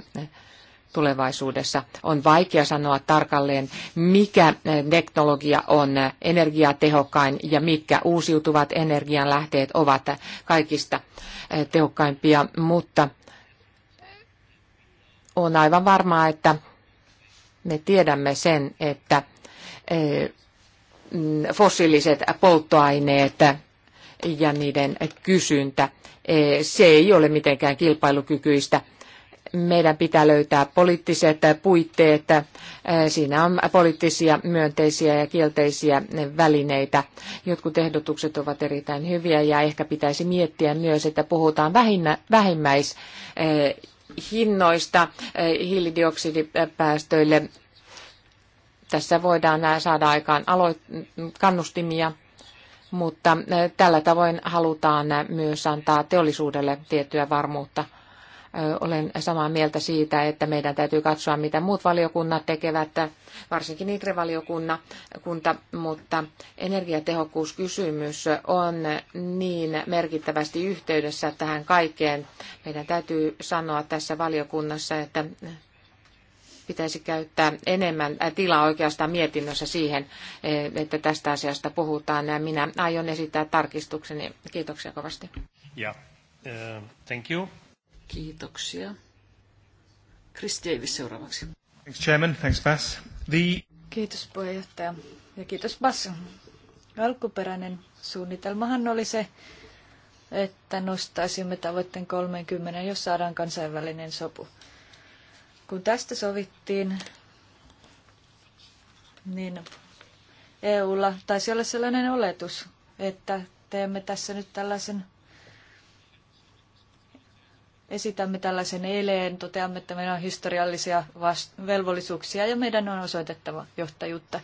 tulevaisuudessa. On vaikea sanoa tarkalleen, mikä eh, teknologia on eh, energiatehokkain ja mitkä uusiutuvat energianlähteet ovat eh, kaikista tehokkaimpia, mutta on aivan varmaa, että me tiedämme sen, että fossiiliset polttoaineet ja niiden kysyntä, se ei ole mitenkään kilpailukykyistä – meidän pitää löytää poliittiset puitteet. Äh, siinä on poliittisia myönteisiä ja kielteisiä välineitä. Jotkut ehdotukset ovat erittäin hyviä ja ehkä pitäisi miettiä myös, että puhutaan vähinnä, vähimmäishinnoista äh, hiilidioksidipäästöille. Tässä voidaan saada aikaan aloit- kannustimia mutta äh, tällä tavoin halutaan myös antaa teollisuudelle tiettyä varmuutta – olen samaa mieltä siitä, että meidän täytyy katsoa, mitä muut valiokunnat tekevät, varsinkin ITRE-valiokunta, mutta energiatehokkuuskysymys on niin merkittävästi yhteydessä tähän kaikkeen. Meidän täytyy sanoa tässä valiokunnassa, että pitäisi käyttää enemmän tilaa oikeastaan mietinnössä siihen, että tästä asiasta puhutaan. Ja minä aion esittää tarkistukseni. Kiitoksia kovasti. Yeah. Uh, thank you. Kiitoksia. Chris Davis seuraavaksi. Thanks Chairman, thanks Bass. The... Kiitos puheenjohtaja ja kiitos Bass. Alkuperäinen suunnitelmahan oli se, että nostaisimme tavoitteen 30, jos saadaan kansainvälinen sopu. Kun tästä sovittiin, niin EUlla taisi olla sellainen oletus, että teemme tässä nyt tällaisen esitämme tällaisen eleen, toteamme, että meillä on historiallisia velvollisuuksia ja meidän on osoitettava johtajuutta.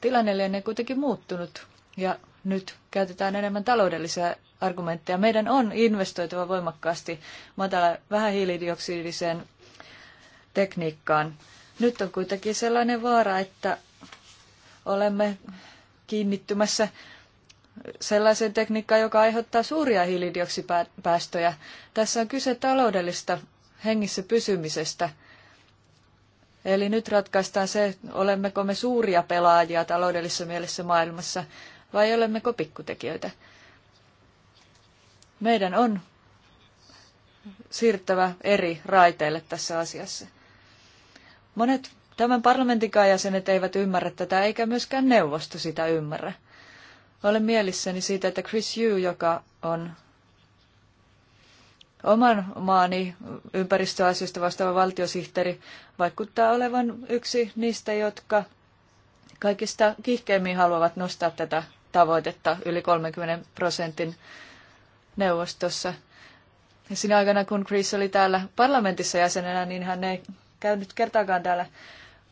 Tilanne lienee kuitenkin muuttunut ja nyt käytetään enemmän taloudellisia argumentteja. Meidän on investoitava voimakkaasti matala, vähän hiilidioksidiseen tekniikkaan. Nyt on kuitenkin sellainen vaara, että olemme kiinnittymässä sellaiseen tekniikkaan, joka aiheuttaa suuria hiilidioksipäästöjä. Tässä on kyse taloudellista hengissä pysymisestä. Eli nyt ratkaistaan se, olemmeko me suuria pelaajia taloudellisessa mielessä maailmassa vai olemmeko pikkutekijöitä. Meidän on siirtävä eri raiteille tässä asiassa. Monet tämän parlamentinkaan jäsenet eivät ymmärrä tätä, eikä myöskään neuvosto sitä ymmärrä. Olen mielissäni siitä, että Chris Yu, joka on oman maani ympäristöasioista vastaava valtiosihteeri, vaikuttaa olevan yksi niistä, jotka kaikista kiihkeimmin haluavat nostaa tätä tavoitetta yli 30 prosentin neuvostossa. Ja sinä aikana, kun Chris oli täällä parlamentissa jäsenenä, niin hän ei käynyt kertaakaan täällä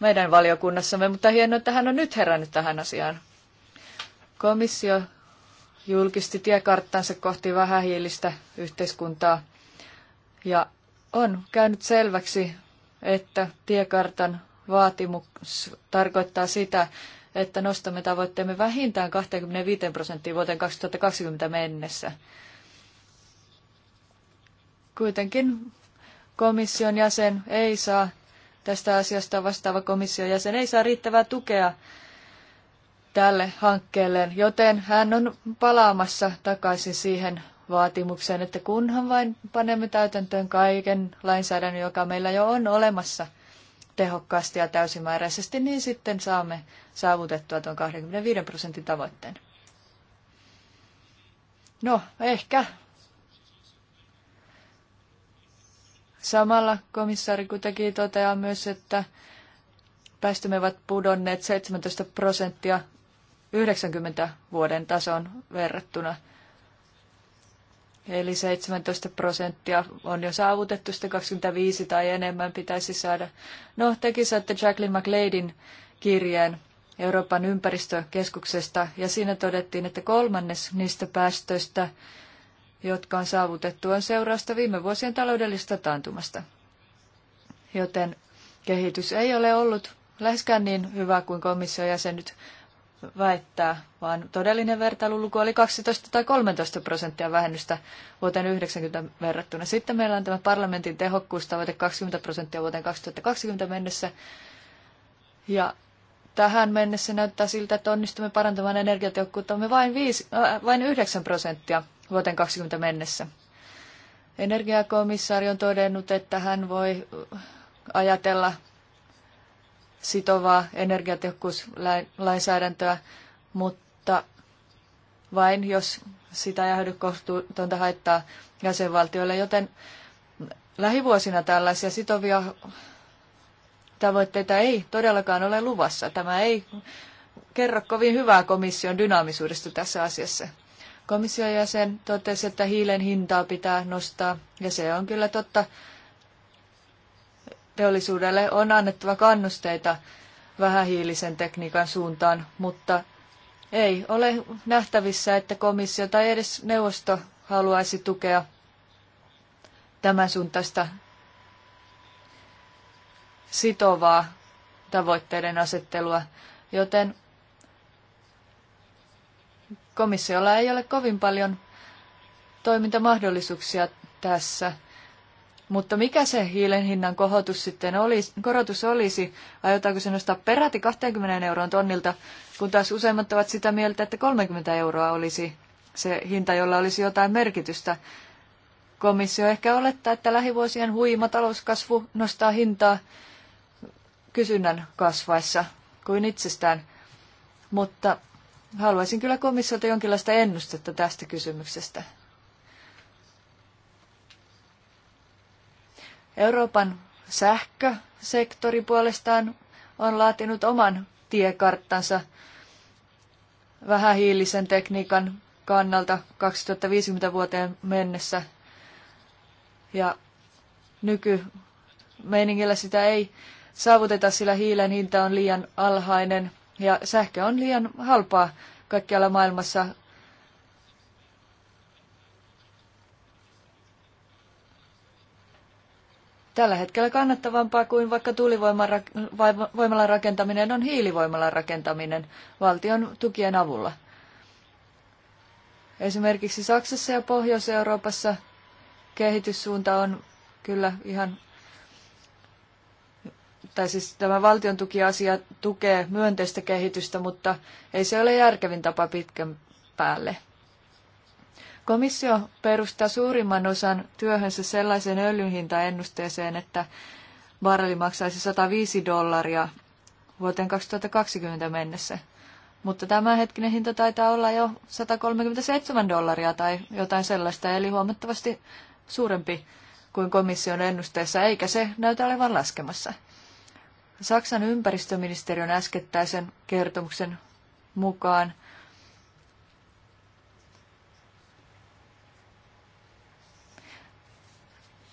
meidän valiokunnassamme, mutta hienoa, että hän on nyt herännyt tähän asiaan. Komissio julkisti tiekarttansa kohti vähähiilistä yhteiskuntaa ja on käynyt selväksi, että tiekartan vaatimus tarkoittaa sitä, että nostamme tavoitteemme vähintään 25 prosenttia vuoteen 2020 mennessä. Kuitenkin komission jäsen ei saa, tästä asiasta vastaava komission jäsen ei saa riittävää tukea tälle hankkeelleen, joten hän on palaamassa takaisin siihen vaatimukseen, että kunhan vain panemme täytäntöön kaiken lainsäädännön, joka meillä jo on olemassa tehokkaasti ja täysimääräisesti, niin sitten saamme saavutettua tuon 25 prosentin tavoitteen. No, ehkä. Samalla komissaari kuitenkin toteaa myös, että päästömme ovat pudonneet 17 prosenttia 90 vuoden tason verrattuna. Eli 17 prosenttia on jo saavutettu, sitten 25 tai enemmän pitäisi saada. No, tekin saatte Jacqueline McLeodin kirjeen Euroopan ympäristökeskuksesta, ja siinä todettiin, että kolmannes niistä päästöistä, jotka on saavutettu, on seurausta viime vuosien taloudellisesta taantumasta. Joten kehitys ei ole ollut läheskään niin hyvä kuin komission jäsenyt väittää, vaan todellinen vertailuluku oli 12 tai 13 prosenttia vähennystä vuoteen 90 verrattuna. Sitten meillä on tämä parlamentin tehokkuustavoite 20 prosenttia vuoteen 2020 mennessä. Ja tähän mennessä näyttää siltä, että onnistumme parantamaan energiatehokkuuttamme vain, 5, äh, vain 9 prosenttia vuoteen 20 mennessä. Energiakomissaari on todennut, että hän voi ajatella sitovaa energiatehokkuuslainsäädäntöä, mutta vain jos sitä ei aiheudu kohtuutonta haittaa jäsenvaltioille, joten lähivuosina tällaisia sitovia tavoitteita ei todellakaan ole luvassa. Tämä ei kerro kovin hyvää komission dynaamisuudesta tässä asiassa. Komission jäsen totesi, että hiilen hintaa pitää nostaa, ja se on kyllä totta teollisuudelle on annettava kannusteita vähähiilisen tekniikan suuntaan, mutta ei ole nähtävissä, että komissio tai edes neuvosto haluaisi tukea tämän suuntaista sitovaa tavoitteiden asettelua, joten komissiolla ei ole kovin paljon toimintamahdollisuuksia tässä – mutta mikä se hiilen hinnan kohotus sitten olisi, korotus olisi? Aiotaanko se nostaa peräti 20 euroon tonnilta, kun taas useimmat ovat sitä mieltä, että 30 euroa olisi se hinta, jolla olisi jotain merkitystä. Komissio ehkä olettaa, että lähivuosien huima talouskasvu nostaa hintaa kysynnän kasvaessa kuin itsestään. Mutta haluaisin kyllä komissiolta jonkinlaista ennustetta tästä kysymyksestä. Euroopan sähkösektori puolestaan on laatinut oman tiekarttansa vähähiilisen tekniikan kannalta 2050 vuoteen mennessä. Ja nykymeiningillä sitä ei saavuteta, sillä hiilen hinta on liian alhainen ja sähkö on liian halpaa kaikkialla maailmassa tällä hetkellä kannattavampaa kuin vaikka tuulivoimalan rakentaminen on hiilivoimalan rakentaminen valtion tukien avulla. Esimerkiksi Saksassa ja Pohjois-Euroopassa kehityssuunta on kyllä ihan, tai siis tämä valtion tukiasia tukee myönteistä kehitystä, mutta ei se ole järkevin tapa pitkän päälle. Komissio perustaa suurimman osan työhönsä sellaiseen öljyn hintaennusteeseen, että barreli maksaisi 105 dollaria vuoteen 2020 mennessä. Mutta tämänhetkinen hinta taitaa olla jo 137 dollaria tai jotain sellaista, eli huomattavasti suurempi kuin komission ennusteessa, eikä se näytä olevan laskemassa. Saksan ympäristöministeriön äskettäisen kertomuksen mukaan –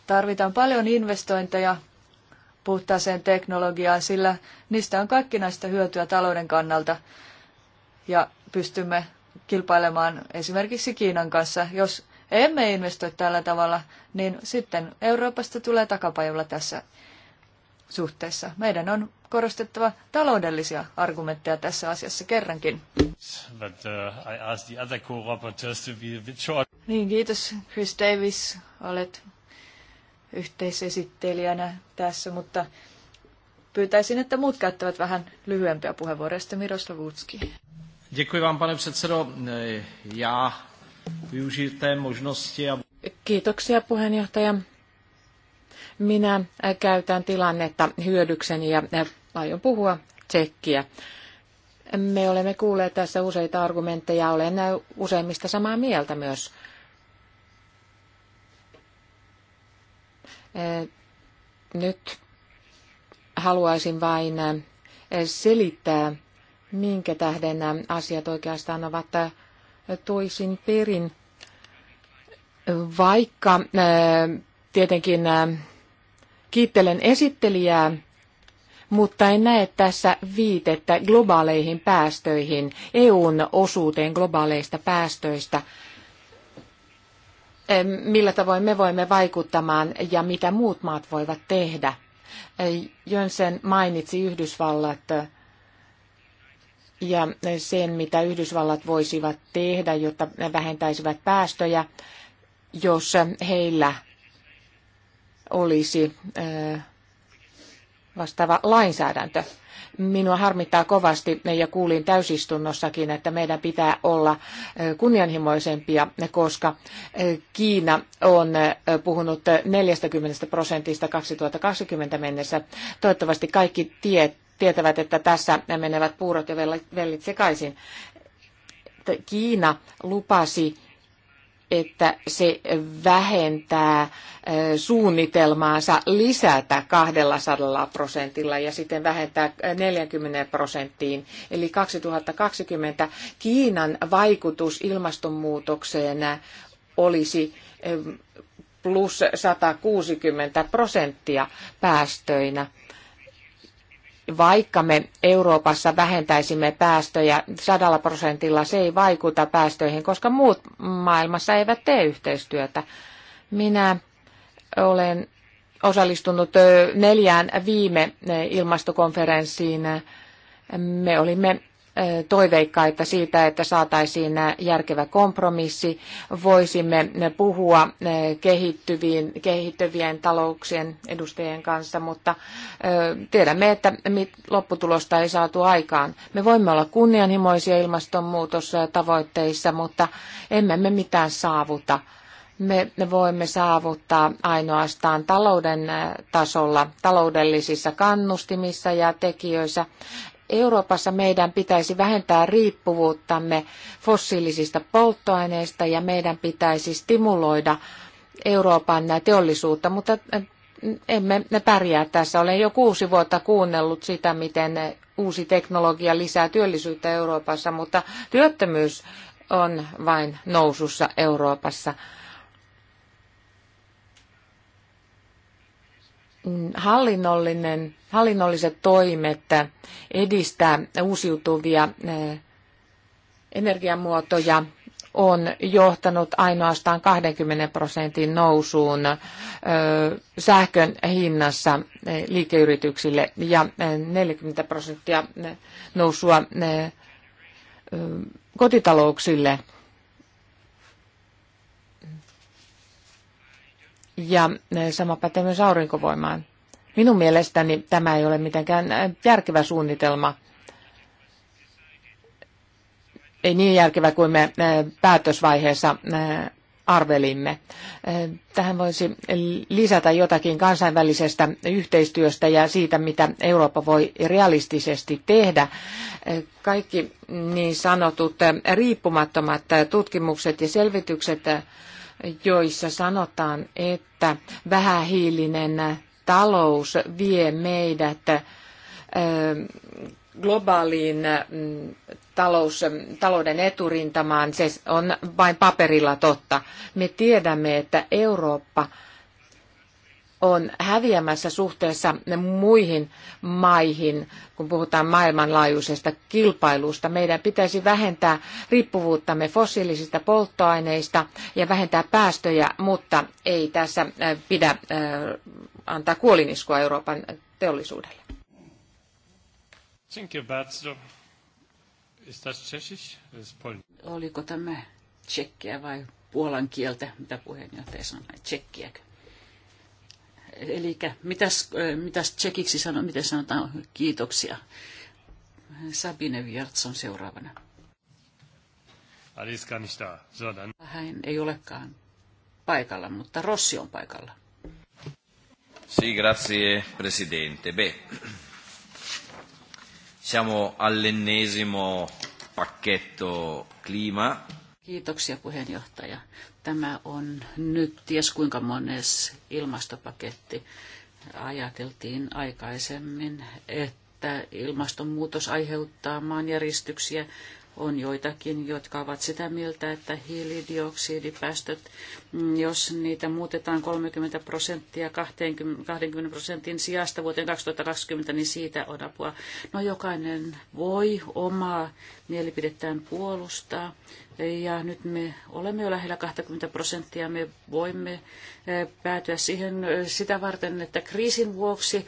Tarvitaan paljon investointeja puhtaaseen teknologiaan, sillä niistä on kaikkinaista hyötyä talouden kannalta ja pystymme kilpailemaan esimerkiksi Kiinan kanssa. Jos emme investoi tällä tavalla, niin sitten Euroopasta tulee takapajolla tässä suhteessa. Meidän on korostettava taloudellisia argumentteja tässä asiassa kerrankin. But, uh, niin, kiitos Chris Davis. Olet yhteisesittelijänä tässä, mutta pyytäisin, että muut käyttävät vähän lyhyempiä puheenvuoroja. Sitten Miroslav Utski. Děkuji vám, pane předsedo. Já využiju té možnosti. A... Kiitoksia puheenjohtaja. Minä käytän tilannetta hyödykseni ja aion puhua tsekkiä. Me olemme kuulleet tässä useita argumentteja. Olen useimmista samaa mieltä myös. Nyt haluaisin vain selittää, minkä tähden nämä asiat oikeastaan ovat toisin perin. Vaikka tietenkin kiittelen esittelijää, mutta en näe tässä viitettä globaaleihin päästöihin, EUn osuuteen globaaleista päästöistä – millä tavoin me voimme vaikuttamaan ja mitä muut maat voivat tehdä. Jönsen mainitsi Yhdysvallat eh, ja sen, mitä Yhdysvallat voisivat tehdä, jotta ne vähentäisivät päästöjä, jos heillä olisi eh, vastaava lainsäädäntö. Minua harmittaa kovasti ja kuulin täysistunnossakin, että meidän pitää olla kunnianhimoisempia, koska Kiina on puhunut 40 prosentista 2020 mennessä. Toivottavasti kaikki tietävät, että tässä menevät puurot ja vellit sekaisin. Kiina lupasi että se vähentää suunnitelmaansa lisätä 200 prosentilla ja sitten vähentää 40 prosenttiin. Eli 2020 Kiinan vaikutus ilmastonmuutokseen olisi plus 160 prosenttia päästöinä vaikka me Euroopassa vähentäisimme päästöjä sadalla prosentilla, se ei vaikuta päästöihin, koska muut maailmassa eivät tee yhteistyötä. Minä olen osallistunut neljään viime ilmastokonferenssiin. Me olimme toiveikkaita siitä, että saataisiin järkevä kompromissi. Voisimme puhua kehittyvien, kehittyvien talouksien edustajien kanssa, mutta tiedämme, että lopputulosta ei saatu aikaan. Me voimme olla kunnianhimoisia ilmastonmuutostavoitteissa, mutta emme me mitään saavuta me voimme saavuttaa ainoastaan talouden tasolla, taloudellisissa kannustimissa ja tekijöissä, Euroopassa meidän pitäisi vähentää riippuvuuttamme fossiilisista polttoaineista ja meidän pitäisi stimuloida Euroopan teollisuutta, mutta äh, emme ne pärjää tässä. Olen jo kuusi vuotta kuunnellut sitä, miten uusi teknologia lisää työllisyyttä Euroopassa, mutta työttömyys on vain nousussa Euroopassa. hallinnollinen, hallinnolliset toimet edistää uusiutuvia eh, energiamuotoja on johtanut ainoastaan 20 prosentin nousuun eh, sähkön hinnassa eh, liikeyrityksille ja 40 prosenttia nousua kotitalouksille. ja e, sama pätee myös aurinkovoimaan. Minun mielestäni tämä ei ole mitenkään e, järkevä suunnitelma. Ei niin järkevä kuin me e, päätösvaiheessa arvelimme. Tähän voisi lisätä jotakin kansainvälisestä yhteistyöstä ja siitä, mitä Eurooppa voi realistisesti tehdä. Kaikki niin sanotut riippumattomat tutkimukset ja selvitykset joissa sanotaan, että vähähiilinen talous vie meidät globaaliin mm, talous, talouden eturintamaan. Se on vain paperilla totta. Me tiedämme, että Eurooppa on häviämässä suhteessa muihin maihin, kun puhutaan maailmanlaajuisesta kilpailusta. Meidän pitäisi vähentää riippuvuuttamme fossiilisista polttoaineista ja vähentää päästöjä, mutta ei tässä äh, pidä äh, antaa kuoliniskua Euroopan teollisuudelle. Oliko tämä tsekkiä vai puolan kieltä, mitä puheenjohtaja sanoi, tsekkiäkö? Eli mitäs, äh, mitäs tsekiksi sano, miten sanotaan kiitoksia? Sabine Wiertz on seuraavana. Hän ei olekaan paikalla, mutta Rossi on paikalla. Sì, grazie Presidente. Beh, siamo all'ennesimo pacchetto clima. Kiitoksia puheenjohtaja. Tämä on nyt ties kuinka mones ilmastopaketti. Ajateltiin aikaisemmin, että ilmastonmuutos aiheuttaa maanjäristyksiä. On joitakin, jotka ovat sitä mieltä, että hiilidioksidipäästöt, jos niitä muutetaan 30 prosenttia 20, prosentin sijasta vuoteen 2020, niin siitä on apua. No jokainen voi omaa mielipidettään puolustaa ja nyt me olemme jo lähellä 20 prosenttia. Me voimme eh, päätyä siihen eh, sitä varten, että kriisin vuoksi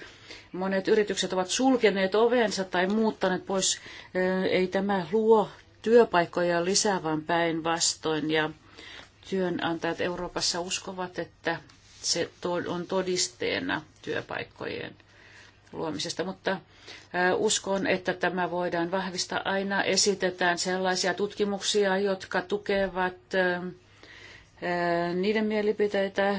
monet yritykset ovat sulkeneet ovensa tai muuttaneet pois. Eh, ei tämä luo työpaikkoja lisää, vaan päinvastoin. Ja työnantajat Euroopassa uskovat, että se on todisteena työpaikkojen luomisesta, mutta uskon, että tämä voidaan vahvistaa. Aina esitetään sellaisia tutkimuksia, jotka tukevat niiden mielipiteitä,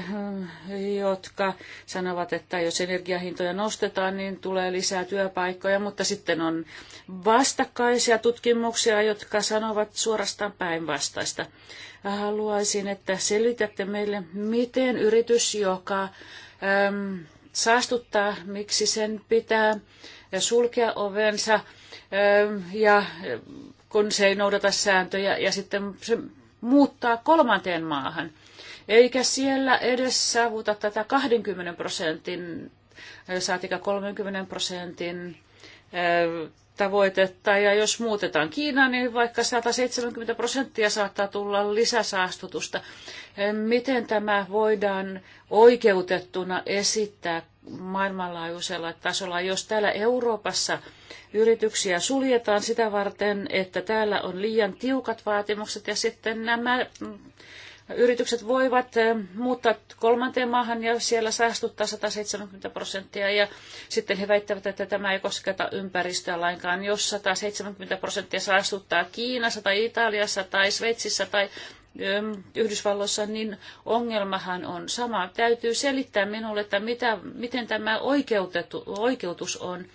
jotka sanovat, että jos energiahintoja nostetaan, niin tulee lisää työpaikkoja, mutta sitten on vastakkaisia tutkimuksia, jotka sanovat suorastaan päinvastaista. Haluaisin, että selitätte meille, miten yritys, joka saastuttaa, miksi sen pitää sulkea ovensa ähm, ja äh, kun se ei noudata sääntöjä ja sitten se muuttaa kolmanteen maahan. Eikä siellä edes saavuta tätä 20 prosentin, äh, saatika 30 prosentin äh, tavoitetta. Ja jos muutetaan Kiinaan, niin vaikka 170 prosenttia saattaa tulla lisäsaastutusta. Miten tämä voidaan oikeutettuna esittää maailmanlaajuisella tasolla, jos täällä Euroopassa yrityksiä suljetaan sitä varten, että täällä on liian tiukat vaatimukset ja sitten nämä Yritykset voivat eh, muuttaa kolmanteen maahan ja siellä saastuttaa 170 prosenttia ja sitten he väittävät, että tämä ei kosketa ympäristöä lainkaan. Jos 170 prosenttia saastuttaa Kiinassa tai Italiassa tai Sveitsissä tai eh, Yhdysvalloissa, niin ongelmahan on sama. Täytyy selittää minulle, että mitä, miten tämä oikeutus on,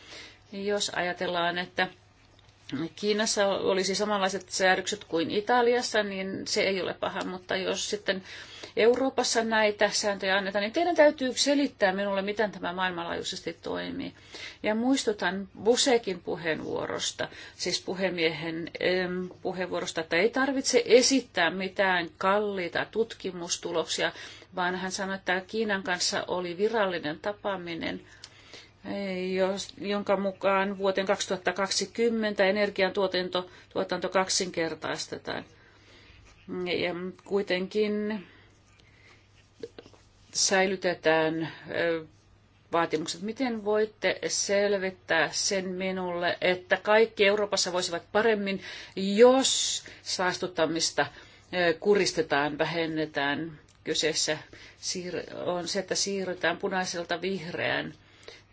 jos ajatellaan, että Kiinassa olisi samanlaiset säädökset kuin Italiassa, niin se ei ole paha, mutta jos sitten Euroopassa näitä sääntöjä annetaan, niin teidän täytyy selittää minulle, miten tämä maailmanlaajuisesti toimii. Ja muistutan Busekin puheenvuorosta, siis puhemiehen puheenvuorosta, että ei tarvitse esittää mitään kalliita tutkimustuloksia, vaan hän sanoi, että Kiinan kanssa oli virallinen tapaaminen – jos, jonka mukaan vuoteen 2020 energiantuotanto tuotanto kaksinkertaistetaan. Ja kuitenkin säilytetään vaatimukset. Miten voitte selvittää sen minulle, että kaikki Euroopassa voisivat paremmin, jos saastuttamista kuristetaan, vähennetään? Kyseessä on se, että siirrytään punaiselta vihreään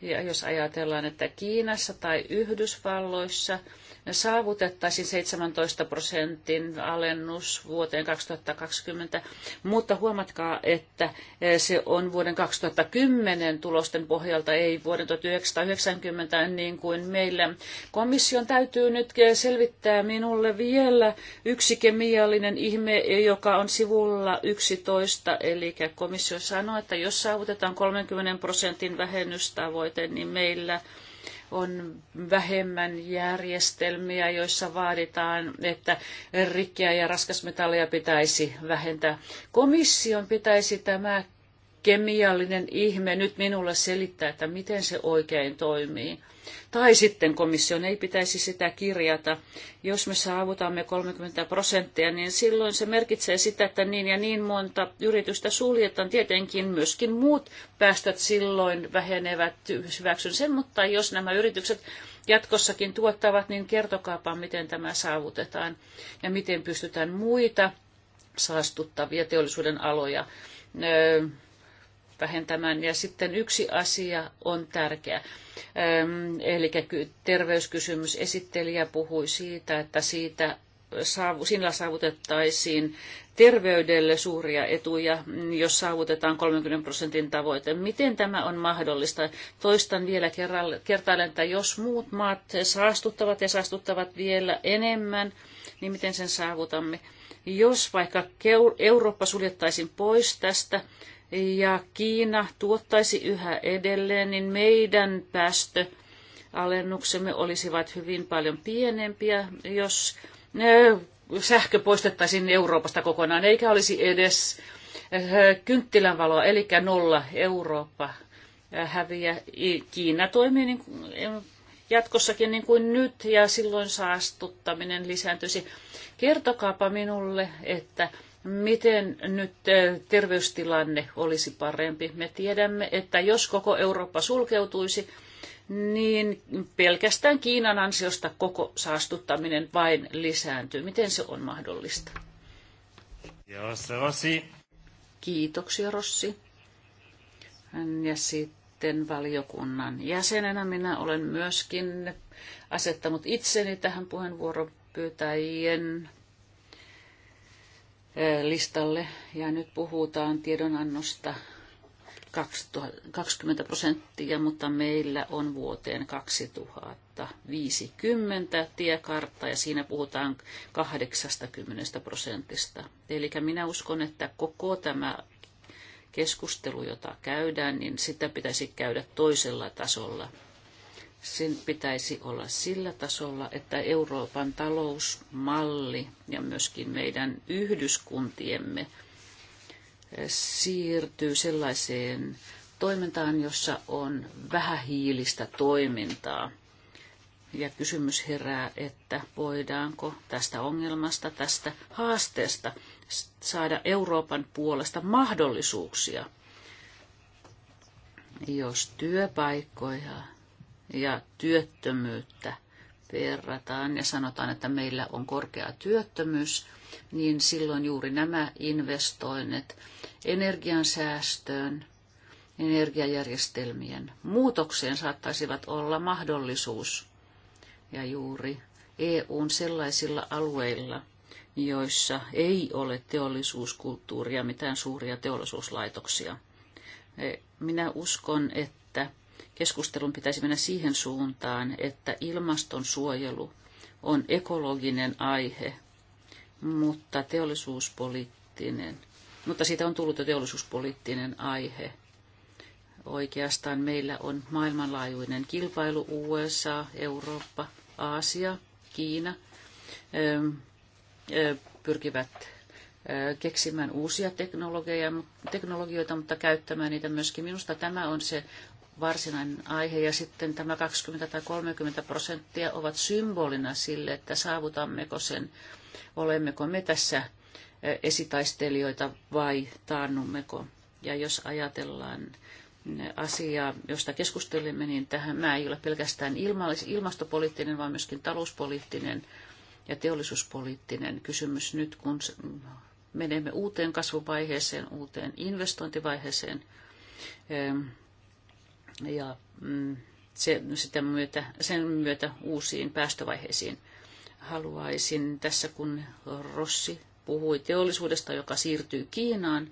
ja jos ajatellaan, että Kiinassa tai Yhdysvalloissa – saavutettaisiin 17 prosentin alennus vuoteen 2020, mutta huomatkaa, että eh, se on vuoden 2010 tulosten pohjalta, ei vuoden 1990 niin kuin meillä. Komission täytyy nyt eh, selvittää minulle vielä yksi kemiallinen ihme, eh, joka on sivulla 11, eli komissio sanoo, että jos saavutetaan 30 prosentin vähennystavoite, niin meillä on vähemmän järjestelmiä, joissa vaaditaan, että rikkiä ja raskasmetalleja pitäisi vähentää. Komission pitäisi tämä kemiallinen ihme nyt minulle selittää, että miten se oikein toimii. Tai sitten komission ei pitäisi sitä kirjata. Jos me saavutamme 30 prosenttia, niin silloin se merkitsee sitä, että niin ja niin monta yritystä suljetaan. Tietenkin myöskin muut päästöt silloin vähenevät, hyväksyn sen, mutta jos nämä yritykset jatkossakin tuottavat, niin kertokaapa, miten tämä saavutetaan ja miten pystytään muita saastuttavia teollisuuden aloja vähentämään. Ja sitten yksi asia on tärkeä. Eli terveyskysymys. Esittelijä puhui siitä, että siitä saavu, sillä saavutettaisiin terveydelle suuria etuja, jos saavutetaan 30 prosentin tavoite. Miten tämä on mahdollista? Toistan vielä kertaalleen, että jos muut maat saastuttavat ja saastuttavat vielä enemmän, niin miten sen saavutamme? Jos vaikka Eurooppa suljettaisiin pois tästä, ja Kiina tuottaisi yhä edelleen, niin meidän päästöalennuksemme olisivat hyvin paljon pienempiä, jos sähkö poistettaisiin Euroopasta kokonaan, eikä olisi edes kynttilänvaloa, eli nolla Eurooppa häviä. Kiina toimii niin kuin, jatkossakin niin kuin nyt ja silloin saastuttaminen lisääntyisi. Kertokaapa minulle, että Miten nyt eh, terveystilanne olisi parempi? Me tiedämme, että jos koko Eurooppa sulkeutuisi, niin pelkästään Kiinan ansiosta koko saastuttaminen vain lisääntyy. Miten se on mahdollista? Kiitoksia, Rossi. Ja sitten valiokunnan jäsenenä minä olen myöskin asettanut itseni tähän puheenvuoropyytäjien listalle ja nyt puhutaan tiedonannosta 20 prosenttia, mutta meillä on vuoteen 2050 tiekartta ja siinä puhutaan 80 prosentista. Eli minä uskon, että koko tämä keskustelu, jota käydään, niin sitä pitäisi käydä toisella tasolla sen pitäisi olla sillä tasolla, että Euroopan talousmalli ja myöskin meidän yhdyskuntiemme eh, siirtyy sellaiseen toimintaan, jossa on vähähiilistä toimintaa. Ja kysymys herää, että voidaanko tästä ongelmasta, tästä haasteesta saada Euroopan puolesta mahdollisuuksia, jos työpaikkoja ja työttömyyttä verrataan ja sanotaan, että meillä on korkea työttömyys, niin silloin juuri nämä investoinnit energiansäästöön, energiajärjestelmien muutokseen saattaisivat olla mahdollisuus. Ja juuri EUn sellaisilla alueilla, joissa ei ole teollisuuskulttuuria, mitään suuria teollisuuslaitoksia. Eh, minä uskon, että Keskustelun pitäisi mennä siihen suuntaan, että ilmastonsuojelu on ekologinen aihe, mutta teollisuuspoliittinen, mutta siitä on tullut jo teollisuuspoliittinen aihe. Oikeastaan meillä on maailmanlaajuinen kilpailu USA, Eurooppa, Aasia, Kiina pyrkivät keksimään uusia teknologioita, mutta käyttämään niitä myöskin. Minusta tämä on se varsinainen aihe. Ja sitten tämä 20 tai 30 prosenttia ovat symbolina sille, että saavutammeko sen, olemmeko me tässä esitaistelijoita vai taannummeko. Ja jos ajatellaan asiaa, josta keskustelimme, niin tähän mä ei ole pelkästään ilmastopoliittinen, vaan myöskin talouspoliittinen ja teollisuuspoliittinen kysymys nyt, kun menemme uuteen kasvuvaiheeseen, uuteen investointivaiheeseen ja mm, se, sitä myötä, sen myötä uusiin päästövaiheisiin. Haluaisin tässä, kun Rossi puhui teollisuudesta, joka siirtyy Kiinaan,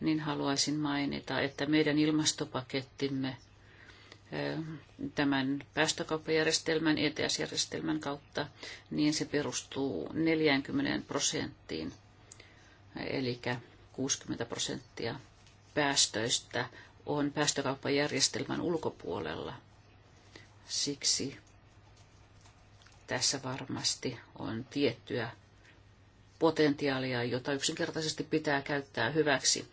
niin haluaisin mainita, että meidän ilmastopakettimme tämän päästökauppajärjestelmän, ETS-järjestelmän kautta, niin se perustuu 40 prosenttiin, eli 60 prosenttia päästöistä on päästökauppajärjestelmän ulkopuolella. Siksi tässä varmasti on tiettyä potentiaalia, jota yksinkertaisesti pitää käyttää hyväksi.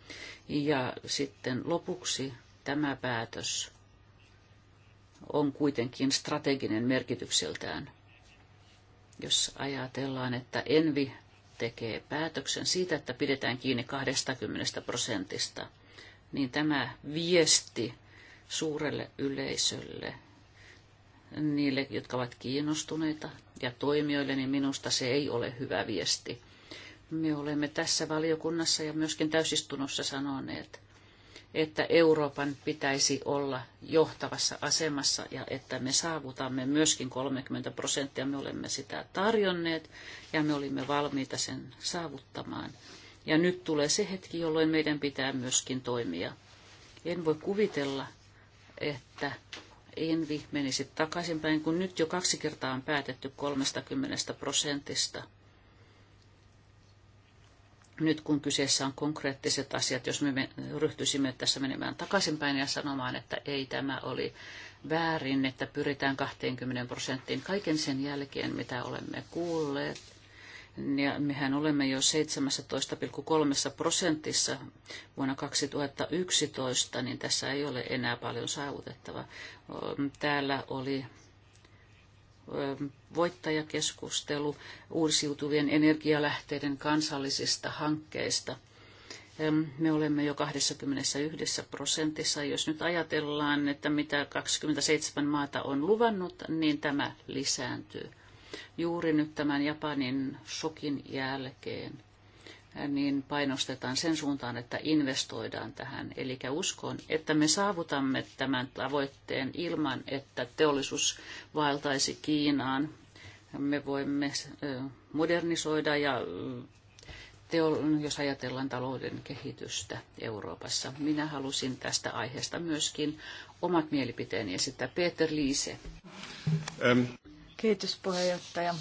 Ja sitten lopuksi tämä päätös on kuitenkin strateginen merkitykseltään. Jos ajatellaan, että Envi tekee päätöksen siitä, että pidetään kiinni 20 prosentista – niin tämä viesti suurelle yleisölle, niille, jotka ovat kiinnostuneita ja toimijoille, niin minusta se ei ole hyvä viesti. Me olemme tässä valiokunnassa ja myöskin täysistunnossa sanoneet, että Euroopan pitäisi olla johtavassa asemassa ja että me saavutamme myöskin 30 prosenttia. Me olemme sitä tarjonneet ja me olimme valmiita sen saavuttamaan. Ja nyt tulee se hetki, jolloin meidän pitää myöskin toimia. En voi kuvitella, että envi menisi takaisinpäin, kun nyt jo kaksi kertaa on päätetty 30 prosentista. Nyt kun kyseessä on konkreettiset asiat, jos me ryhtyisimme tässä menemään takaisinpäin ja sanomaan, että ei tämä oli väärin, että pyritään 20 prosenttiin kaiken sen jälkeen, mitä olemme kuulleet, ja mehän olemme jo 17,3 prosentissa vuonna 2011, niin tässä ei ole enää paljon saavutettava. Täällä oli voittajakeskustelu uusiutuvien energialähteiden kansallisista hankkeista. Me olemme jo 21 prosentissa. Jos nyt ajatellaan, että mitä 27 maata on luvannut, niin tämä lisääntyy juuri nyt tämän Japanin shokin jälkeen, niin painostetaan sen suuntaan, että investoidaan tähän. Eli uskon, että me saavutamme tämän tavoitteen ilman, että teollisuus vaeltaisi Kiinaan. Me voimme modernisoida ja jos ajatellaan talouden kehitystä Euroopassa. Minä halusin tästä aiheesta myöskin omat mielipiteeni esittää. Peter Liise. Ähm. Kiitos puheenjohtaja.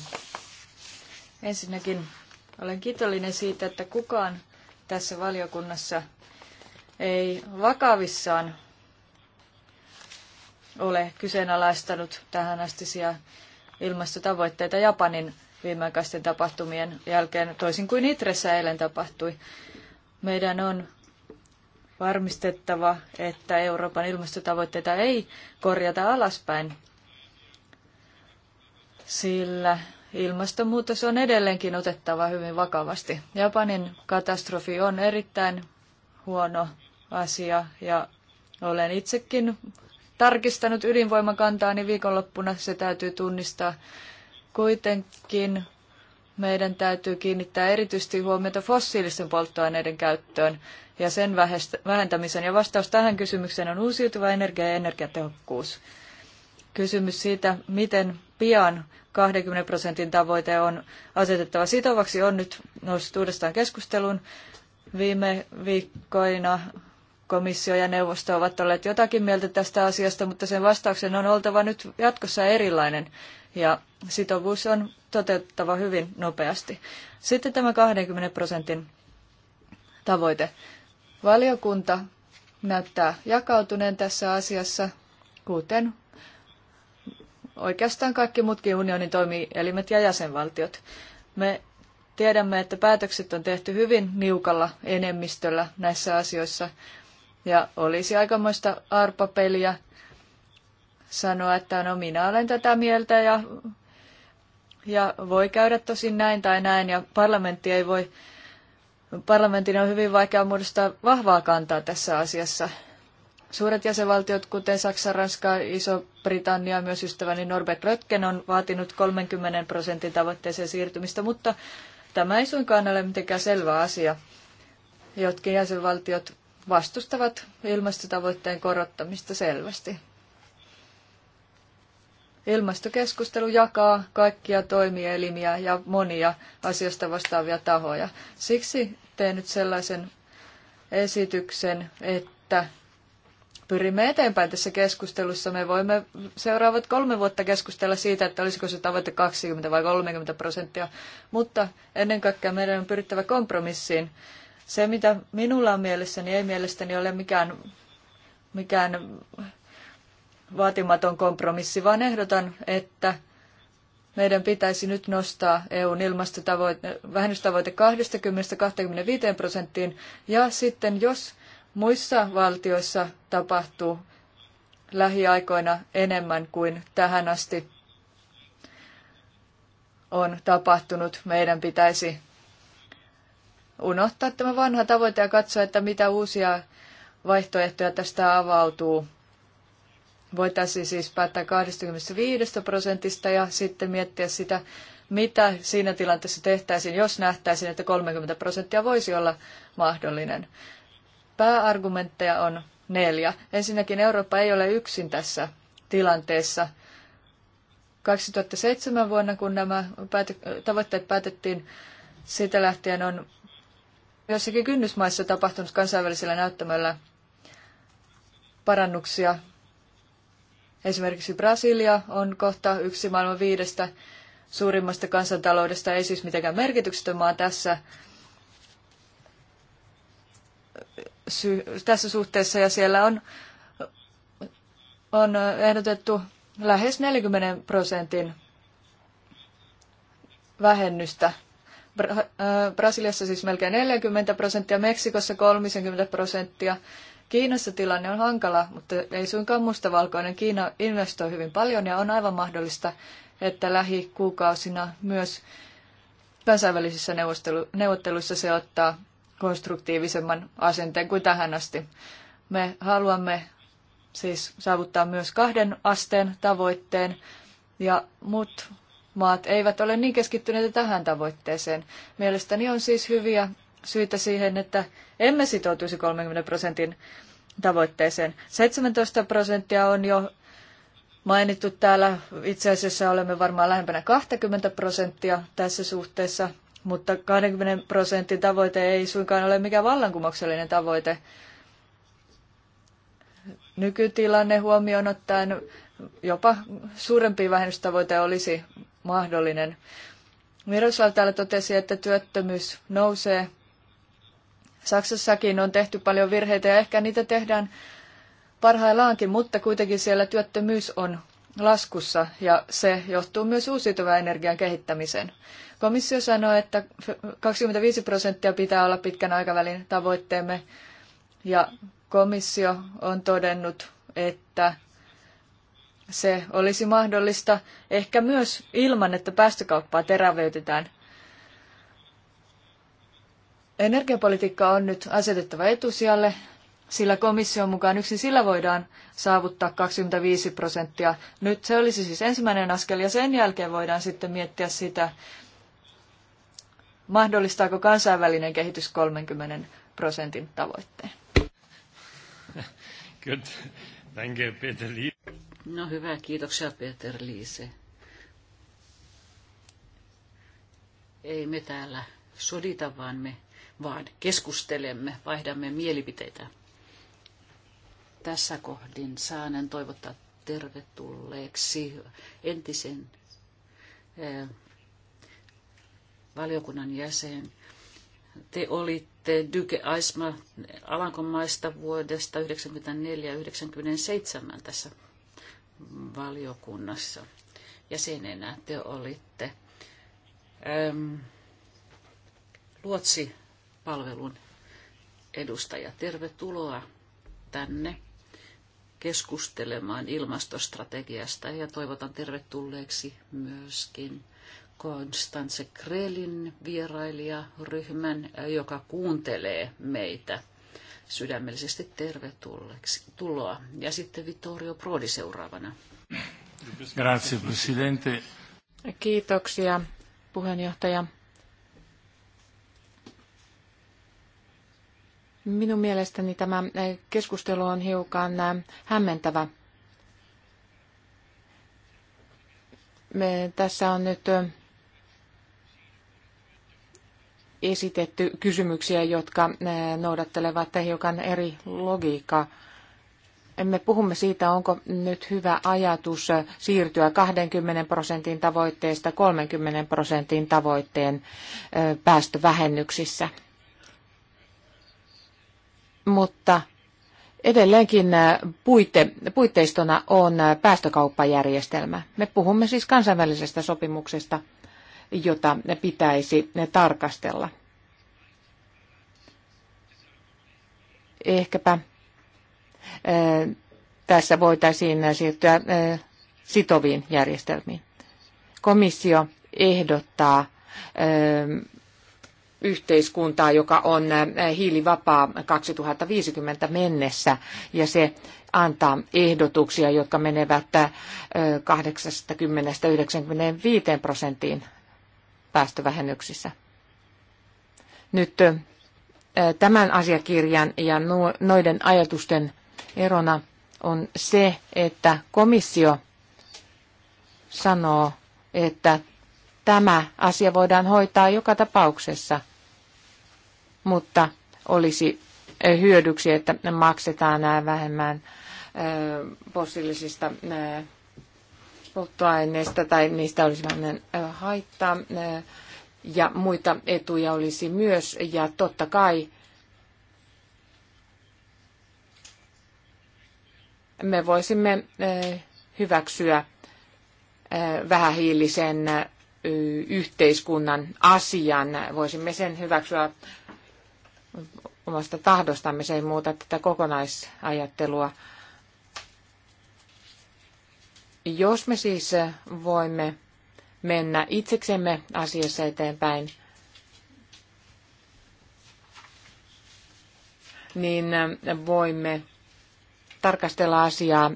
Ensinnäkin olen kiitollinen siitä, että kukaan tässä valiokunnassa ei vakavissaan ole kyseenalaistanut tähänastisia ilmastotavoitteita Japanin viimeaikaisten tapahtumien jälkeen, toisin kuin Itressä eilen tapahtui. Meidän on varmistettava, että Euroopan ilmastotavoitteita ei korjata alaspäin sillä ilmastonmuutos on edelleenkin otettava hyvin vakavasti. Japanin katastrofi on erittäin huono asia ja olen itsekin tarkistanut ydinvoimakantaani viikonloppuna, se täytyy tunnistaa. Kuitenkin meidän täytyy kiinnittää erityisesti huomiota fossiilisten polttoaineiden käyttöön ja sen vähentämisen. Ja vastaus tähän kysymykseen on uusiutuva energia ja energiatehokkuus. Kysymys siitä, miten pian 20 prosentin tavoite on asetettava sitovaksi, on nyt noussut uudestaan keskusteluun. Viime viikkoina komissio ja neuvosto ovat olleet jotakin mieltä tästä asiasta, mutta sen vastauksen on oltava nyt jatkossa erilainen ja sitovuus on toteutettava hyvin nopeasti. Sitten tämä 20 prosentin tavoite. Valiokunta näyttää jakautuneen tässä asiassa, kuten oikeastaan kaikki muutkin unionin toimielimet ja jäsenvaltiot. Me tiedämme, että päätökset on tehty hyvin niukalla enemmistöllä näissä asioissa, ja olisi aikamoista arpapeliä sanoa, että no minä olen tätä mieltä ja, ja voi käydä tosin näin tai näin, ja parlamentti ei voi, parlamentin on hyvin vaikea muodostaa vahvaa kantaa tässä asiassa. Suuret jäsenvaltiot, kuten Saksa, Ranska, Iso-Britannia, ja myös ystäväni Norbert Röttgen on vaatinut 30 prosentin tavoitteeseen siirtymistä, mutta tämä ei suinkaan ole mitenkään selvä asia. Jotkin jäsenvaltiot vastustavat ilmastotavoitteen korottamista selvästi. Ilmastokeskustelu jakaa kaikkia toimielimiä ja monia asiasta vastaavia tahoja. Siksi teen nyt sellaisen esityksen, että pyrimme eteenpäin tässä keskustelussa. Me voimme seuraavat kolme vuotta keskustella siitä, että olisiko se tavoite 20 vai 30 prosenttia, mutta ennen kaikkea meidän on pyrittävä kompromissiin. Se, mitä minulla on mielessäni, ei mielestäni ole mikään, mikään vaatimaton kompromissi, vaan ehdotan, että meidän pitäisi nyt nostaa EUn ilmastotavoite, vähennystavoite 20-25 prosenttiin. Ja sitten jos muissa valtioissa tapahtuu lähiaikoina enemmän kuin tähän asti on tapahtunut. Meidän pitäisi unohtaa tämä vanha tavoite ja katsoa, että mitä uusia vaihtoehtoja tästä avautuu. Voitaisiin siis päättää 25 prosentista ja sitten miettiä sitä, mitä siinä tilanteessa tehtäisiin, jos nähtäisiin, että 30 prosenttia voisi olla mahdollinen. Pääargumentteja on neljä. Ensinnäkin Eurooppa ei ole yksin tässä tilanteessa. 2007 vuonna, kun nämä tavoitteet päätettiin, siitä lähtien on joissakin kynnysmaissa tapahtunut kansainvälisellä näyttämöllä parannuksia. Esimerkiksi Brasilia on kohta yksi maailman viidestä suurimmasta kansantaloudesta, ei siis mitenkään merkityksetön maa tässä tässä suhteessa ja siellä on, on ehdotettu lähes 40 prosentin vähennystä. Äh, Brasiliassa siis melkein 40 prosenttia, Meksikossa 30 prosenttia. Kiinassa tilanne on hankala, mutta ei suinkaan mustavalkoinen. Kiina investoi hyvin paljon ja on aivan mahdollista, että lähikuukausina myös kansainvälisissä neuvotteluissa se ottaa konstruktiivisemman asenteen kuin tähän asti. Me haluamme siis saavuttaa myös kahden asteen tavoitteen ja muut maat eivät ole niin keskittyneitä tähän tavoitteeseen. Mielestäni on siis hyviä syitä siihen, että emme sitoutuisi 30 prosentin tavoitteeseen. 17 prosenttia on jo mainittu täällä. Itse asiassa olemme varmaan lähempänä 20 prosenttia tässä suhteessa mutta 20 prosentin tavoite ei suinkaan ole mikään vallankumouksellinen tavoite. Nykytilanne huomioon ottaen jopa suurempi vähennystavoite olisi mahdollinen. Miroslav täällä totesi, että työttömyys nousee. Saksassakin on tehty paljon virheitä ja ehkä niitä tehdään parhaillaankin, mutta kuitenkin siellä työttömyys on laskussa ja se johtuu myös uusiutuvan energian kehittämisen. Komissio sanoi, että 25 prosenttia pitää olla pitkän aikavälin tavoitteemme ja komissio on todennut, että se olisi mahdollista ehkä myös ilman, että päästökauppaa terävöitetään. Energiapolitiikka on nyt asetettava etusijalle, sillä komission mukaan yksin sillä voidaan saavuttaa 25 prosenttia. Nyt se olisi siis ensimmäinen askel ja sen jälkeen voidaan sitten miettiä sitä, Mahdollistaako kansainvälinen kehitys 30 prosentin tavoitteen? [laughs] Good. Thank you, Peter No hyvä, kiitoksia Peter Liise. Ei me täällä sodita, vaan me vaan keskustelemme, vaihdamme mielipiteitä. Tässä kohdin saanen toivottaa tervetulleeksi entisen eh, valiokunnan jäsen. Te olitte Dyke Aisma Alankomaista vuodesta 1994-1997 tässä valiokunnassa jäsenenä. Te olitte äm, luotsipalvelun edustaja. Tervetuloa tänne keskustelemaan ilmastostrategiasta ja toivotan tervetulleeksi myöskin Konstantse Krelin vierailijaryhmän, äh, joka kuuntelee meitä sydämellisesti tervetulleeksi. Tuloa. Ja sitten Vittorio Prodi seuraavana. Grazie, Presidente. Kiitoksia, puheenjohtaja. Minun mielestäni tämä äh, keskustelu on hiukan äh, hämmentävä. Me, tässä on nyt esitetty kysymyksiä, jotka eh, noudattelevat hiukan eri logiikkaa. Me puhumme siitä, onko nyt hyvä ajatus siirtyä 20 prosentin tavoitteesta 30 prosentin tavoitteen eh, päästövähennyksissä. Mutta edelleenkin eh, puitteistona on päästökauppajärjestelmä. Me puhumme siis kansainvälisestä sopimuksesta – jota pitäisi tarkastella. Ehkäpä tässä voitaisiin siirtyä sitoviin järjestelmiin. Komissio ehdottaa yhteiskuntaa, joka on hiilivapaa 2050 mennessä, ja se antaa ehdotuksia, jotka menevät 80-95 prosenttiin päästövähennyksissä. Nyt tämän asiakirjan ja noiden ajatusten erona on se, että komissio sanoo, että tämä asia voidaan hoitaa joka tapauksessa, mutta olisi hyödyksi, että maksetaan nämä vähemmän fossiilisista polttoaineista tai niistä olisi vähän haittaa ja muita etuja olisi myös ja totta kai me voisimme hyväksyä vähähiilisen yhteiskunnan asian. Voisimme sen hyväksyä omasta tahdostamme, se ei muuta tätä kokonaisajattelua. Jos me siis voimme mennä itseksemme asiassa eteenpäin, niin voimme tarkastella asiaa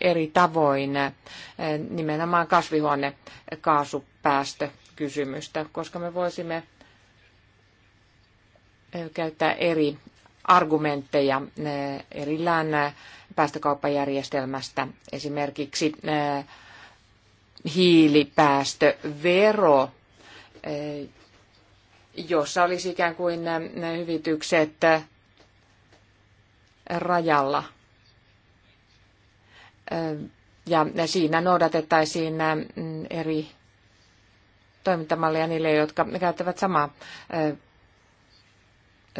eri tavoin, nimenomaan kasvihuonekaasupäästökysymystä, koska me voisimme käyttää eri argumentteja erillään päästökauppajärjestelmästä. Esimerkiksi äh, hiilipäästövero, äh, jossa olisi ikään kuin äh, hyvitykset rajalla. Ja siinä noudatettaisiin eri toimintamalleja niille, jotka käyttävät samaa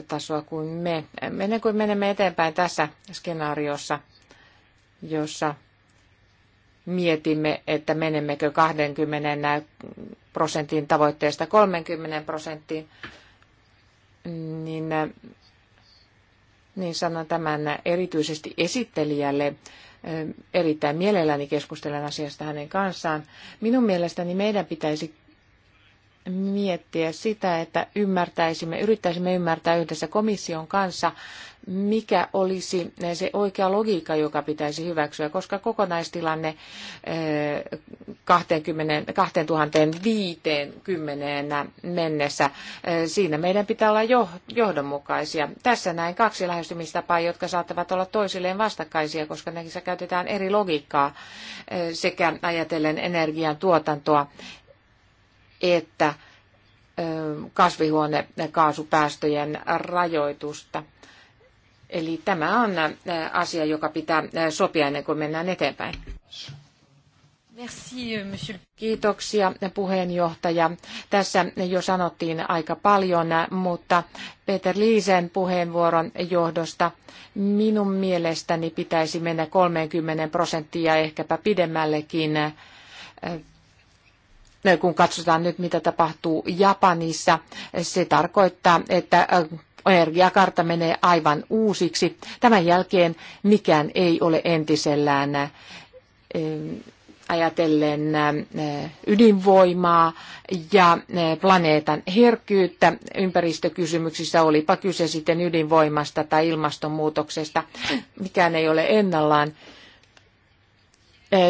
tasoa kuin me. Ennen kuin menemme eteenpäin tässä skenaariossa, jossa mietimme, että menemmekö 20 prosentin tavoitteesta 30 prosenttiin, niin, niin sanon tämän erityisesti esittelijälle. Erittäin mielelläni keskustelen asiasta hänen kanssaan. Minun mielestäni meidän pitäisi miettiä sitä, että ymmärtäisimme, yrittäisimme ymmärtää yhdessä komission kanssa, mikä olisi se oikea logiikka, joka pitäisi hyväksyä, koska kokonaistilanne 20, eh, 2050 mennessä, eh, siinä meidän pitää olla johdonmukaisia. Tässä näin kaksi lähestymistapaa, jotka saattavat olla toisilleen vastakkaisia, koska näissä käytetään eri logiikkaa eh, sekä ajatellen energian tuotantoa että kasvihuonekaasupäästöjen rajoitusta. Eli tämä on asia, joka pitää sopia ennen kuin mennään eteenpäin. Kiitoksia puheenjohtaja. Tässä jo sanottiin aika paljon, mutta Peter Liisen puheenvuoron johdosta minun mielestäni pitäisi mennä 30 prosenttia ehkäpä pidemmällekin kun katsotaan nyt, mitä tapahtuu Japanissa, se tarkoittaa, että energiakartta menee aivan uusiksi. Tämän jälkeen mikään ei ole entisellään ajatellen ydinvoimaa ja planeetan herkkyyttä ympäristökysymyksissä, olipa kyse sitten ydinvoimasta tai ilmastonmuutoksesta. Mikään ei ole ennallaan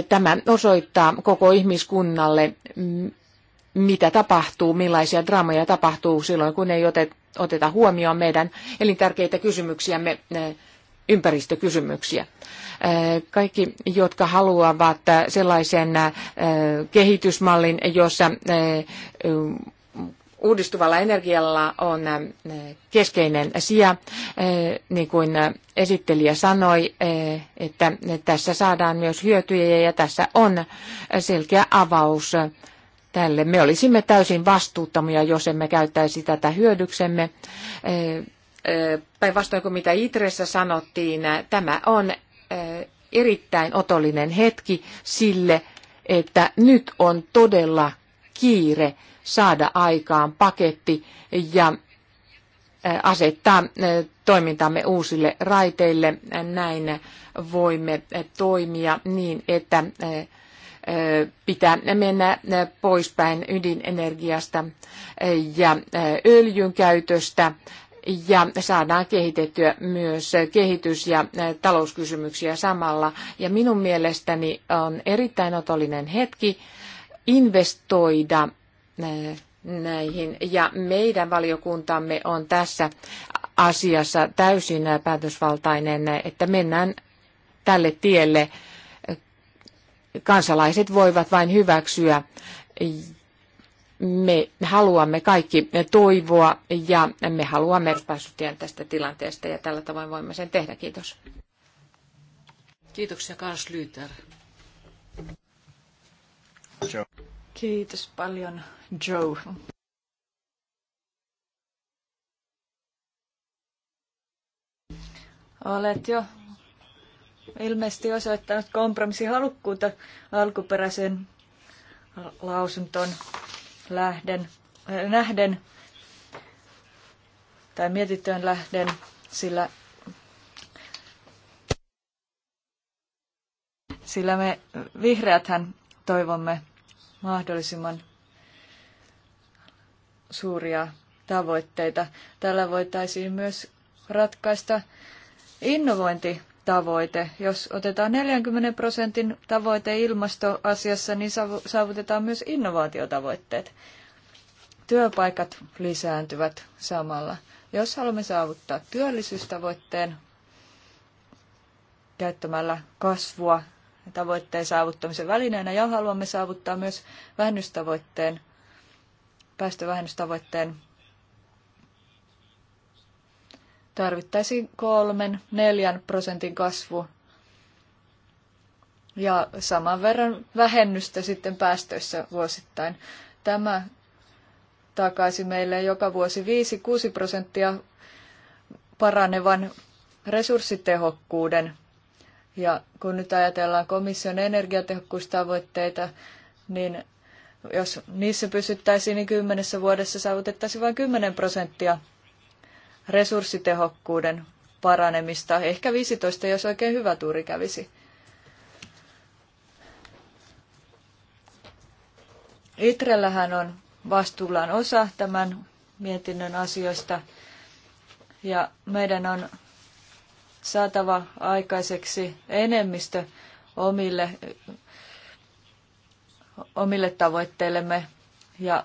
Tämä osoittaa koko ihmiskunnalle, mitä tapahtuu, millaisia draamoja tapahtuu silloin, kun ei oteta huomioon meidän elintärkeitä kysymyksiämme, ympäristökysymyksiä. Kaikki, jotka haluavat sellaisen kehitysmallin, jossa uudistuvalla energialla on äh, keskeinen sija, äh, niin kuin äh, esittelijä sanoi, että tässä saadaan myös hyötyjä ja tässä on selkeä avaus tälle. Me olisimme täysin vastuuttomia, jos emme käyttäisi tätä hyödyksemme. Päinvastoin kuin mitä Itressä sanottiin, tämä on erittäin otollinen hetki sille, että nyt on todella kiire saada aikaan paketti ja asettaa toimintamme uusille raiteille. Näin voimme toimia niin, että pitää mennä poispäin ydinenergiasta ja öljyn käytöstä ja saadaan kehitettyä myös kehitys- ja talouskysymyksiä samalla. Ja minun mielestäni on erittäin otollinen hetki investoida näihin. Ja meidän valiokuntamme on tässä asiassa täysin päätösvaltainen, että mennään tälle tielle. Kansalaiset voivat vain hyväksyä. Me haluamme kaikki toivoa ja me haluamme pääsytien tästä tilanteesta ja tällä tavoin voimme sen tehdä. Kiitos. Kiitoksia, Karl Slyter. Sure. Kiitos paljon, Joe. Olet jo ilmeisesti osoittanut kompromissihalukkuutta alkuperäisen lausuntoon lähden, äh, nähden tai mietittyön lähden, sillä, sillä me vihreäthän toivomme mahdollisimman suuria tavoitteita. Tällä voitaisiin myös ratkaista innovointi tavoite. Jos otetaan 40 prosentin tavoite ilmastoasiassa, niin saavutetaan myös innovaatiotavoitteet. Työpaikat lisääntyvät samalla. Jos haluamme saavuttaa työllisyystavoitteen käyttämällä kasvua tavoitteen saavuttamisen välineenä ja haluamme saavuttaa myös vähennystavoitteen, päästövähennystavoitteen. Tarvittaisiin kolmen, neljän prosentin kasvu ja saman verran vähennystä sitten päästöissä vuosittain. Tämä takaisi meille joka vuosi 5-6 prosenttia paranevan resurssitehokkuuden ja kun nyt ajatellaan komission energiatehokkuustavoitteita, niin jos niissä pysyttäisiin, niin kymmenessä vuodessa saavutettaisiin vain 10 prosenttia resurssitehokkuuden paranemista, ehkä 15, jos oikein hyvä tuuri kävisi. Itrellähän on vastuullaan osa tämän mietinnön asioista ja meidän on saatava aikaiseksi enemmistö omille, omille tavoitteillemme ja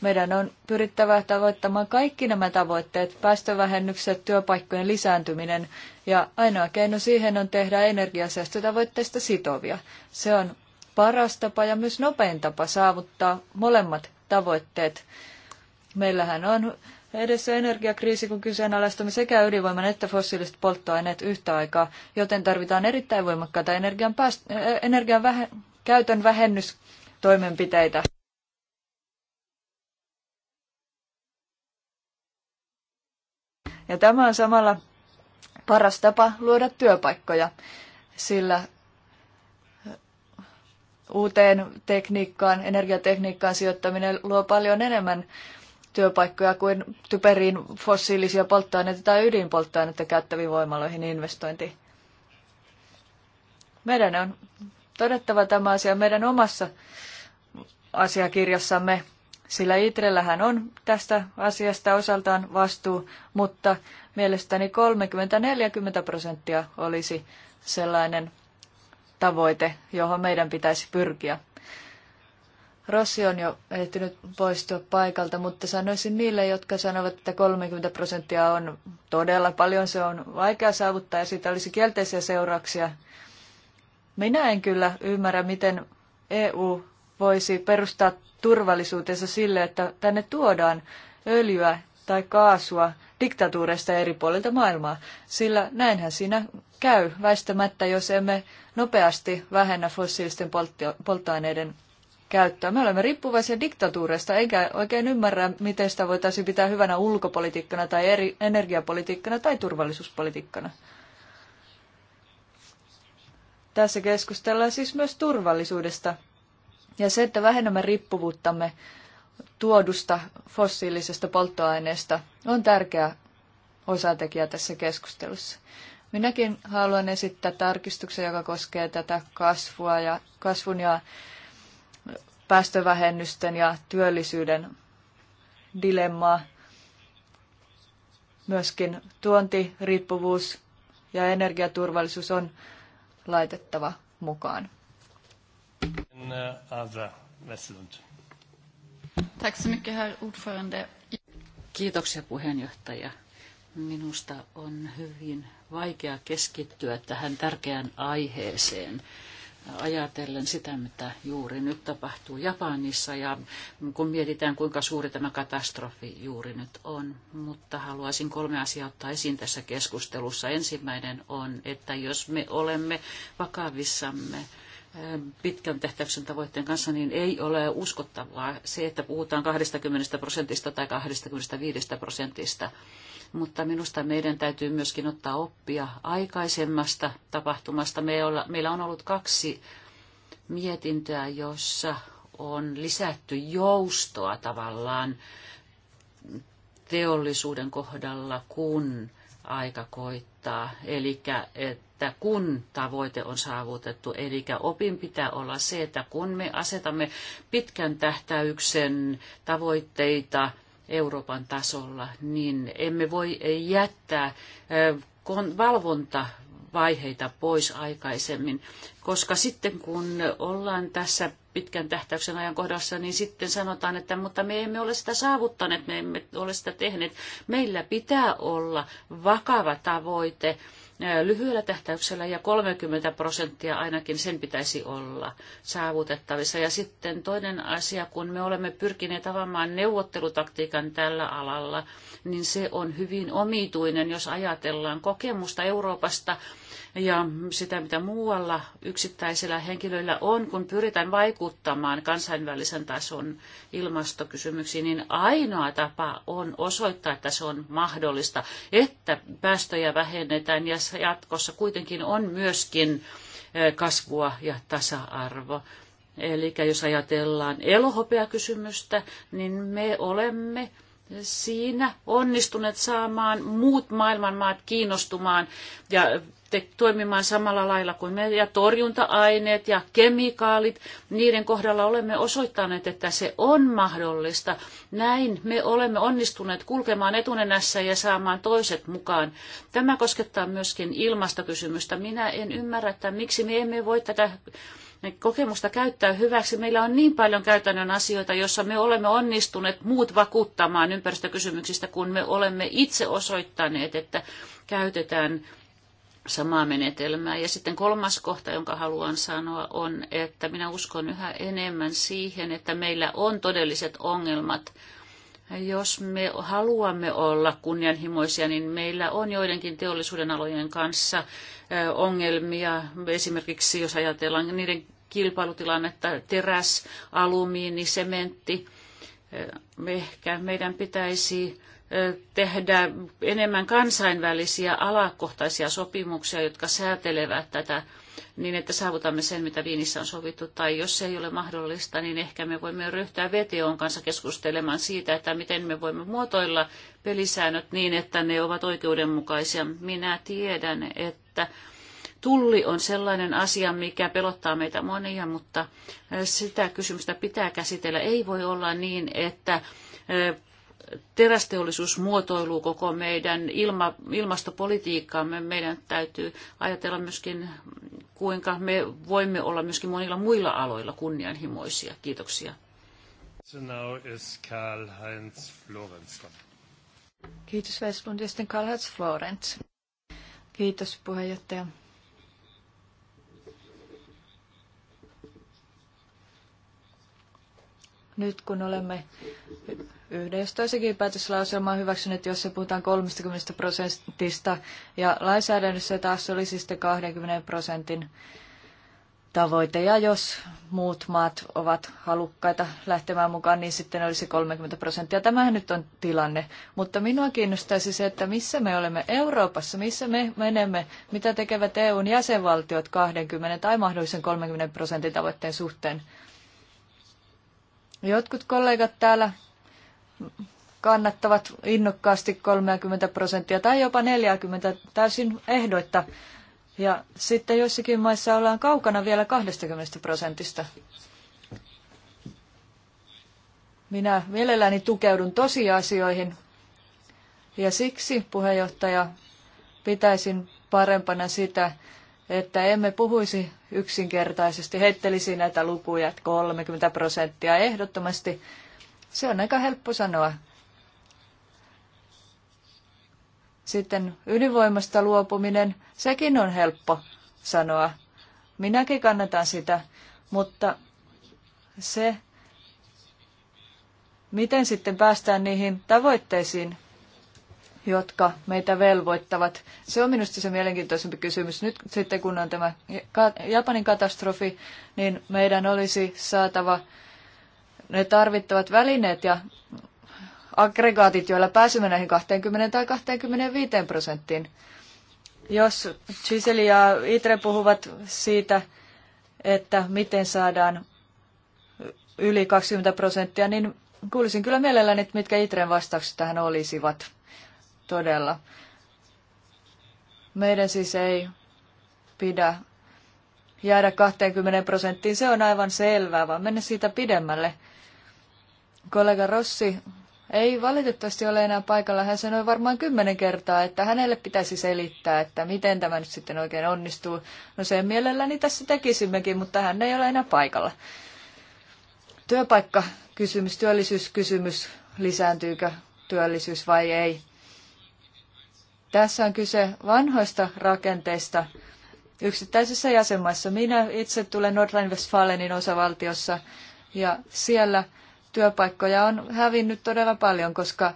meidän on pyrittävä tavoittamaan kaikki nämä tavoitteet, päästövähennykset, työpaikkojen lisääntyminen ja ainoa keino siihen on tehdä energiasäästötavoitteista sitovia. Se on paras tapa ja myös nopein tapa saavuttaa molemmat tavoitteet. Meillähän on edessä energiakriisi, kun kyseenalaistamme sekä ydinvoiman että fossiiliset polttoaineet yhtä aikaa, joten tarvitaan erittäin voimakkaita energian, pääst- energian vähe- käytön vähennystoimenpiteitä. Ja tämä on samalla paras tapa luoda työpaikkoja, sillä uuteen tekniikkaan, energiatekniikkaan sijoittaminen luo paljon enemmän työpaikkoja kuin typeriin fossiilisia polttoaineita tai ydinpolttoaineita käyttäviin voimaloihin investointi. Meidän on todettava tämä asia meidän omassa asiakirjassamme, sillä Itrellähän on tästä asiasta osaltaan vastuu, mutta mielestäni 30-40 prosenttia olisi sellainen tavoite, johon meidän pitäisi pyrkiä. Rossi on jo ehtinyt poistua paikalta, mutta sanoisin niille, jotka sanovat, että 30 prosenttia on todella paljon, se on vaikea saavuttaa ja siitä olisi kielteisiä seurauksia. Minä en kyllä ymmärrä, miten EU voisi perustaa turvallisuutensa sille, että tänne tuodaan öljyä tai kaasua diktatuureista eri puolilta maailmaa, sillä näinhän siinä käy väistämättä, jos emme nopeasti vähennä fossiilisten polttoaineiden käyttää. Me olemme riippuvaisia diktatuureista, eikä oikein ymmärrä, miten sitä voitaisiin pitää hyvänä ulkopolitiikkana tai eri, energiapolitiikkana tai turvallisuuspolitiikkana. Tässä keskustellaan siis myös turvallisuudesta ja se, että vähennämme riippuvuuttamme tuodusta fossiilisesta polttoaineesta on tärkeä osatekijä tässä keskustelussa. Minäkin haluan esittää tarkistuksen, joka koskee tätä kasvua ja kasvun ja päästövähennysten ja työllisyyden dilemmaa. Myöskin tuontiriippuvuus ja energiaturvallisuus on laitettava mukaan. Uh, Kiitoksia puheenjohtaja. Minusta on hyvin vaikea keskittyä tähän tärkeään aiheeseen ajatellen sitä, mitä juuri nyt tapahtuu Japanissa ja kun mietitään, kuinka suuri tämä katastrofi juuri nyt on. Mutta haluaisin kolme asiaa ottaa esiin tässä keskustelussa. Ensimmäinen on, että jos me olemme vakavissamme Äh, pitkän tähtäyksen tavoitteen kanssa, niin ei ole uskottavaa se, että puhutaan 20 prosentista tai 25 prosentista. Mutta minusta meidän täytyy myöskin ottaa oppia aikaisemmasta tapahtumasta. Meillä on ollut kaksi mietintöä, jossa on lisätty joustoa tavallaan teollisuuden kohdalla, kun aika koittaa. Eli että että kun tavoite on saavutettu, eli opin pitää olla se, että kun me asetamme pitkän tähtäyksen tavoitteita Euroopan tasolla, niin emme voi jättää valvonta vaiheita pois aikaisemmin, koska sitten kun ollaan tässä pitkän tähtäyksen kohdassa, niin sitten sanotaan, että mutta me emme ole sitä saavuttaneet, me emme ole sitä tehneet. Meillä pitää olla vakava tavoite, lyhyellä tähtäyksellä ja 30 prosenttia ainakin sen pitäisi olla saavutettavissa. Ja sitten toinen asia, kun me olemme pyrkineet avaamaan neuvottelutaktiikan tällä alalla, niin se on hyvin omituinen, jos ajatellaan kokemusta Euroopasta, ja sitä, mitä muualla yksittäisillä henkilöillä on, kun pyritään vaikuttamaan kansainvälisen tason ilmastokysymyksiin, niin ainoa tapa on osoittaa, että se on mahdollista, että päästöjä vähennetään ja jatkossa kuitenkin on myöskin eh, kasvua ja tasa-arvo. Eli jos ajatellaan elohopeakysymystä, niin me olemme siinä onnistuneet saamaan muut maailman maat kiinnostumaan ja te, toimimaan samalla lailla kuin me. Ja torjunta-aineet ja kemikaalit, niiden kohdalla olemme osoittaneet, että se on mahdollista. Näin me olemme onnistuneet kulkemaan etunenässä ja saamaan toiset mukaan. Tämä koskettaa myöskin ilmastokysymystä. Minä en ymmärrä, että miksi me emme voi tätä kokemusta käyttää hyväksi. Meillä on niin paljon käytännön asioita, joissa me olemme onnistuneet muut vakuuttamaan ympäristökysymyksistä, kun me olemme itse osoittaneet, että käytetään samaa menetelmää. Ja sitten kolmas kohta, jonka haluan sanoa, on, että minä uskon yhä enemmän siihen, että meillä on todelliset ongelmat – jos me haluamme olla kunnianhimoisia, niin meillä on joidenkin teollisuuden alojen kanssa ongelmia. Esimerkiksi jos ajatellaan niiden kilpailutilannetta, teräs, alumiini, sementti. Ehkä meidän pitäisi tehdä enemmän kansainvälisiä alakohtaisia sopimuksia, jotka säätelevät tätä niin että saavutamme sen, mitä Viinissä on sovittu, tai jos se ei ole mahdollista, niin ehkä me voimme ryhtyä VTOn kanssa keskustelemaan siitä, että miten me voimme muotoilla pelisäännöt niin, että ne ovat oikeudenmukaisia. Minä tiedän, että tulli on sellainen asia, mikä pelottaa meitä monia, mutta sitä kysymystä pitää käsitellä. Ei voi olla niin, että terästeollisuus muotoiluu koko meidän ilma, ilmastopolitiikkaamme. Meidän täytyy ajatella myöskin kuinka me voimme olla myöskin monilla muilla aloilla kunnianhimoisia. Kiitoksia. Kiitos Westlund ja sitten Karl-Heinz Florence. Kiitos puheenjohtaja. nyt kun olemme 11. päätöslauselmaa hyväksynyt, jossa puhutaan 30 prosentista, ja lainsäädännössä taas olisi siis sitten 20 prosentin tavoite. Ja jos muut maat ovat halukkaita lähtemään mukaan, niin sitten olisi 30 prosenttia. Tämähän nyt on tilanne. Mutta minua kiinnostaisi se, että missä me olemme Euroopassa, missä me menemme, mitä tekevät EUn jäsenvaltiot 20 tai mahdollisen 30 prosentin tavoitteen suhteen. Jotkut kollegat täällä kannattavat innokkaasti 30 prosenttia tai jopa 40 täysin ehdoitta. Ja sitten joissakin maissa ollaan kaukana vielä 20 prosentista. Minä mielelläni tukeudun tosiasioihin ja siksi puheenjohtaja pitäisin parempana sitä, että emme puhuisi yksinkertaisesti, heittelisi näitä lukuja, että 30 prosenttia ehdottomasti. Se on aika helppo sanoa. Sitten ydinvoimasta luopuminen, sekin on helppo sanoa. Minäkin kannatan sitä, mutta se, miten sitten päästään niihin tavoitteisiin, jotka meitä velvoittavat. Se on minusta se mielenkiintoisempi kysymys. Nyt sitten kun on tämä Japanin katastrofi, niin meidän olisi saatava ne tarvittavat välineet ja aggregaatit, joilla pääsemme näihin 20 tai 25 prosenttiin. Jos Giseli ja Itre puhuvat siitä, että miten saadaan yli 20 prosenttia, niin kuulisin kyllä mielelläni, että mitkä Itren vastaukset tähän olisivat todella. Meidän siis ei pidä jäädä 20 prosenttiin, se on aivan selvää, vaan mennä siitä pidemmälle. Kollega Rossi ei valitettavasti ole enää paikalla. Hän sanoi varmaan kymmenen kertaa, että hänelle pitäisi selittää, että miten tämä nyt sitten oikein onnistuu. No sen mielelläni tässä tekisimmekin, mutta hän ei ole enää paikalla. Työpaikkakysymys, työllisyyskysymys, lisääntyykö työllisyys vai ei. Tässä on kyse vanhoista rakenteista yksittäisissä jäsenmaissa. Minä itse tulen Nordrhein-Westfalenin osavaltiossa ja siellä työpaikkoja on hävinnyt todella paljon, koska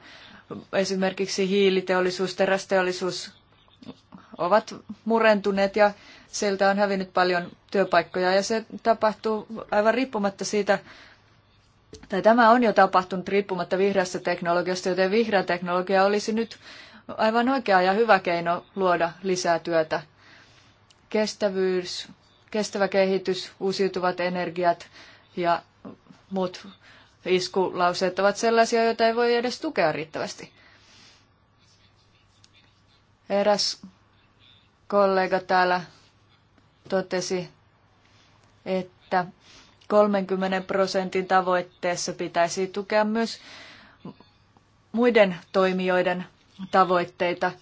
esimerkiksi hiiliteollisuus, terästeollisuus ovat murentuneet ja sieltä on hävinnyt paljon työpaikkoja ja se tapahtuu aivan riippumatta siitä, tai tämä on jo tapahtunut riippumatta vihreästä teknologiasta, joten vihreä teknologia olisi nyt aivan oikea ja hyvä keino luoda lisää työtä. Kestävyys, kestävä kehitys, uusiutuvat energiat ja muut iskulauseet ovat sellaisia, joita ei voi edes tukea riittävästi. Eräs kollega täällä totesi, että 30 prosentin tavoitteessa pitäisi tukea myös muiden toimijoiden tavoitteita.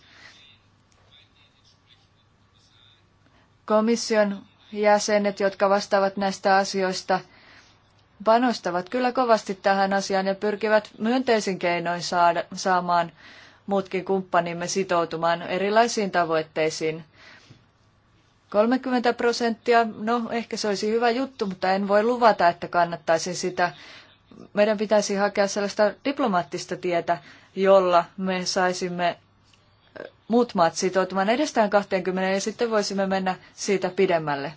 Komission jäsenet, jotka vastaavat näistä asioista, panostavat kyllä kovasti tähän asiaan ja pyrkivät myönteisin keinoin saada, saamaan muutkin kumppanimme sitoutumaan erilaisiin tavoitteisiin. 30 prosenttia, no ehkä se olisi hyvä juttu, mutta en voi luvata, että kannattaisin sitä meidän pitäisi hakea sellaista diplomaattista tietä, jolla me saisimme muut maat sitoutumaan edestään 20 ja sitten voisimme mennä siitä pidemmälle.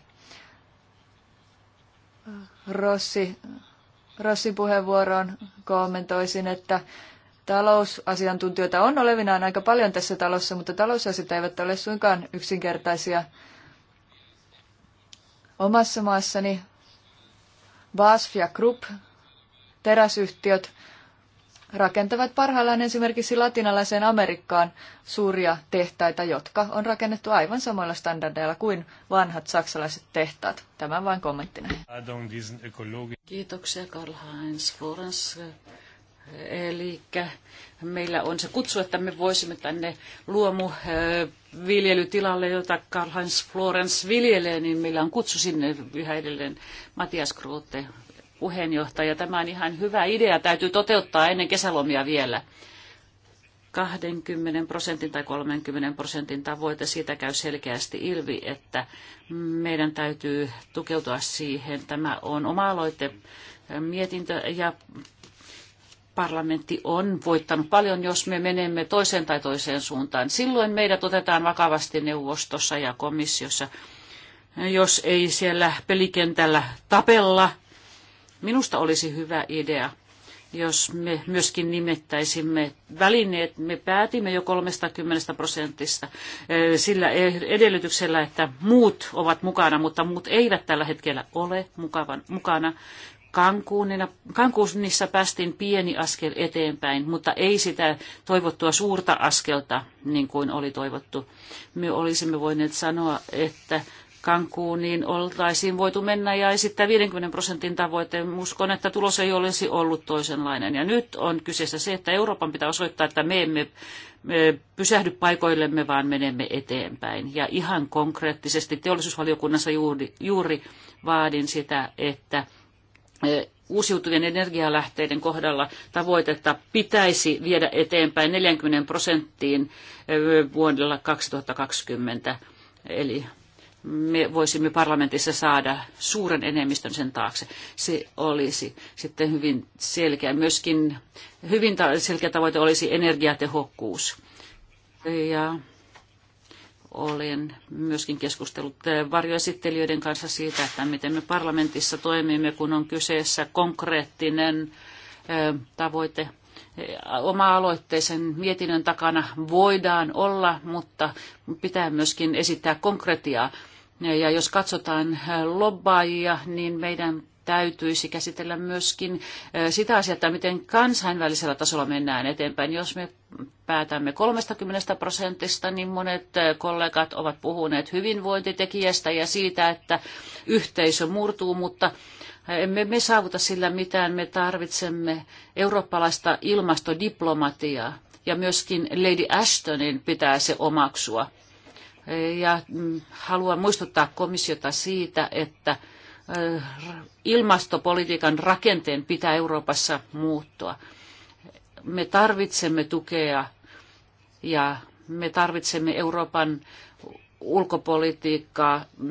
Rossi, Rossin puheenvuoroon kommentoisin, että talousasiantuntijoita on olevinaan aika paljon tässä talossa, mutta talousasiat eivät ole suinkaan yksinkertaisia. Omassa maassani BASF ja Krupp teräsyhtiöt rakentavat parhaillaan esimerkiksi latinalaiseen Amerikkaan suuria tehtaita, jotka on rakennettu aivan samoilla standardeilla kuin vanhat saksalaiset tehtaat. Tämä vain kommenttina. Kiitoksia Karl-Heinz Florens. Eli meillä on se kutsu, että me voisimme tänne luomuviljelytilalle, jota Karl-Heinz Florens viljelee, niin meillä on kutsu sinne yhä edelleen Matias Grote puheenjohtaja. Tämä on ihan hyvä idea. Täytyy toteuttaa ennen kesälomia vielä. 20 prosentin tai 30 prosentin tavoite, siitä käy selkeästi ilvi, että meidän täytyy tukeutua siihen. Tämä on oma-aloite mietintö ja parlamentti on voittanut paljon, jos me menemme toiseen tai toiseen suuntaan. Silloin meidät otetaan vakavasti neuvostossa ja komissiossa. Jos ei siellä pelikentällä tapella Minusta olisi hyvä idea, jos me myöskin nimettäisimme välineet. Me päätimme jo 30 prosentista sillä e- edellytyksellä, että muut ovat mukana, mutta muut eivät tällä hetkellä ole mukavan, mukana. Kankuunissa päästiin pieni askel eteenpäin, mutta ei sitä toivottua suurta askelta, niin kuin oli toivottu. Me olisimme voineet sanoa, että niin oltaisiin voitu mennä ja esittää 50 prosentin tavoitteen. Uskon, että tulos ei olisi ollut toisenlainen. Ja nyt on kyseessä se, että Euroopan pitää osoittaa, että me emme me pysähdy paikoillemme, vaan menemme eteenpäin. Ja ihan konkreettisesti teollisuusvaliokunnassa juuri, juuri vaadin sitä, että e, uusiutuvien energialähteiden kohdalla tavoitetta pitäisi viedä eteenpäin 40 prosenttiin e, vuodella 2020. Eli me voisimme parlamentissa saada suuren enemmistön sen taakse. Se olisi sitten hyvin selkeä. Myöskin hyvin selkeä tavoite olisi energiatehokkuus. Ja olen myöskin keskustellut varjoesittelijöiden kanssa siitä, että miten me parlamentissa toimimme, kun on kyseessä konkreettinen tavoite oma-aloitteisen mietinnön takana voidaan olla, mutta pitää myöskin esittää konkretiaa. Ja jos katsotaan äh, lobbaajia, niin meidän täytyisi käsitellä myöskin äh, sitä asiaa, että miten kansainvälisellä tasolla mennään eteenpäin. Jos me päätämme 30 prosentista, niin monet äh, kollegat ovat puhuneet hyvinvointitekijästä ja siitä, että yhteisö murtuu, mutta emme me saavuta sillä mitään. Me tarvitsemme eurooppalaista ilmastodiplomatiaa ja myöskin Lady Ashtonin pitää se omaksua. Ja mm, haluan muistuttaa komissiota siitä, että eh, ilmastopolitiikan rakenteen pitää Euroopassa muuttua. Me tarvitsemme tukea ja me tarvitsemme Euroopan ulkopolitiikkaa, mm,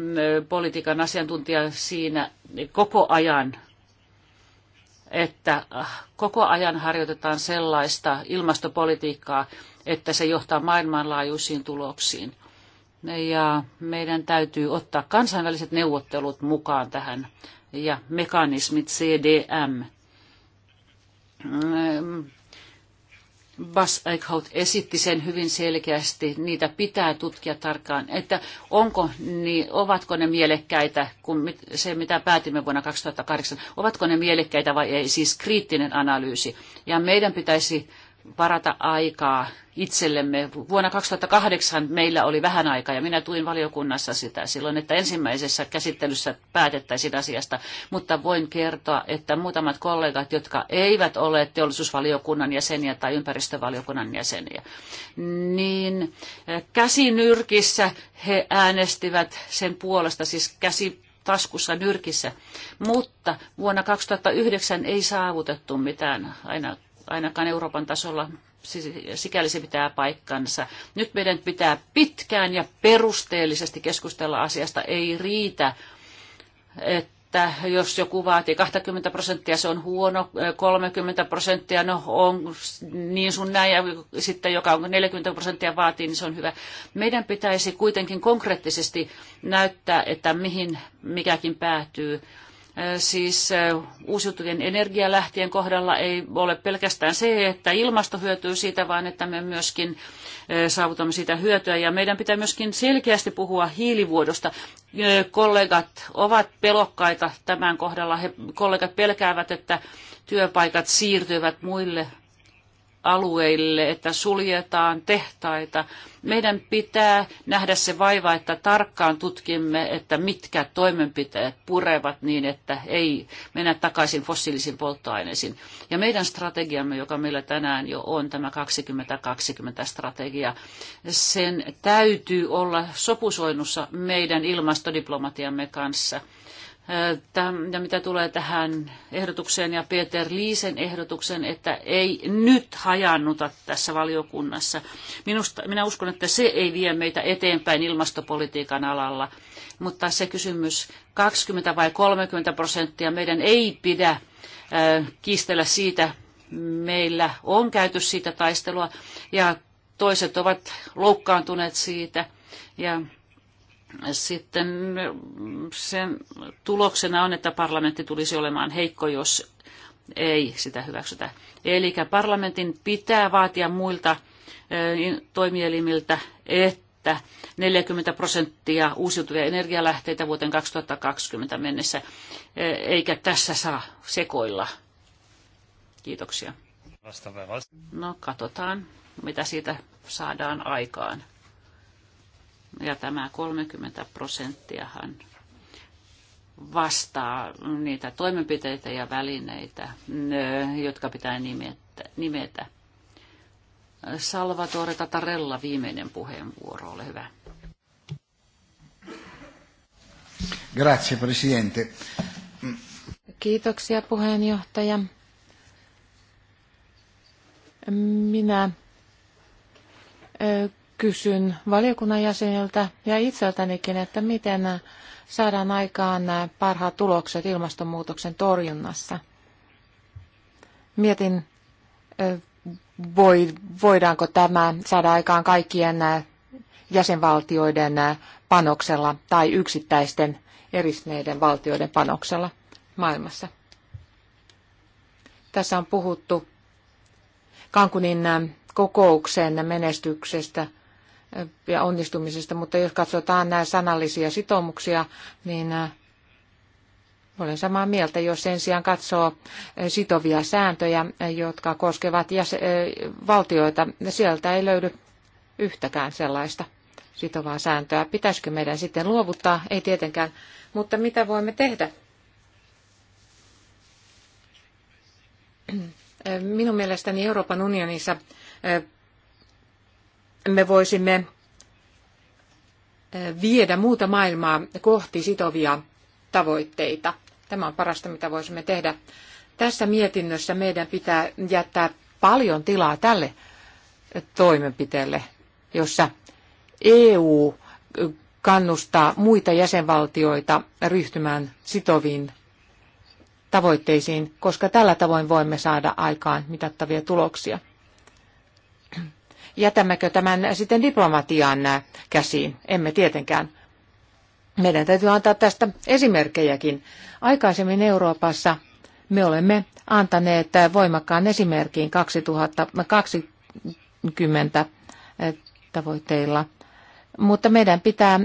politiikan asiantuntija siinä koko ajan, että ah, koko ajan harjoitetaan sellaista ilmastopolitiikkaa, että se johtaa maailmanlaajuisiin tuloksiin ja meidän täytyy ottaa kansainväliset neuvottelut mukaan tähän ja mekanismit CDM. Ähm, Bas Eichhout esitti sen hyvin selkeästi, niitä pitää tutkia tarkkaan, että onko, niin, ovatko ne mielekkäitä, kun se mitä päätimme vuonna 2008, ovatko ne mielekkäitä vai ei, siis kriittinen analyysi. Ja meidän pitäisi varata aikaa itsellemme. Vuonna 2008 meillä oli vähän aikaa ja minä tuin valiokunnassa sitä silloin, että ensimmäisessä käsittelyssä päätettäisiin asiasta, mutta voin kertoa, että muutamat kollegat, jotka eivät ole teollisuusvaliokunnan jäseniä tai ympäristövaliokunnan jäseniä, niin eh, käsinyrkissä he äänestivät sen puolesta, siis käsi taskussa nyrkissä, mutta vuonna 2009 ei saavutettu mitään aina ainakaan Euroopan tasolla, siis sikäli se pitää paikkansa. Nyt meidän pitää pitkään ja perusteellisesti keskustella asiasta. Ei riitä, että jos joku vaatii 20 prosenttia, se on huono, 30 prosenttia, no on niin sun näin, ja sitten joka on 40 prosenttia vaatii, niin se on hyvä. Meidän pitäisi kuitenkin konkreettisesti näyttää, että mihin mikäkin päätyy Äh, siis äh, uusiutuvien energialähtien kohdalla ei ole pelkästään se, että ilmasto hyötyy siitä, vaan että me myöskin äh, saavutamme sitä hyötyä. Ja meidän pitää myöskin selkeästi puhua hiilivuodosta. Kollegat ovat pelokkaita tämän kohdalla. He, kollegat pelkäävät, että työpaikat siirtyvät muille alueille, että suljetaan tehtaita. Meidän pitää nähdä se vaiva, että tarkkaan tutkimme, että mitkä toimenpiteet purevat niin, että ei mennä takaisin fossiilisiin polttoaineisiin. Ja meidän strategiamme, joka meillä tänään jo on, tämä 2020-strategia, sen täytyy olla sopusoinnussa meidän ilmastodiplomatiamme kanssa – ja mitä tulee tähän ehdotukseen ja Peter Liisen ehdotuksen, että ei nyt hajannuta tässä valiokunnassa. Minusta, minä uskon, että se ei vie meitä eteenpäin ilmastopolitiikan alalla, mutta se kysymys 20 vai 30 prosenttia meidän ei pidä kiistellä siitä, meillä on käyty siitä taistelua ja toiset ovat loukkaantuneet siitä ja sitten sen tuloksena on, että parlamentti tulisi olemaan heikko, jos ei sitä hyväksytä. Eli parlamentin pitää vaatia muilta eh, toimielimiltä, että 40 prosenttia uusiutuvia energialähteitä vuoteen 2020 mennessä, eh, eikä tässä saa sekoilla. Kiitoksia. No katsotaan, mitä siitä saadaan aikaan. Ja tämä 30 prosenttiahan vastaa niitä toimenpiteitä ja välineitä, jotka pitää nimetä. Salvatore Tatarella viimeinen puheenvuoro, ole hyvä. Grazie, Presidente. Kiitoksia puheenjohtaja. Minä kysyn valiokunnan jäseniltä ja itseltänikin, että miten saadaan aikaan parhaat tulokset ilmastonmuutoksen torjunnassa. Mietin, voidaanko tämä saada aikaan kaikkien jäsenvaltioiden panoksella tai yksittäisten eristyneiden valtioiden panoksella maailmassa. Tässä on puhuttu Kankunin kokouksen menestyksestä – ja onnistumisesta, mutta jos katsotaan nämä sanallisia sitoumuksia, niin äh, olen samaa mieltä, jos sen sijaan katsoo äh, sitovia sääntöjä, äh, jotka koskevat valtioita. Sieltä ei löydy yhtäkään sellaista sitovaa sääntöä. Pitäisikö meidän sitten luovuttaa? Ei tietenkään. Mutta mitä voimme tehdä? Minun mielestäni Euroopan unionissa me voisimme eh, viedä muuta maailmaa kohti sitovia tavoitteita. Tämä on parasta, mitä voisimme tehdä. Tässä mietinnössä meidän pitää jättää paljon tilaa tälle toimenpiteelle, jossa EU kannustaa muita jäsenvaltioita ryhtymään sitoviin tavoitteisiin, koska tällä tavoin voimme saada aikaan mitattavia tuloksia jätämmekö tämän sitten diplomatian käsiin? Emme tietenkään. Meidän täytyy antaa tästä esimerkkejäkin. Aikaisemmin Euroopassa me olemme antaneet voimakkaan esimerkin 2020 tavoitteilla, mutta meidän pitää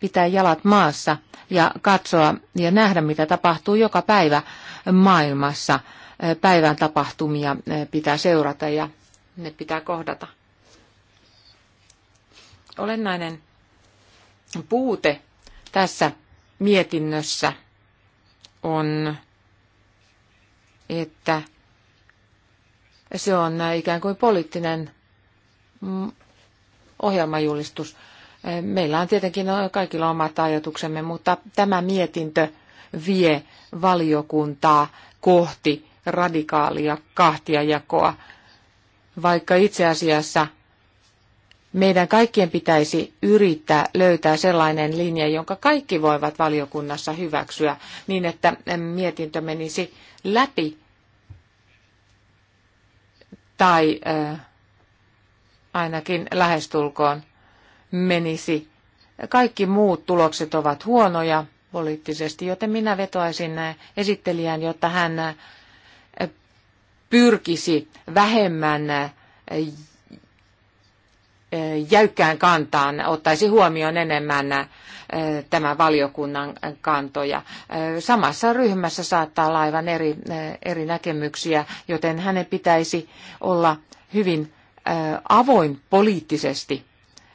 pitää jalat maassa ja katsoa ja nähdä, mitä tapahtuu joka päivä maailmassa. Päivän tapahtumia pitää seurata ja ne pitää kohdata. Olennainen puute tässä mietinnössä on, että se on ikään kuin poliittinen mm, ohjelmajulistus. Meillä on tietenkin kaikilla omat ajatuksemme, mutta tämä mietintö vie valiokuntaa kohti radikaalia kahtiajakoa vaikka itse asiassa meidän kaikkien pitäisi yrittää löytää sellainen linja, jonka kaikki voivat valiokunnassa hyväksyä niin, että mietintö menisi läpi tai äh, ainakin lähestulkoon menisi. Kaikki muut tulokset ovat huonoja poliittisesti, joten minä vetoaisin esittelijään, jotta hän pyrkisi vähemmän jäykkään kantaan, ottaisi huomioon enemmän tämän valiokunnan kantoja. Samassa ryhmässä saattaa olla aivan eri, eri näkemyksiä, joten hänen pitäisi olla hyvin avoin poliittisesti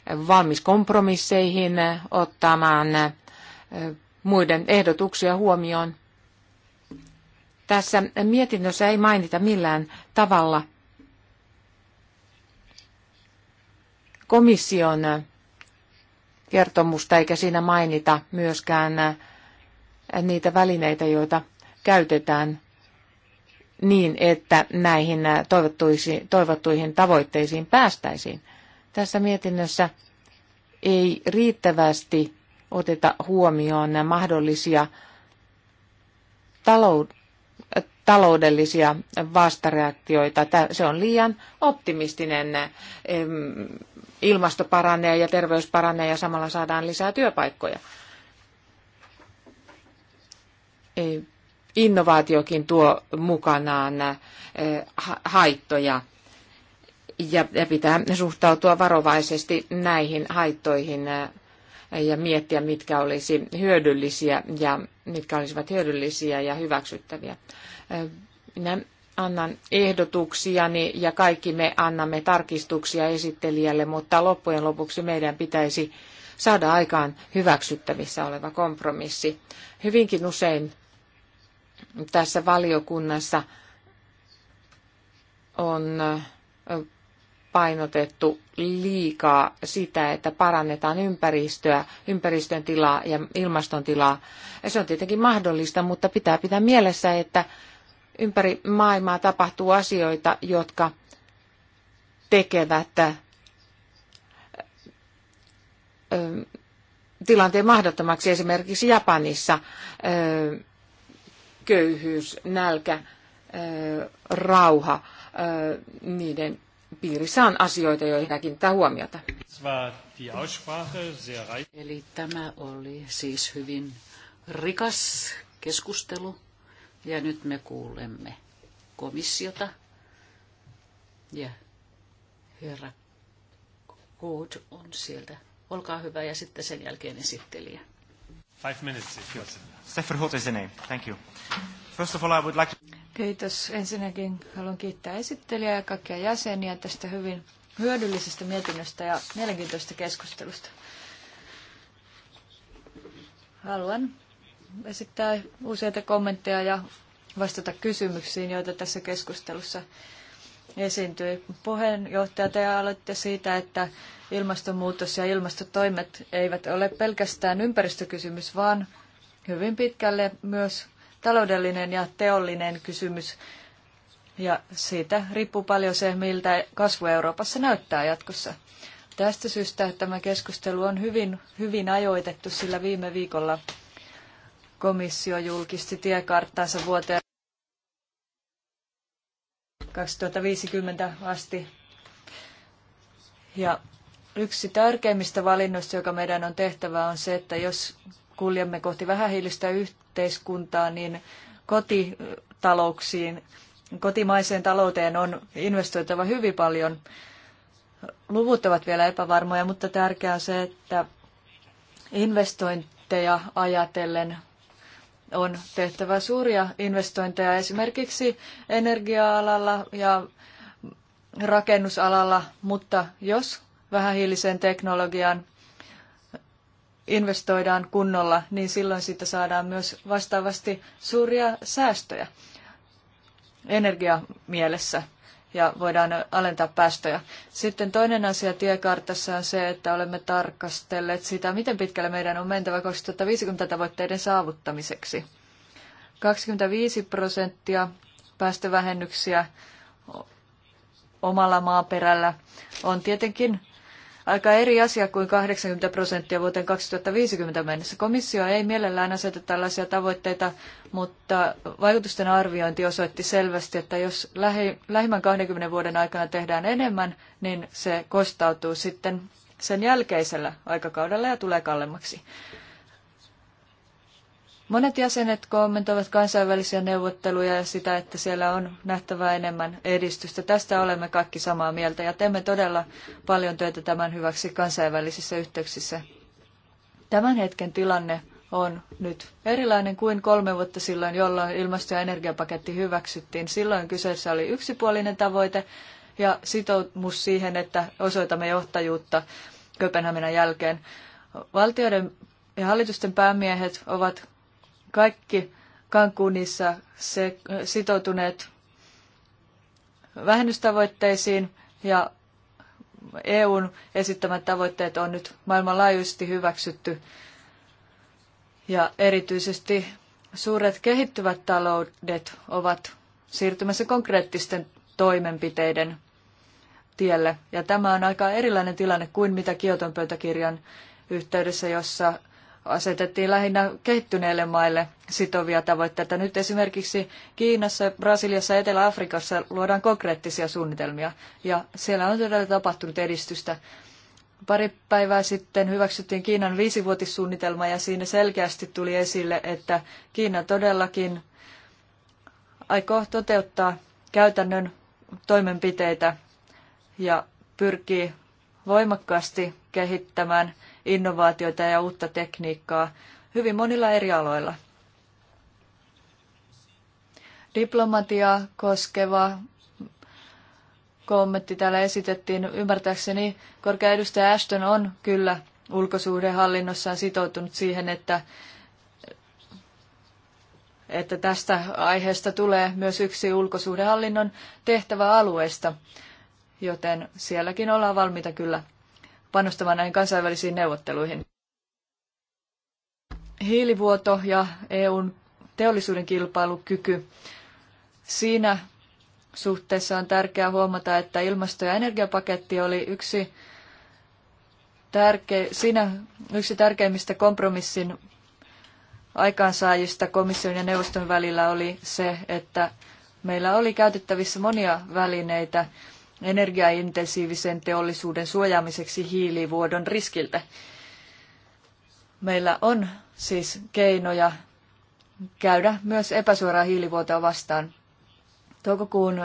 valmis kompromisseihin ottamaan muiden ehdotuksia huomioon tässä mietinnössä ei mainita millään tavalla komission kertomusta, eikä siinä mainita myöskään niitä välineitä, joita käytetään niin, että näihin toivottuihin tavoitteisiin päästäisiin. Tässä mietinnössä ei riittävästi oteta huomioon mahdollisia taloudellisia vastareaktioita. Se on liian optimistinen. Ilmasto paranee ja terveys paranee ja samalla saadaan lisää työpaikkoja. E, innovaatiokin tuo mukanaan e, haittoja ja pitää suhtautua varovaisesti näihin haittoihin e, ja miettiä, mitkä olisi hyödyllisiä ja mitkä olisivat hyödyllisiä ja hyväksyttäviä minä annan ehdotuksiani ja kaikki me annamme tarkistuksia esittelijälle, mutta loppujen lopuksi meidän pitäisi saada aikaan hyväksyttävissä oleva kompromissi. Hyvinkin usein tässä valiokunnassa on painotettu liikaa sitä, että parannetaan ympäristöä, ympäristön tilaa ja ilmaston tilaa. Se on tietenkin mahdollista, mutta pitää pitää mielessä, että ympäri maailmaa tapahtuu asioita, jotka tekevät tilanteen mahdottomaksi esimerkiksi Japanissa köyhyys, nälkä, rauha, niiden piirissä on asioita, joihin kiinnittää huomiota. Eli tämä oli siis hyvin rikas keskustelu. Ja nyt me kuulemme komissiota ja herra Good on sieltä. Olkaa hyvä ja sitten sen jälkeen esittelijä. Five minutes, if you Stefan Holt is the name. Thank you. First of all, I would like to... Kiitos. Ensinnäkin haluan kiittää esittelijää ja kaikkia jäseniä tästä hyvin hyödyllisestä mietinnöstä ja mielenkiintoista keskustelusta. Haluan esittää useita kommentteja ja vastata kysymyksiin, joita tässä keskustelussa esiintyi. Puheenjohtaja, te aloitte siitä, että ilmastonmuutos ja ilmastotoimet eivät ole pelkästään ympäristökysymys, vaan hyvin pitkälle myös taloudellinen ja teollinen kysymys. Ja siitä riippuu paljon se, miltä kasvu Euroopassa näyttää jatkossa. Tästä syystä tämä keskustelu on hyvin, hyvin ajoitettu, sillä viime viikolla komissio julkisti tiekarttansa vuoteen 2050 asti. Ja yksi tärkeimmistä valinnoista, joka meidän on tehtävä, on se, että jos kuljemme kohti vähähiilistä yhteiskuntaa, niin kotitalouksiin, kotimaiseen talouteen on investoitava hyvin paljon. Luvut ovat vielä epävarmoja, mutta tärkeää on se, että investointeja ajatellen on tehtävä suuria investointeja esimerkiksi energia-alalla ja rakennusalalla, mutta jos vähähiiliseen teknologiaan investoidaan kunnolla, niin silloin siitä saadaan myös vastaavasti suuria säästöjä energiamielessä ja voidaan alentaa päästöjä. Sitten toinen asia tiekartassa on se, että olemme tarkastelleet sitä, miten pitkälle meidän on mentävä 2050 tavoitteiden saavuttamiseksi. 25 prosenttia päästövähennyksiä omalla maaperällä on tietenkin aika eri asia kuin 80 prosenttia vuoteen 2050 mennessä. Komissio ei mielellään aseta tällaisia tavoitteita, mutta vaikutusten arviointi osoitti selvästi, että jos lähimmän 20 vuoden aikana tehdään enemmän, niin se kostautuu sitten sen jälkeisellä aikakaudella ja tulee kallemmaksi. Monet jäsenet kommentoivat kansainvälisiä neuvotteluja ja sitä, että siellä on nähtävää enemmän edistystä. Tästä olemme kaikki samaa mieltä ja teemme todella paljon työtä tämän hyväksi kansainvälisissä yhteyksissä. Tämän hetken tilanne on nyt erilainen kuin kolme vuotta silloin, jolloin ilmasto- ja energiapaketti hyväksyttiin. Silloin kyseessä oli yksipuolinen tavoite ja sitoumus siihen, että osoitamme johtajuutta Kööpenhaminan jälkeen. Valtioiden ja hallitusten päämiehet ovat kaikki Cancunissa se, sitoutuneet vähennystavoitteisiin ja EUn esittämät tavoitteet on nyt maailmanlaajuisesti hyväksytty. Ja erityisesti suuret kehittyvät taloudet ovat siirtymässä konkreettisten toimenpiteiden tielle. Ja tämä on aika erilainen tilanne kuin mitä Kioton pöytäkirjan yhteydessä, jossa asetettiin lähinnä kehittyneille maille sitovia tavoitteita. Nyt esimerkiksi Kiinassa, Brasiliassa ja Etelä-Afrikassa luodaan konkreettisia suunnitelmia ja siellä on todella tapahtunut edistystä. Pari päivää sitten hyväksyttiin Kiinan viisivuotissuunnitelma ja siinä selkeästi tuli esille, että Kiina todellakin aikoo toteuttaa käytännön toimenpiteitä ja pyrkii voimakkaasti kehittämään – innovaatioita ja uutta tekniikkaa hyvin monilla eri aloilla. Diplomatia koskeva kommentti täällä esitettiin. Ymmärtääkseni korkea edustaja Ashton on kyllä ulkosuhdehallinnossaan sitoutunut siihen, että, että tästä aiheesta tulee myös yksi ulkosuhdehallinnon tehtävä joten sielläkin ollaan valmiita kyllä panostamaan näihin kansainvälisiin neuvotteluihin. Hiilivuoto ja EUn teollisuuden kilpailukyky. Siinä suhteessa on tärkeää huomata, että ilmasto- ja energiapaketti oli yksi tärke, siinä yksi tärkeimmistä kompromissin aikaansaajista komission ja neuvoston välillä oli se, että meillä oli käytettävissä monia välineitä energiaintensiivisen teollisuuden suojaamiseksi hiilivuodon riskiltä. Meillä on siis keinoja käydä myös epäsuoraa hiilivuotoa vastaan. Toukokuun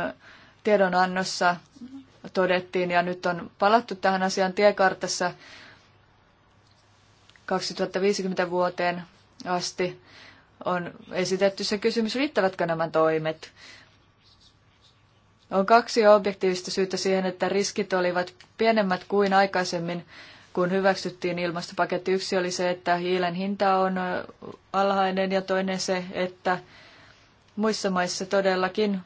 tiedonannossa todettiin, ja nyt on palattu tähän asiaan tiekartassa 2050 vuoteen asti, on esitetty se kysymys, riittävätkö nämä toimet. On kaksi objektiivista syytä siihen, että riskit olivat pienemmät kuin aikaisemmin, kun hyväksyttiin ilmastopaketti. Yksi oli se, että hiilen hinta on alhainen ja toinen se, että muissa maissa todellakin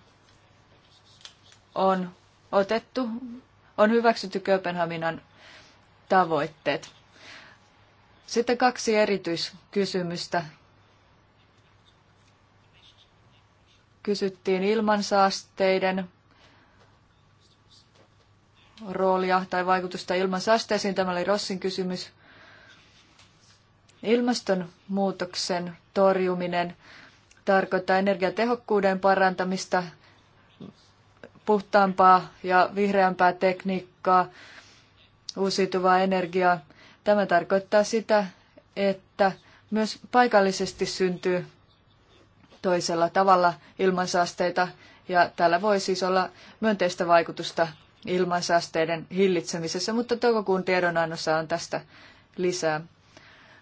on otettu, on hyväksytty Kööpenhaminan tavoitteet. Sitten kaksi erityiskysymystä. Kysyttiin ilmansaasteiden roolia tai vaikutusta ilmansaasteisiin. Tämä oli Rossin kysymys. Ilmastonmuutoksen torjuminen tarkoittaa energiatehokkuuden parantamista, puhtaampaa ja vihreämpää tekniikkaa, uusiutuvaa energiaa. Tämä tarkoittaa sitä, että myös paikallisesti syntyy toisella tavalla ilmansaasteita ja tällä voi siis olla myönteistä vaikutusta ilmansaasteiden hillitsemisessä, mutta toukokuun tiedonannossa on tästä lisää.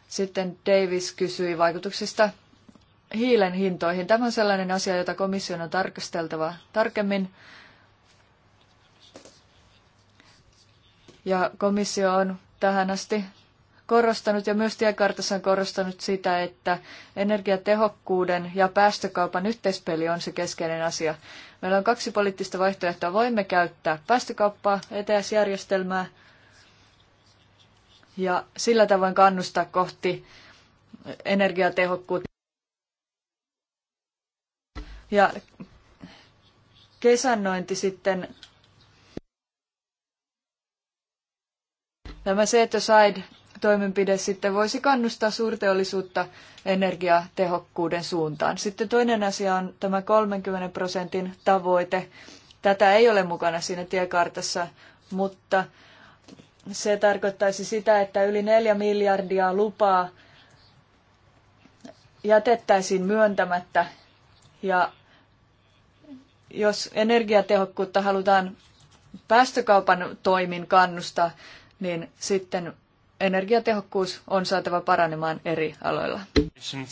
Sitten Davis kysyi vaikutuksista hiilen hintoihin. Tämä on sellainen asia, jota komission on tarkasteltava tarkemmin. Ja komissio on tähän asti korostanut ja myös tiekartassa on korostanut sitä, että energiatehokkuuden ja päästökaupan yhteispeli on se keskeinen asia. Meillä on kaksi poliittista vaihtoehtoa. Voimme käyttää päästökauppaa, ETS-järjestelmää ja sillä tavoin kannustaa kohti energiatehokkuutta. Ja kesännointi sitten Tämä set aside toimenpide sitten voisi kannustaa suurteollisuutta energiatehokkuuden suuntaan. Sitten toinen asia on tämä 30 prosentin tavoite. Tätä ei ole mukana siinä tiekartassa, mutta se tarkoittaisi sitä, että yli neljä miljardia lupaa jätettäisiin myöntämättä. Ja jos energiatehokkuutta halutaan päästökaupan toimin kannustaa, niin sitten energiatehokkuus on saatava paranemaan eri aloilla. Um,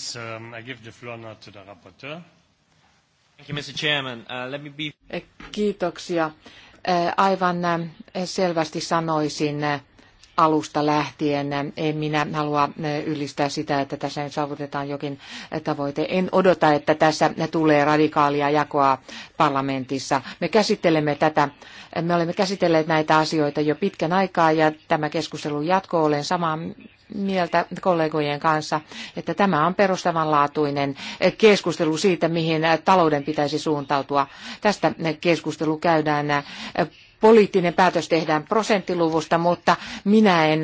uh, eh, kiitoksia. Eh, aivan eh, selvästi sanoisin, alusta lähtien. En minä halua ylistää sitä, että tässä saavutetaan jokin tavoite. En odota, että tässä tulee radikaalia jakoa parlamentissa. Me käsittelemme tätä, me olemme käsitelleet näitä asioita jo pitkän aikaa ja tämä keskustelu jatkoo. Olen samaa mieltä kollegojen kanssa, että tämä on perustavanlaatuinen keskustelu siitä, mihin talouden pitäisi suuntautua. Tästä keskustelu käydään poliittinen päätös tehdään prosenttiluvusta, mutta minä en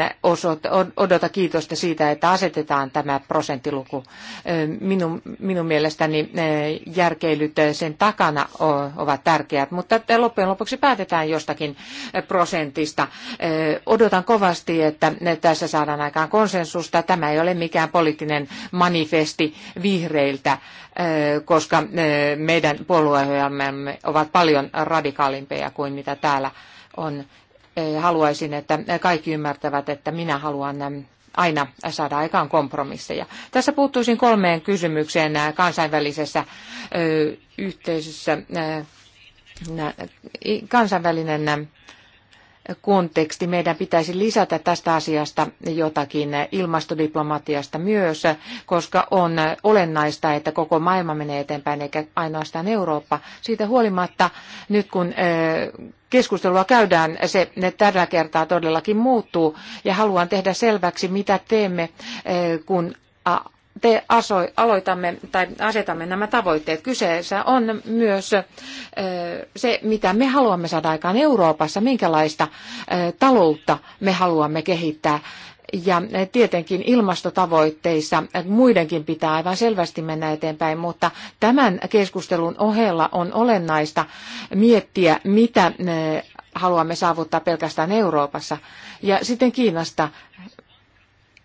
odota kiitosta siitä, että asetetaan tämä prosenttiluku. Minun, minun mielestäni järkeilyt sen takana ovat tärkeät, mutta loppujen lopuksi päätetään jostakin prosentista. Odotan kovasti, että tässä saadaan aikaan konsensusta. Tämä ei ole mikään poliittinen manifesti vihreiltä koska meidän puolueohjelmamme ovat paljon radikaalimpia kuin mitä täällä on. Haluaisin, että kaikki ymmärtävät, että minä haluan aina saada aikaan kompromisseja. Tässä puuttuisin kolmeen kysymykseen kansainvälisessä yhteisössä. Kansainvälinen konteksti. Meidän pitäisi lisätä tästä asiasta jotakin ilmastodiplomatiasta myös, koska on olennaista, että koko maailma menee eteenpäin eikä ainoastaan Eurooppa. Siitä huolimatta nyt kun keskustelua käydään, se ne tällä kertaa todellakin muuttuu ja haluan tehdä selväksi, mitä teemme, kun te aloitamme tai asetamme nämä tavoitteet. Kyseessä on myös se, mitä me haluamme saada aikaan Euroopassa, minkälaista taloutta me haluamme kehittää. Ja tietenkin ilmastotavoitteissa muidenkin pitää aivan selvästi mennä eteenpäin, mutta tämän keskustelun ohella on olennaista miettiä, mitä haluamme saavuttaa pelkästään Euroopassa. Ja sitten Kiinasta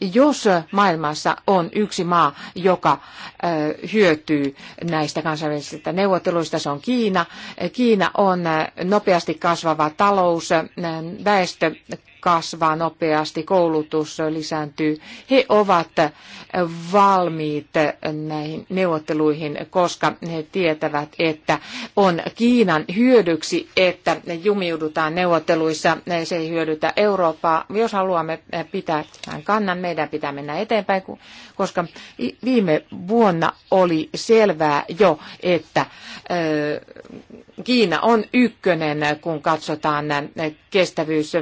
jos maailmassa on yksi maa, joka hyötyy näistä kansainvälisistä neuvotteluista, se on Kiina. Kiina on nopeasti kasvava talous, väestö kasvaa nopeasti, koulutus lisääntyy. He ovat valmiit näihin neuvotteluihin, koska he tietävät, että on Kiinan hyödyksi, että jumiudutaan neuvotteluissa. Se ei hyödytä Eurooppaa. Jos haluamme pitää tämän kannan, meidän pitää mennä eteenpäin, koska viime vuonna oli selvää jo, että Kiina on ykkönen, kun katsotaan kestävyys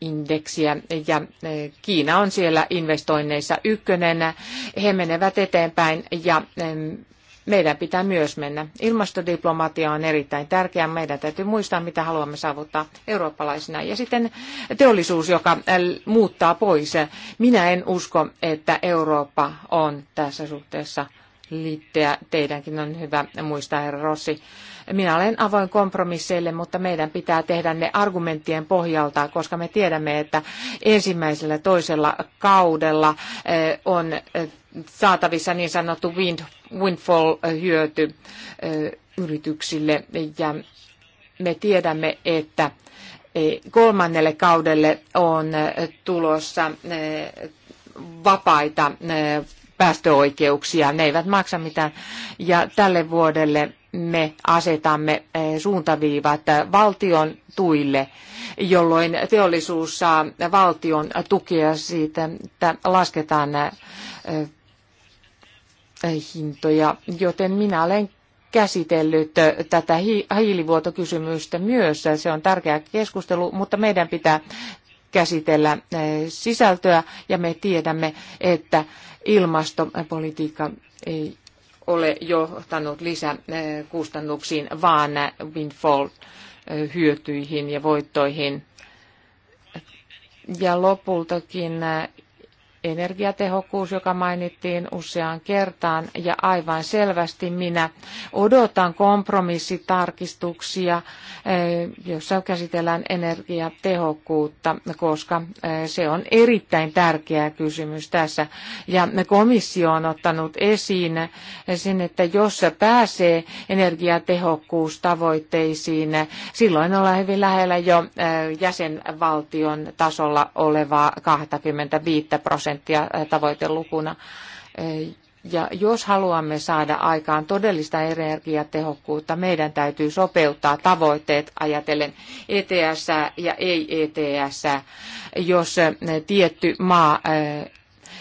indeksiä ja e, Kiina on siellä investoinneissa ykkönenä. He menevät eteenpäin ja e, meidän pitää myös mennä. Ilmastodiplomatia on erittäin tärkeää. Meidän täytyy muistaa, mitä haluamme saavuttaa eurooppalaisina. Ja sitten teollisuus, joka e, muuttaa pois. Minä en usko, että Eurooppa on tässä suhteessa – liittyä. Teidänkin on hyvä muistaa, herra Rossi. Minä olen avoin kompromisseille, mutta meidän pitää tehdä ne argumenttien pohjalta, koska me tiedämme, että ensimmäisellä toisella kaudella eh, on eh, saatavissa niin sanottu wind windfall-hyöty eh, yrityksille ja me tiedämme, että kolmannelle kaudelle on tulossa vapaita päästöoikeuksia. Ne eivät maksa mitään. Ja tälle vuodelle me asetamme eh, suuntaviivat eh, valtion tuille, jolloin teollisuus saa valtion tukea siitä, että lasketaan eh, hintoja, joten minä olen käsitellyt tätä hiilivuotokysymystä myös. Se on tärkeä keskustelu, mutta meidän pitää käsitellä sisältöä ja me tiedämme, että ilmastopolitiikka ei ole johtanut lisäkustannuksiin, vaan windfall-hyötyihin ja voittoihin. Ja lopultakin energiatehokkuus, joka mainittiin useaan kertaan, ja aivan selvästi minä odotan kompromissitarkistuksia, eh, jossa käsitellään energiatehokkuutta, koska eh, se on erittäin tärkeä kysymys tässä. Ja komissio on ottanut esiin sen, että jos se pääsee energiatehokkuustavoitteisiin, silloin ollaan hyvin lähellä jo eh, jäsenvaltion tasolla olevaa 25 prosenttia prosenttia eh, tavoitelukuna. Eh, ja jos haluamme saada aikaan todellista energiatehokkuutta, meidän täytyy sopeuttaa tavoitteet ajatellen ETS ja ei ETS, jos eh, tietty maa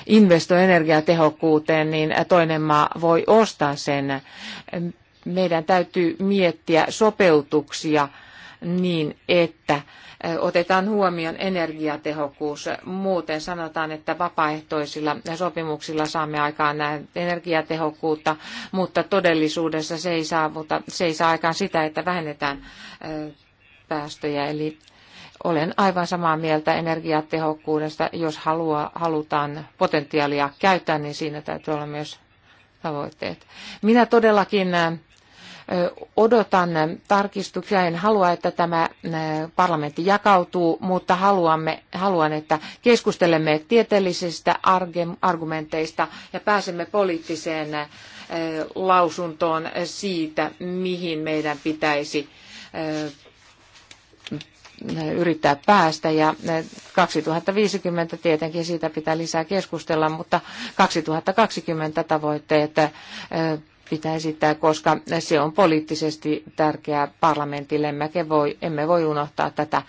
investoi energiatehokkuuteen, niin toinen maa voi ostaa sen. Meidän täytyy miettiä sopeutuksia niin, että otetaan huomioon energiatehokkuus. Muuten sanotaan, että vapaaehtoisilla sopimuksilla saamme aikaan energiatehokkuutta, mutta todellisuudessa se ei, saavuta, se ei saa aikaan sitä, että vähennetään päästöjä. Eli olen aivan samaa mieltä energiatehokkuudesta. Jos halua, halutaan potentiaalia käyttää, niin siinä täytyy olla myös tavoitteet. Minä todellakin odotan tarkistuksia. En halua, että tämä parlamentti jakautuu, mutta haluamme, haluan, että keskustelemme tieteellisistä argumenteista ja pääsemme poliittiseen lausuntoon siitä, mihin meidän pitäisi yrittää päästä ja 2050 tietenkin siitä pitää lisää keskustella, mutta 2020 tavoitteet pitää esittää, koska se on poliittisesti tärkeää parlamentille. Emmekä voi, emme voi unohtaa tätä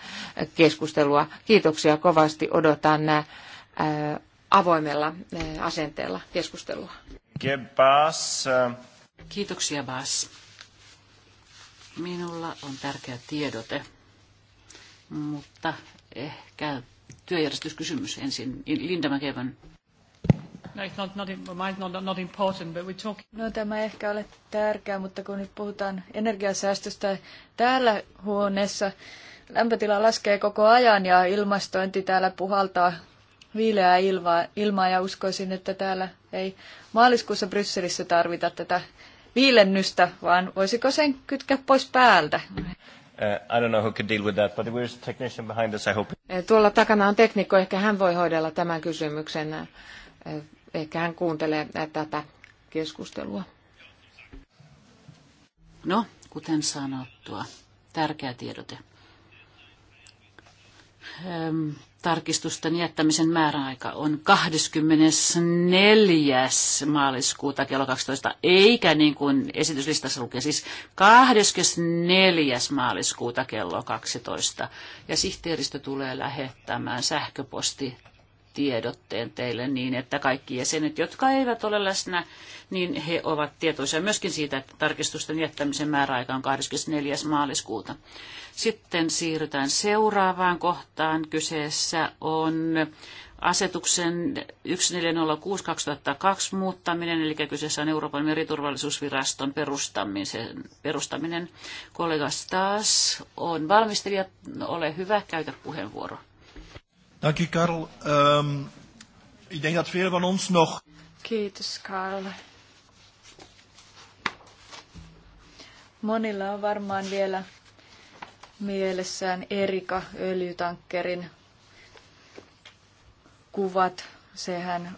keskustelua. Kiitoksia kovasti. Odotan äh, avoimella äh, asenteella keskustelua. Äh. Kiitoksia, Bas. Minulla on tärkeä tiedote, mutta ehkä työjärjestyskysymys ensin. Linda Mäkevän No, tämä ei ehkä ole tärkeää, mutta kun nyt puhutaan energiasäästöstä täällä huoneessa, lämpötila laskee koko ajan ja ilmastointi täällä puhaltaa viileää ilmaa, ilmaa ja uskoisin, että täällä ei maaliskuussa Brysselissä tarvita tätä viilennystä, vaan voisiko sen kytkeä pois päältä? Uh, I don't know who deal with that, but technician behind us, I hope. Eh, tuolla takana on teknikko, ehkä hän voi hoidella tämän kysymyksen. Eh, Ehkä hän kuuntelee tätä keskustelua. No, kuten sanottua, tärkeä tiedote. Öm, tarkistusten jättämisen määräaika on 24. maaliskuuta kello 12, eikä niin kuin esityslistassa lukee, siis 24. maaliskuuta kello 12. Ja sihteeristö tulee lähettämään sähköposti tiedotteen teille niin, että kaikki jäsenet, jotka eivät ole läsnä, niin he ovat tietoisia myöskin siitä, että tarkistusten jättämisen määräaika on 24. maaliskuuta. Sitten siirrytään seuraavaan kohtaan. Kyseessä on asetuksen 1406-2002 muuttaminen, eli kyseessä on Euroopan meriturvallisuusviraston perustamisen, perustaminen. Kollega Stas on valmistelija. Ole hyvä, käytä puheenvuoro. Dank u, Karl. Um, ehm, ik denk dat veel van ons nog... Kiitos, Karl. Monilla on varmaan vielä mielessään Erika öljytankkerin kuvat. Sehän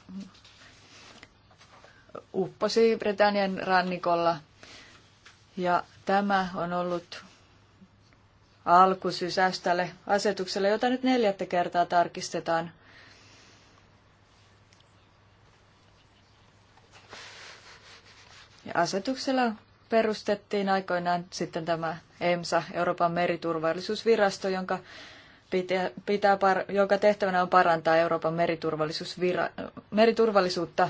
upposi Britannian rannikolla ja tämä on ollut alkusysäys siis tälle asetukselle, jota nyt neljättä kertaa tarkistetaan. Ja asetuksella perustettiin aikoinaan sitten tämä EMSA, Euroopan meriturvallisuusvirasto, jonka, pitää, pitää, jonka tehtävänä on parantaa Euroopan meriturvallisuutta.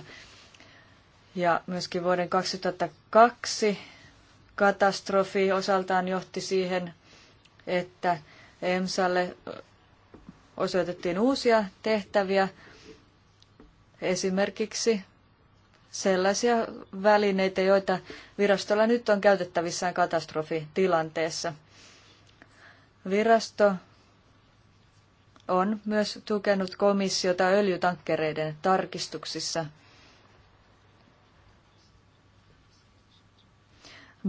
Ja myöskin vuoden 2002 katastrofi osaltaan johti siihen, että EMSalle osoitettiin uusia tehtäviä, esimerkiksi sellaisia välineitä, joita virastolla nyt on käytettävissään katastrofitilanteessa. Virasto on myös tukenut komissiota öljytankkereiden tarkistuksissa.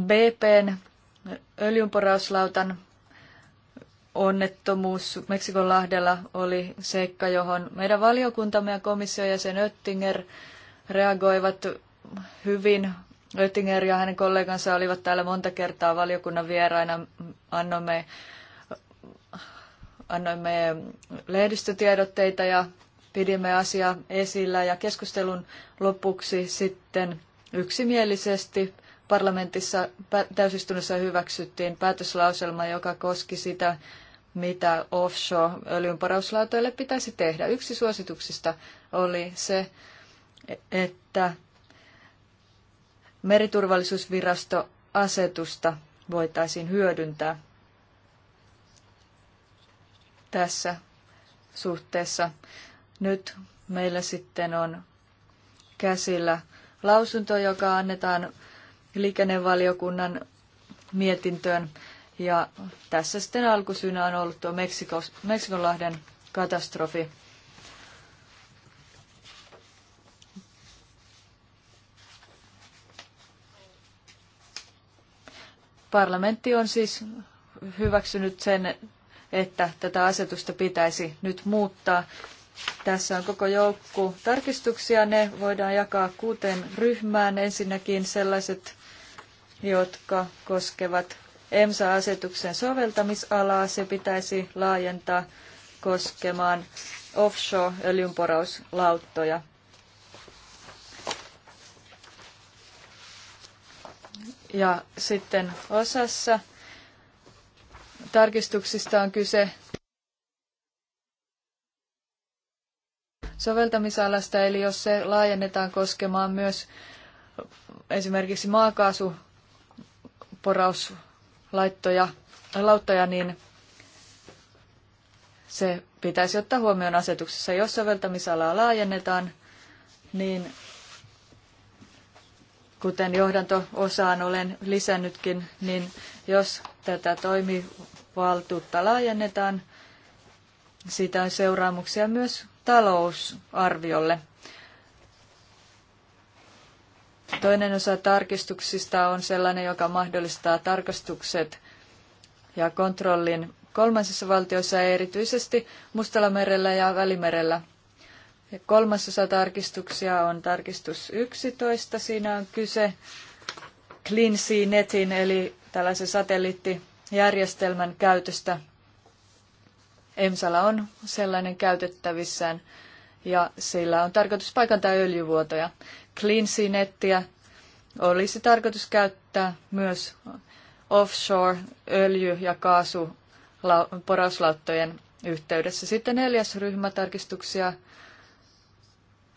BPn öljynporauslautan onnettomuus Meksikonlahdella oli seikka, johon meidän valiokuntamme ja komission jäsen Öttinger reagoivat hyvin. Öttinger ja hänen kollegansa olivat täällä monta kertaa valiokunnan vieraina. Annoimme, annoimme lehdistötiedotteita ja pidimme asiaa esillä ja keskustelun lopuksi sitten yksimielisesti parlamentissa täysistunnossa hyväksyttiin päätöslauselma, joka koski sitä, mitä offshore-öljynporauslautoille pitäisi tehdä. Yksi suosituksista oli se, että meriturvallisuusvirasto asetusta voitaisiin hyödyntää tässä suhteessa. Nyt meillä sitten on käsillä lausunto, joka annetaan liikennevaliokunnan mietintöön ja tässä sitten alkusyynä on ollut tuo Meksikos, Meksikonlahden katastrofi. Parlamentti on siis hyväksynyt sen, että tätä asetusta pitäisi nyt muuttaa. Tässä on koko joukku tarkistuksia. Ne voidaan jakaa kuuteen ryhmään. Ensinnäkin sellaiset, jotka koskevat EMSA-asetuksen soveltamisalaa. Se pitäisi laajentaa koskemaan offshore-öljynporauslauttoja. Ja sitten osassa tarkistuksista on kyse soveltamisalasta, eli jos se laajennetaan koskemaan myös esimerkiksi maakaasu laittoja, lauttoja, niin se pitäisi ottaa huomioon asetuksessa. Jos soveltamisalaa laajennetaan, niin kuten johdanto-osaan olen lisännytkin, niin jos tätä toimivaltuutta laajennetaan, siitä on seuraamuksia myös talousarviolle – Toinen osa tarkistuksista on sellainen, joka mahdollistaa tarkastukset ja kontrollin kolmansissa valtioissa ja erityisesti Mustalla merellä ja Välimerellä. Ja kolmas osa tarkistuksia on tarkistus 11. Siinä on kyse Clean Sea Netin eli tällaisen satelliittijärjestelmän käytöstä. EMSalla on sellainen käytettävissään ja sillä on tarkoitus paikantaa öljyvuotoja. Clean Sea-nettiä olisi tarkoitus käyttää myös offshore öljy- ja kaasuporauslauttojen yhteydessä. Sitten neljäs ryhmä tarkistuksia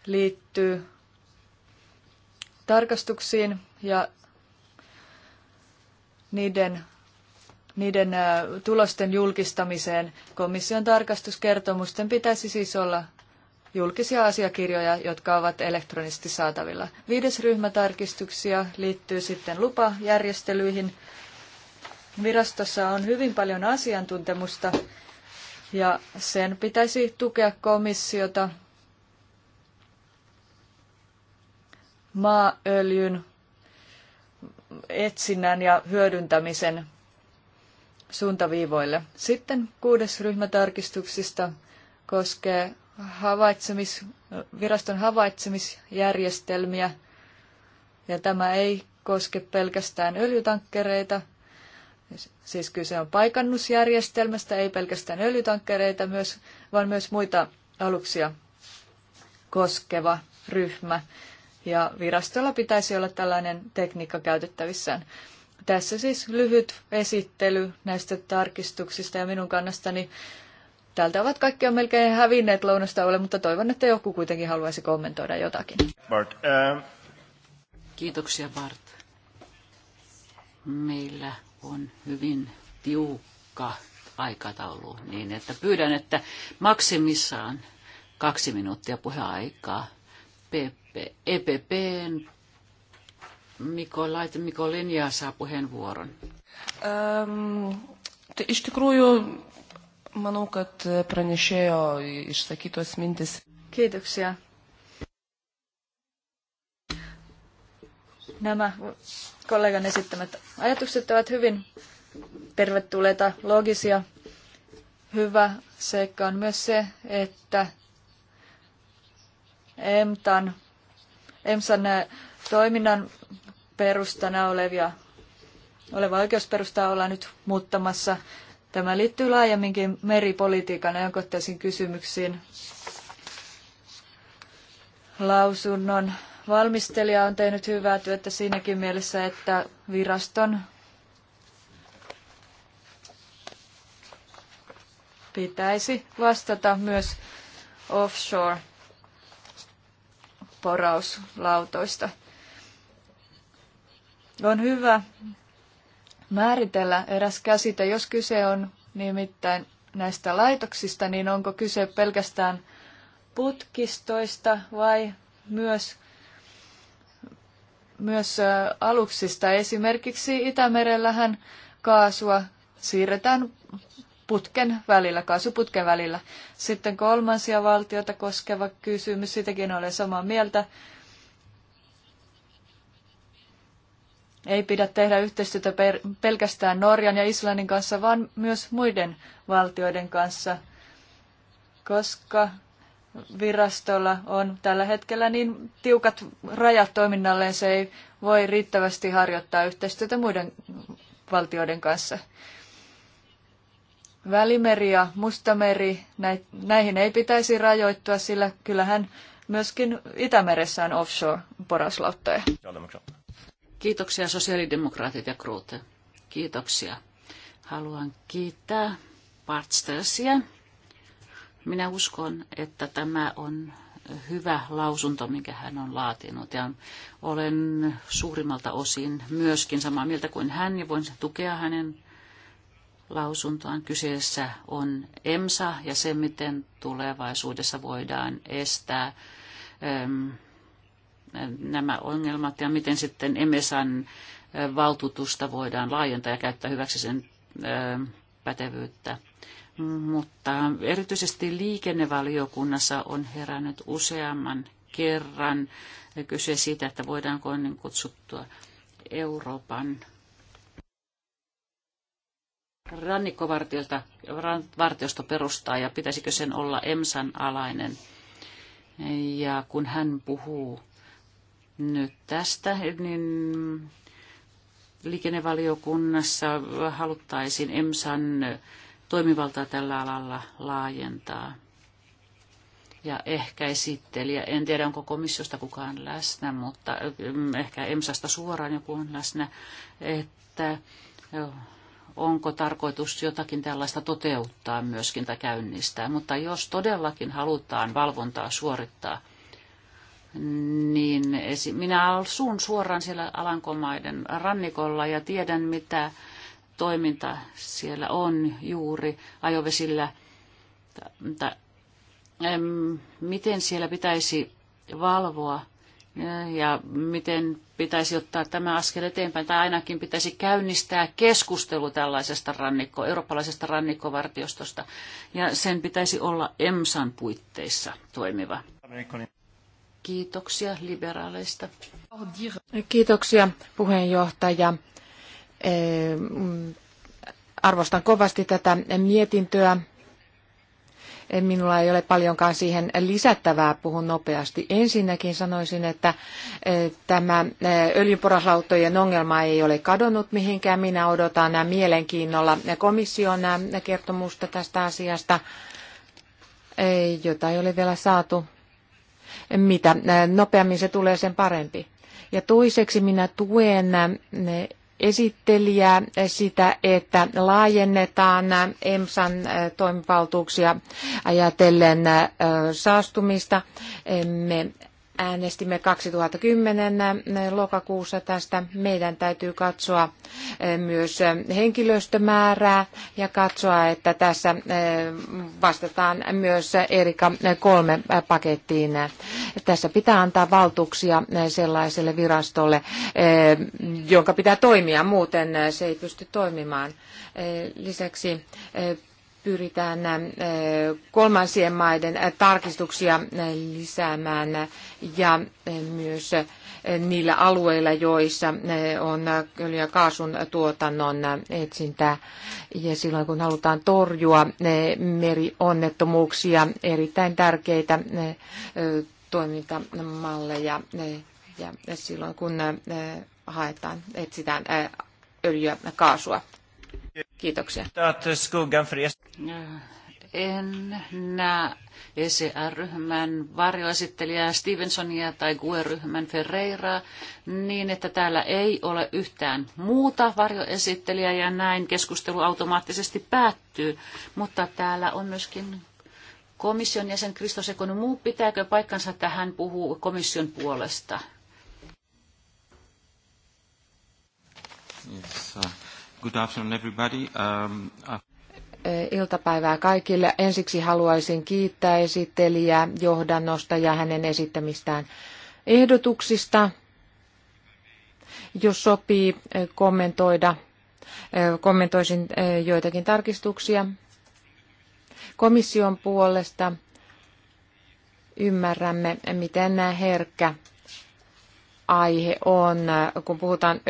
liittyy tarkastuksiin ja niiden, niiden tulosten julkistamiseen. Komission tarkastuskertomusten pitäisi siis olla julkisia asiakirjoja, jotka ovat elektronisesti saatavilla. Viides ryhmä tarkistuksia liittyy sitten lupajärjestelyihin. Virastossa on hyvin paljon asiantuntemusta ja sen pitäisi tukea komissiota maaöljyn etsinnän ja hyödyntämisen suuntaviivoille. Sitten kuudes ryhmä tarkistuksista koskee havaitsemis, viraston havaitsemisjärjestelmiä, ja tämä ei koske pelkästään öljytankkereita, siis kyse on paikannusjärjestelmästä, ei pelkästään öljytankkereita, myös, vaan myös muita aluksia koskeva ryhmä. Ja virastolla pitäisi olla tällainen tekniikka käytettävissään. Tässä siis lyhyt esittely näistä tarkistuksista ja minun kannastani Täältä ovat kaikki on melkein hävinneet lounastauolle, mutta toivon, että joku kuitenkin haluaisi kommentoida jotakin. Bart, uh... Kiitoksia Bart. Meillä on hyvin tiukka aikataulu, niin että pyydän, että maksimissaan kaksi minuuttia puheaikaa. PP, EPPn Miko Laite, Linjaa saa puheenvuoron. Um, iš tikrųjų Manau, kad pranešėjo išsakytos mintis. Kėdėksia. Nämä kollegan esittämät ajatukset ovat hyvin tervetulleita, logisia. Hyvä seikka on myös se, että EMTAN, EMSAN toiminnan perustana olevia, oleva oikeusperusta ollaan nyt muuttamassa Tämä liittyy laajemminkin meripolitiikan ajankohtaisiin kysymyksiin. Lausunnon valmistelija on tehnyt hyvää työtä siinäkin mielessä, että viraston pitäisi vastata myös offshore porauslautoista. On hyvä, määritellä eräs käsite. Jos kyse on nimittäin näistä laitoksista, niin onko kyse pelkästään putkistoista vai myös, myös aluksista. Esimerkiksi Itämerellähän kaasua siirretään putken välillä, kaasuputken välillä. Sitten kolmansia valtioita koskeva kysymys, sitäkin olen samaa mieltä. Ei pidä tehdä yhteistyötä pelkästään Norjan ja Islannin kanssa, vaan myös muiden valtioiden kanssa, koska virastolla on tällä hetkellä niin tiukat rajat toiminnalleen, se ei voi riittävästi harjoittaa yhteistyötä muiden valtioiden kanssa. Välimeri ja Mustameri, näihin ei pitäisi rajoittua, sillä kyllähän myöskin Itämeressä on offshore-poraslauttoja. Kiitoksia sosiaalidemokraatit ja Kruute. Kiitoksia. Haluan kiittää Partstersia. Minä uskon, että tämä on hyvä lausunto, minkä hän on laatinut. Ja olen suurimmalta osin myöskin samaa mieltä kuin hän ja voin tukea hänen lausuntoaan. Kyseessä on EMSA ja se, miten tulevaisuudessa voidaan estää ähm, nämä ongelmat ja miten sitten EMESAn valtuutusta voidaan laajentaa ja käyttää hyväksi sen pätevyyttä. Mutta erityisesti liikennevaliokunnassa on herännyt useamman kerran kyse siitä, että voidaanko niin kutsuttua Euroopan rannikkovartiosta perustaa ja pitäisikö sen olla EMSAn alainen. Ja kun hän puhuu nyt tästä, niin liikennevaliokunnassa haluttaisiin EMSAn toimivaltaa tällä alalla laajentaa. Ja ehkä esittelijä, en tiedä onko komissiosta kukaan läsnä, mutta mm, ehkä EMSasta suoraan joku on läsnä, että onko tarkoitus jotakin tällaista toteuttaa myöskin tai käynnistää. Mutta jos todellakin halutaan valvontaa suorittaa, niin minä suun suoraan siellä Alankomaiden rannikolla ja tiedän, mitä toiminta siellä on juuri ajovesillä. Miten siellä pitäisi valvoa eh, ja miten pitäisi ottaa tämä askel eteenpäin, tai ainakin pitäisi käynnistää keskustelu tällaisesta rannikko, eurooppalaisesta rannikkovartiostosta, ja sen pitäisi olla EMSAn puitteissa toimiva. Kiitoksia liberaaleista. Kiitoksia puheenjohtaja. Eh, arvostan kovasti tätä mietintöä. Eh, minulla ei ole paljonkaan siihen lisättävää, puhun nopeasti. Ensinnäkin sanoisin, että eh, tämä öljyporaslauttojen ongelma ei ole kadonnut mihinkään. Minä odotan mielenkiinnolla komission kertomusta tästä asiasta, jota ei ole vielä saatu mitä nopeammin se tulee, sen parempi. Ja toiseksi minä tuen esittelijää sitä, että laajennetaan EMSAn toimivaltuuksia ajatellen saastumista. Me Äänestimme 2010 lokakuussa tästä. Meidän täytyy katsoa eh, myös henkilöstömäärää ja katsoa, että tässä eh, vastataan myös Erika kolme pakettiin. Tässä pitää antaa valtuuksia eh, sellaiselle virastolle, jonka pitää toimia, muuten se ei pysty toimimaan. Lisäksi pyritään kolmansien maiden tarkistuksia lisäämään ja myös niillä alueilla, joissa on öljy- ja kaasun tuotannon etsintää. Ja silloin kun halutaan torjua merionnettomuuksia, erittäin tärkeitä toimintamalleja ja silloin kun haetaan, etsitään öljyä ja kaasua. Kiitoksia. En näe ECR-ryhmän varjoesittelijää Stevensonia tai GUE-ryhmän Ferreiraa niin, että täällä ei ole yhtään muuta varjoesittelijää ja näin keskustelu automaattisesti päättyy. Mutta täällä on myöskin komission jäsen Kristos Muu Pitääkö paikkansa, tähän puhuu komission puolesta? Yes, uh... Good afternoon everybody. Um, uh... Iltapäivää kaikille. Ensiksi haluaisin kiittää esittelijää johdannosta ja hänen esittämistään ehdotuksista. Jos sopii kommentoida, kommentoisin joitakin tarkistuksia. Komission puolesta ymmärrämme, miten herkkä aihe on, kun puhutaan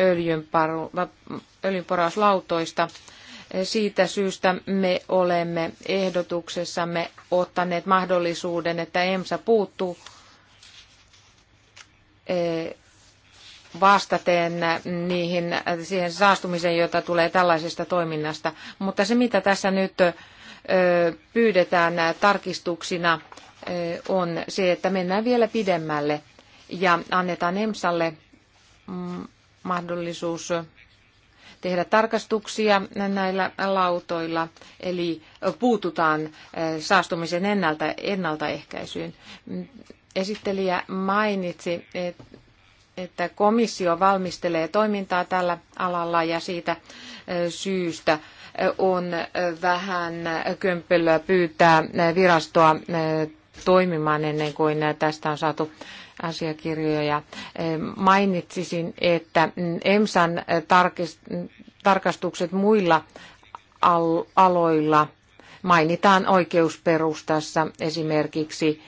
öljynporauslautoista. Siitä syystä me olemme ehdotuksessamme ottaneet mahdollisuuden, että EMSA puuttuu eh, vastaten niihin, siihen saastumiseen, jota tulee tällaisesta toiminnasta. Mutta se, mitä tässä nyt eh, pyydetään tarkistuksina, eh, on se, että mennään vielä pidemmälle ja annetaan EMSalle mahdollisuus tehdä tarkastuksia näillä lautoilla, eli puututaan eh, saastumisen ennalta, ennaltaehkäisyyn. Esittelijä mainitsi, että komissio valmistelee toimintaa tällä alalla ja siitä eh, syystä eh, on vähän kömpelöä pyytää virastoa toimimaan ennen kuin tästä on saatu asiakirjoja. Mainitsisin, että EMSAn tarkastukset muilla aloilla mainitaan oikeusperustassa esimerkiksi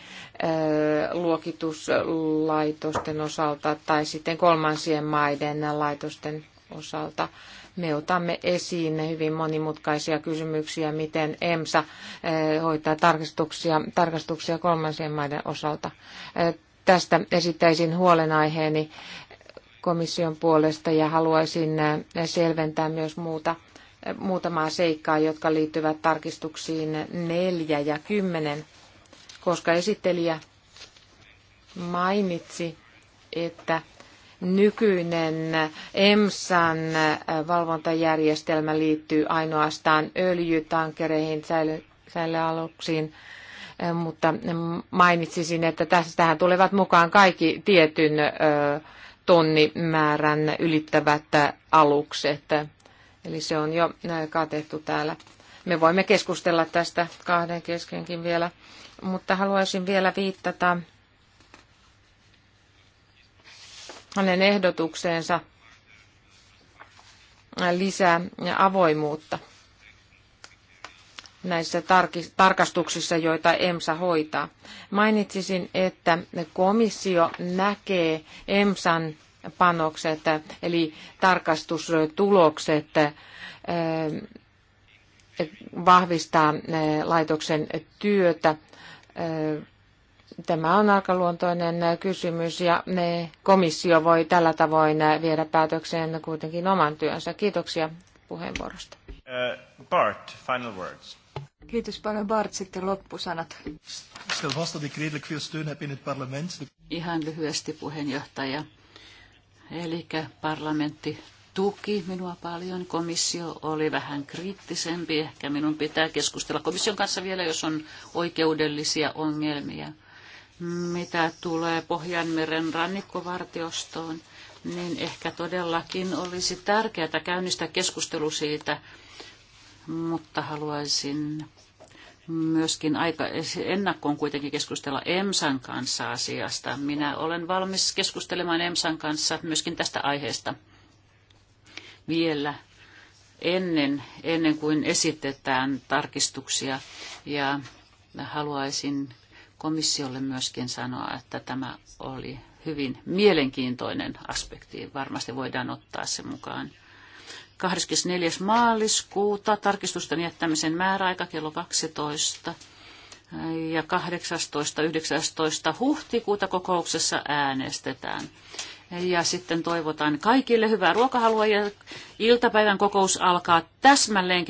luokituslaitosten osalta tai sitten kolmansien maiden laitosten osalta. Me otamme esiin hyvin monimutkaisia kysymyksiä, miten EMSA hoitaa tarkastuksia, tarkastuksia kolmansien maiden osalta. Tästä esittäisin huolenaiheeni komission puolesta ja haluaisin äh, selventää myös muuta, äh, muutamaa seikkaa, jotka liittyvät tarkistuksiin neljä ja kymmenen, koska esittelijä mainitsi, että nykyinen EMSAn äh, valvontajärjestelmä liittyy ainoastaan öljytankereihin, säilyaluksiin. Säily- Äh, mutta mainitsisin, että tähän tulevat mukaan kaikki tietyn äh, tonnimäärän ylittävät alukset. Eli se on jo äh, katettu täällä. Me voimme keskustella tästä kahden keskenkin vielä, mutta haluaisin vielä viittata hänen ehdotukseensa lisää avoimuutta näissä tarkastuksissa, joita EMSA hoitaa. Mainitsisin, että komissio näkee EMSAn panokset, eli tarkastustulokset eh, vahvistaa eh, laitoksen työtä. Eh, tämä on arkaluontoinen kysymys ja komissio voi tällä tavoin viedä päätökseen kuitenkin oman työnsä. Kiitoksia puheenvuorosta. Bart, final words. Kiitos paljon Bart, sitten loppusanat. Ihan lyhyesti puheenjohtaja. Eli parlamentti tuki minua paljon. Komissio oli vähän kriittisempi. Ehkä minun pitää keskustella komission kanssa vielä, jos on oikeudellisia ongelmia. Mitä tulee Pohjanmeren rannikkovartiostoon, niin ehkä todellakin olisi tärkeää käynnistää keskustelu siitä, mutta haluaisin myöskin aika ennakkoon kuitenkin keskustella EMSAn kanssa asiasta. Minä olen valmis keskustelemaan EMSAn kanssa myöskin tästä aiheesta vielä ennen, ennen kuin esitetään tarkistuksia. Ja haluaisin komissiolle myöskin sanoa, että tämä oli hyvin mielenkiintoinen aspekti. Varmasti voidaan ottaa se mukaan. 24. maaliskuuta tarkistusten jättämisen määräaika kello 12 ja 18.19. huhtikuuta kokouksessa äänestetään. Ja sitten toivotan kaikille hyvää ruokahalua ja iltapäivän kokous alkaa täsmälleen kello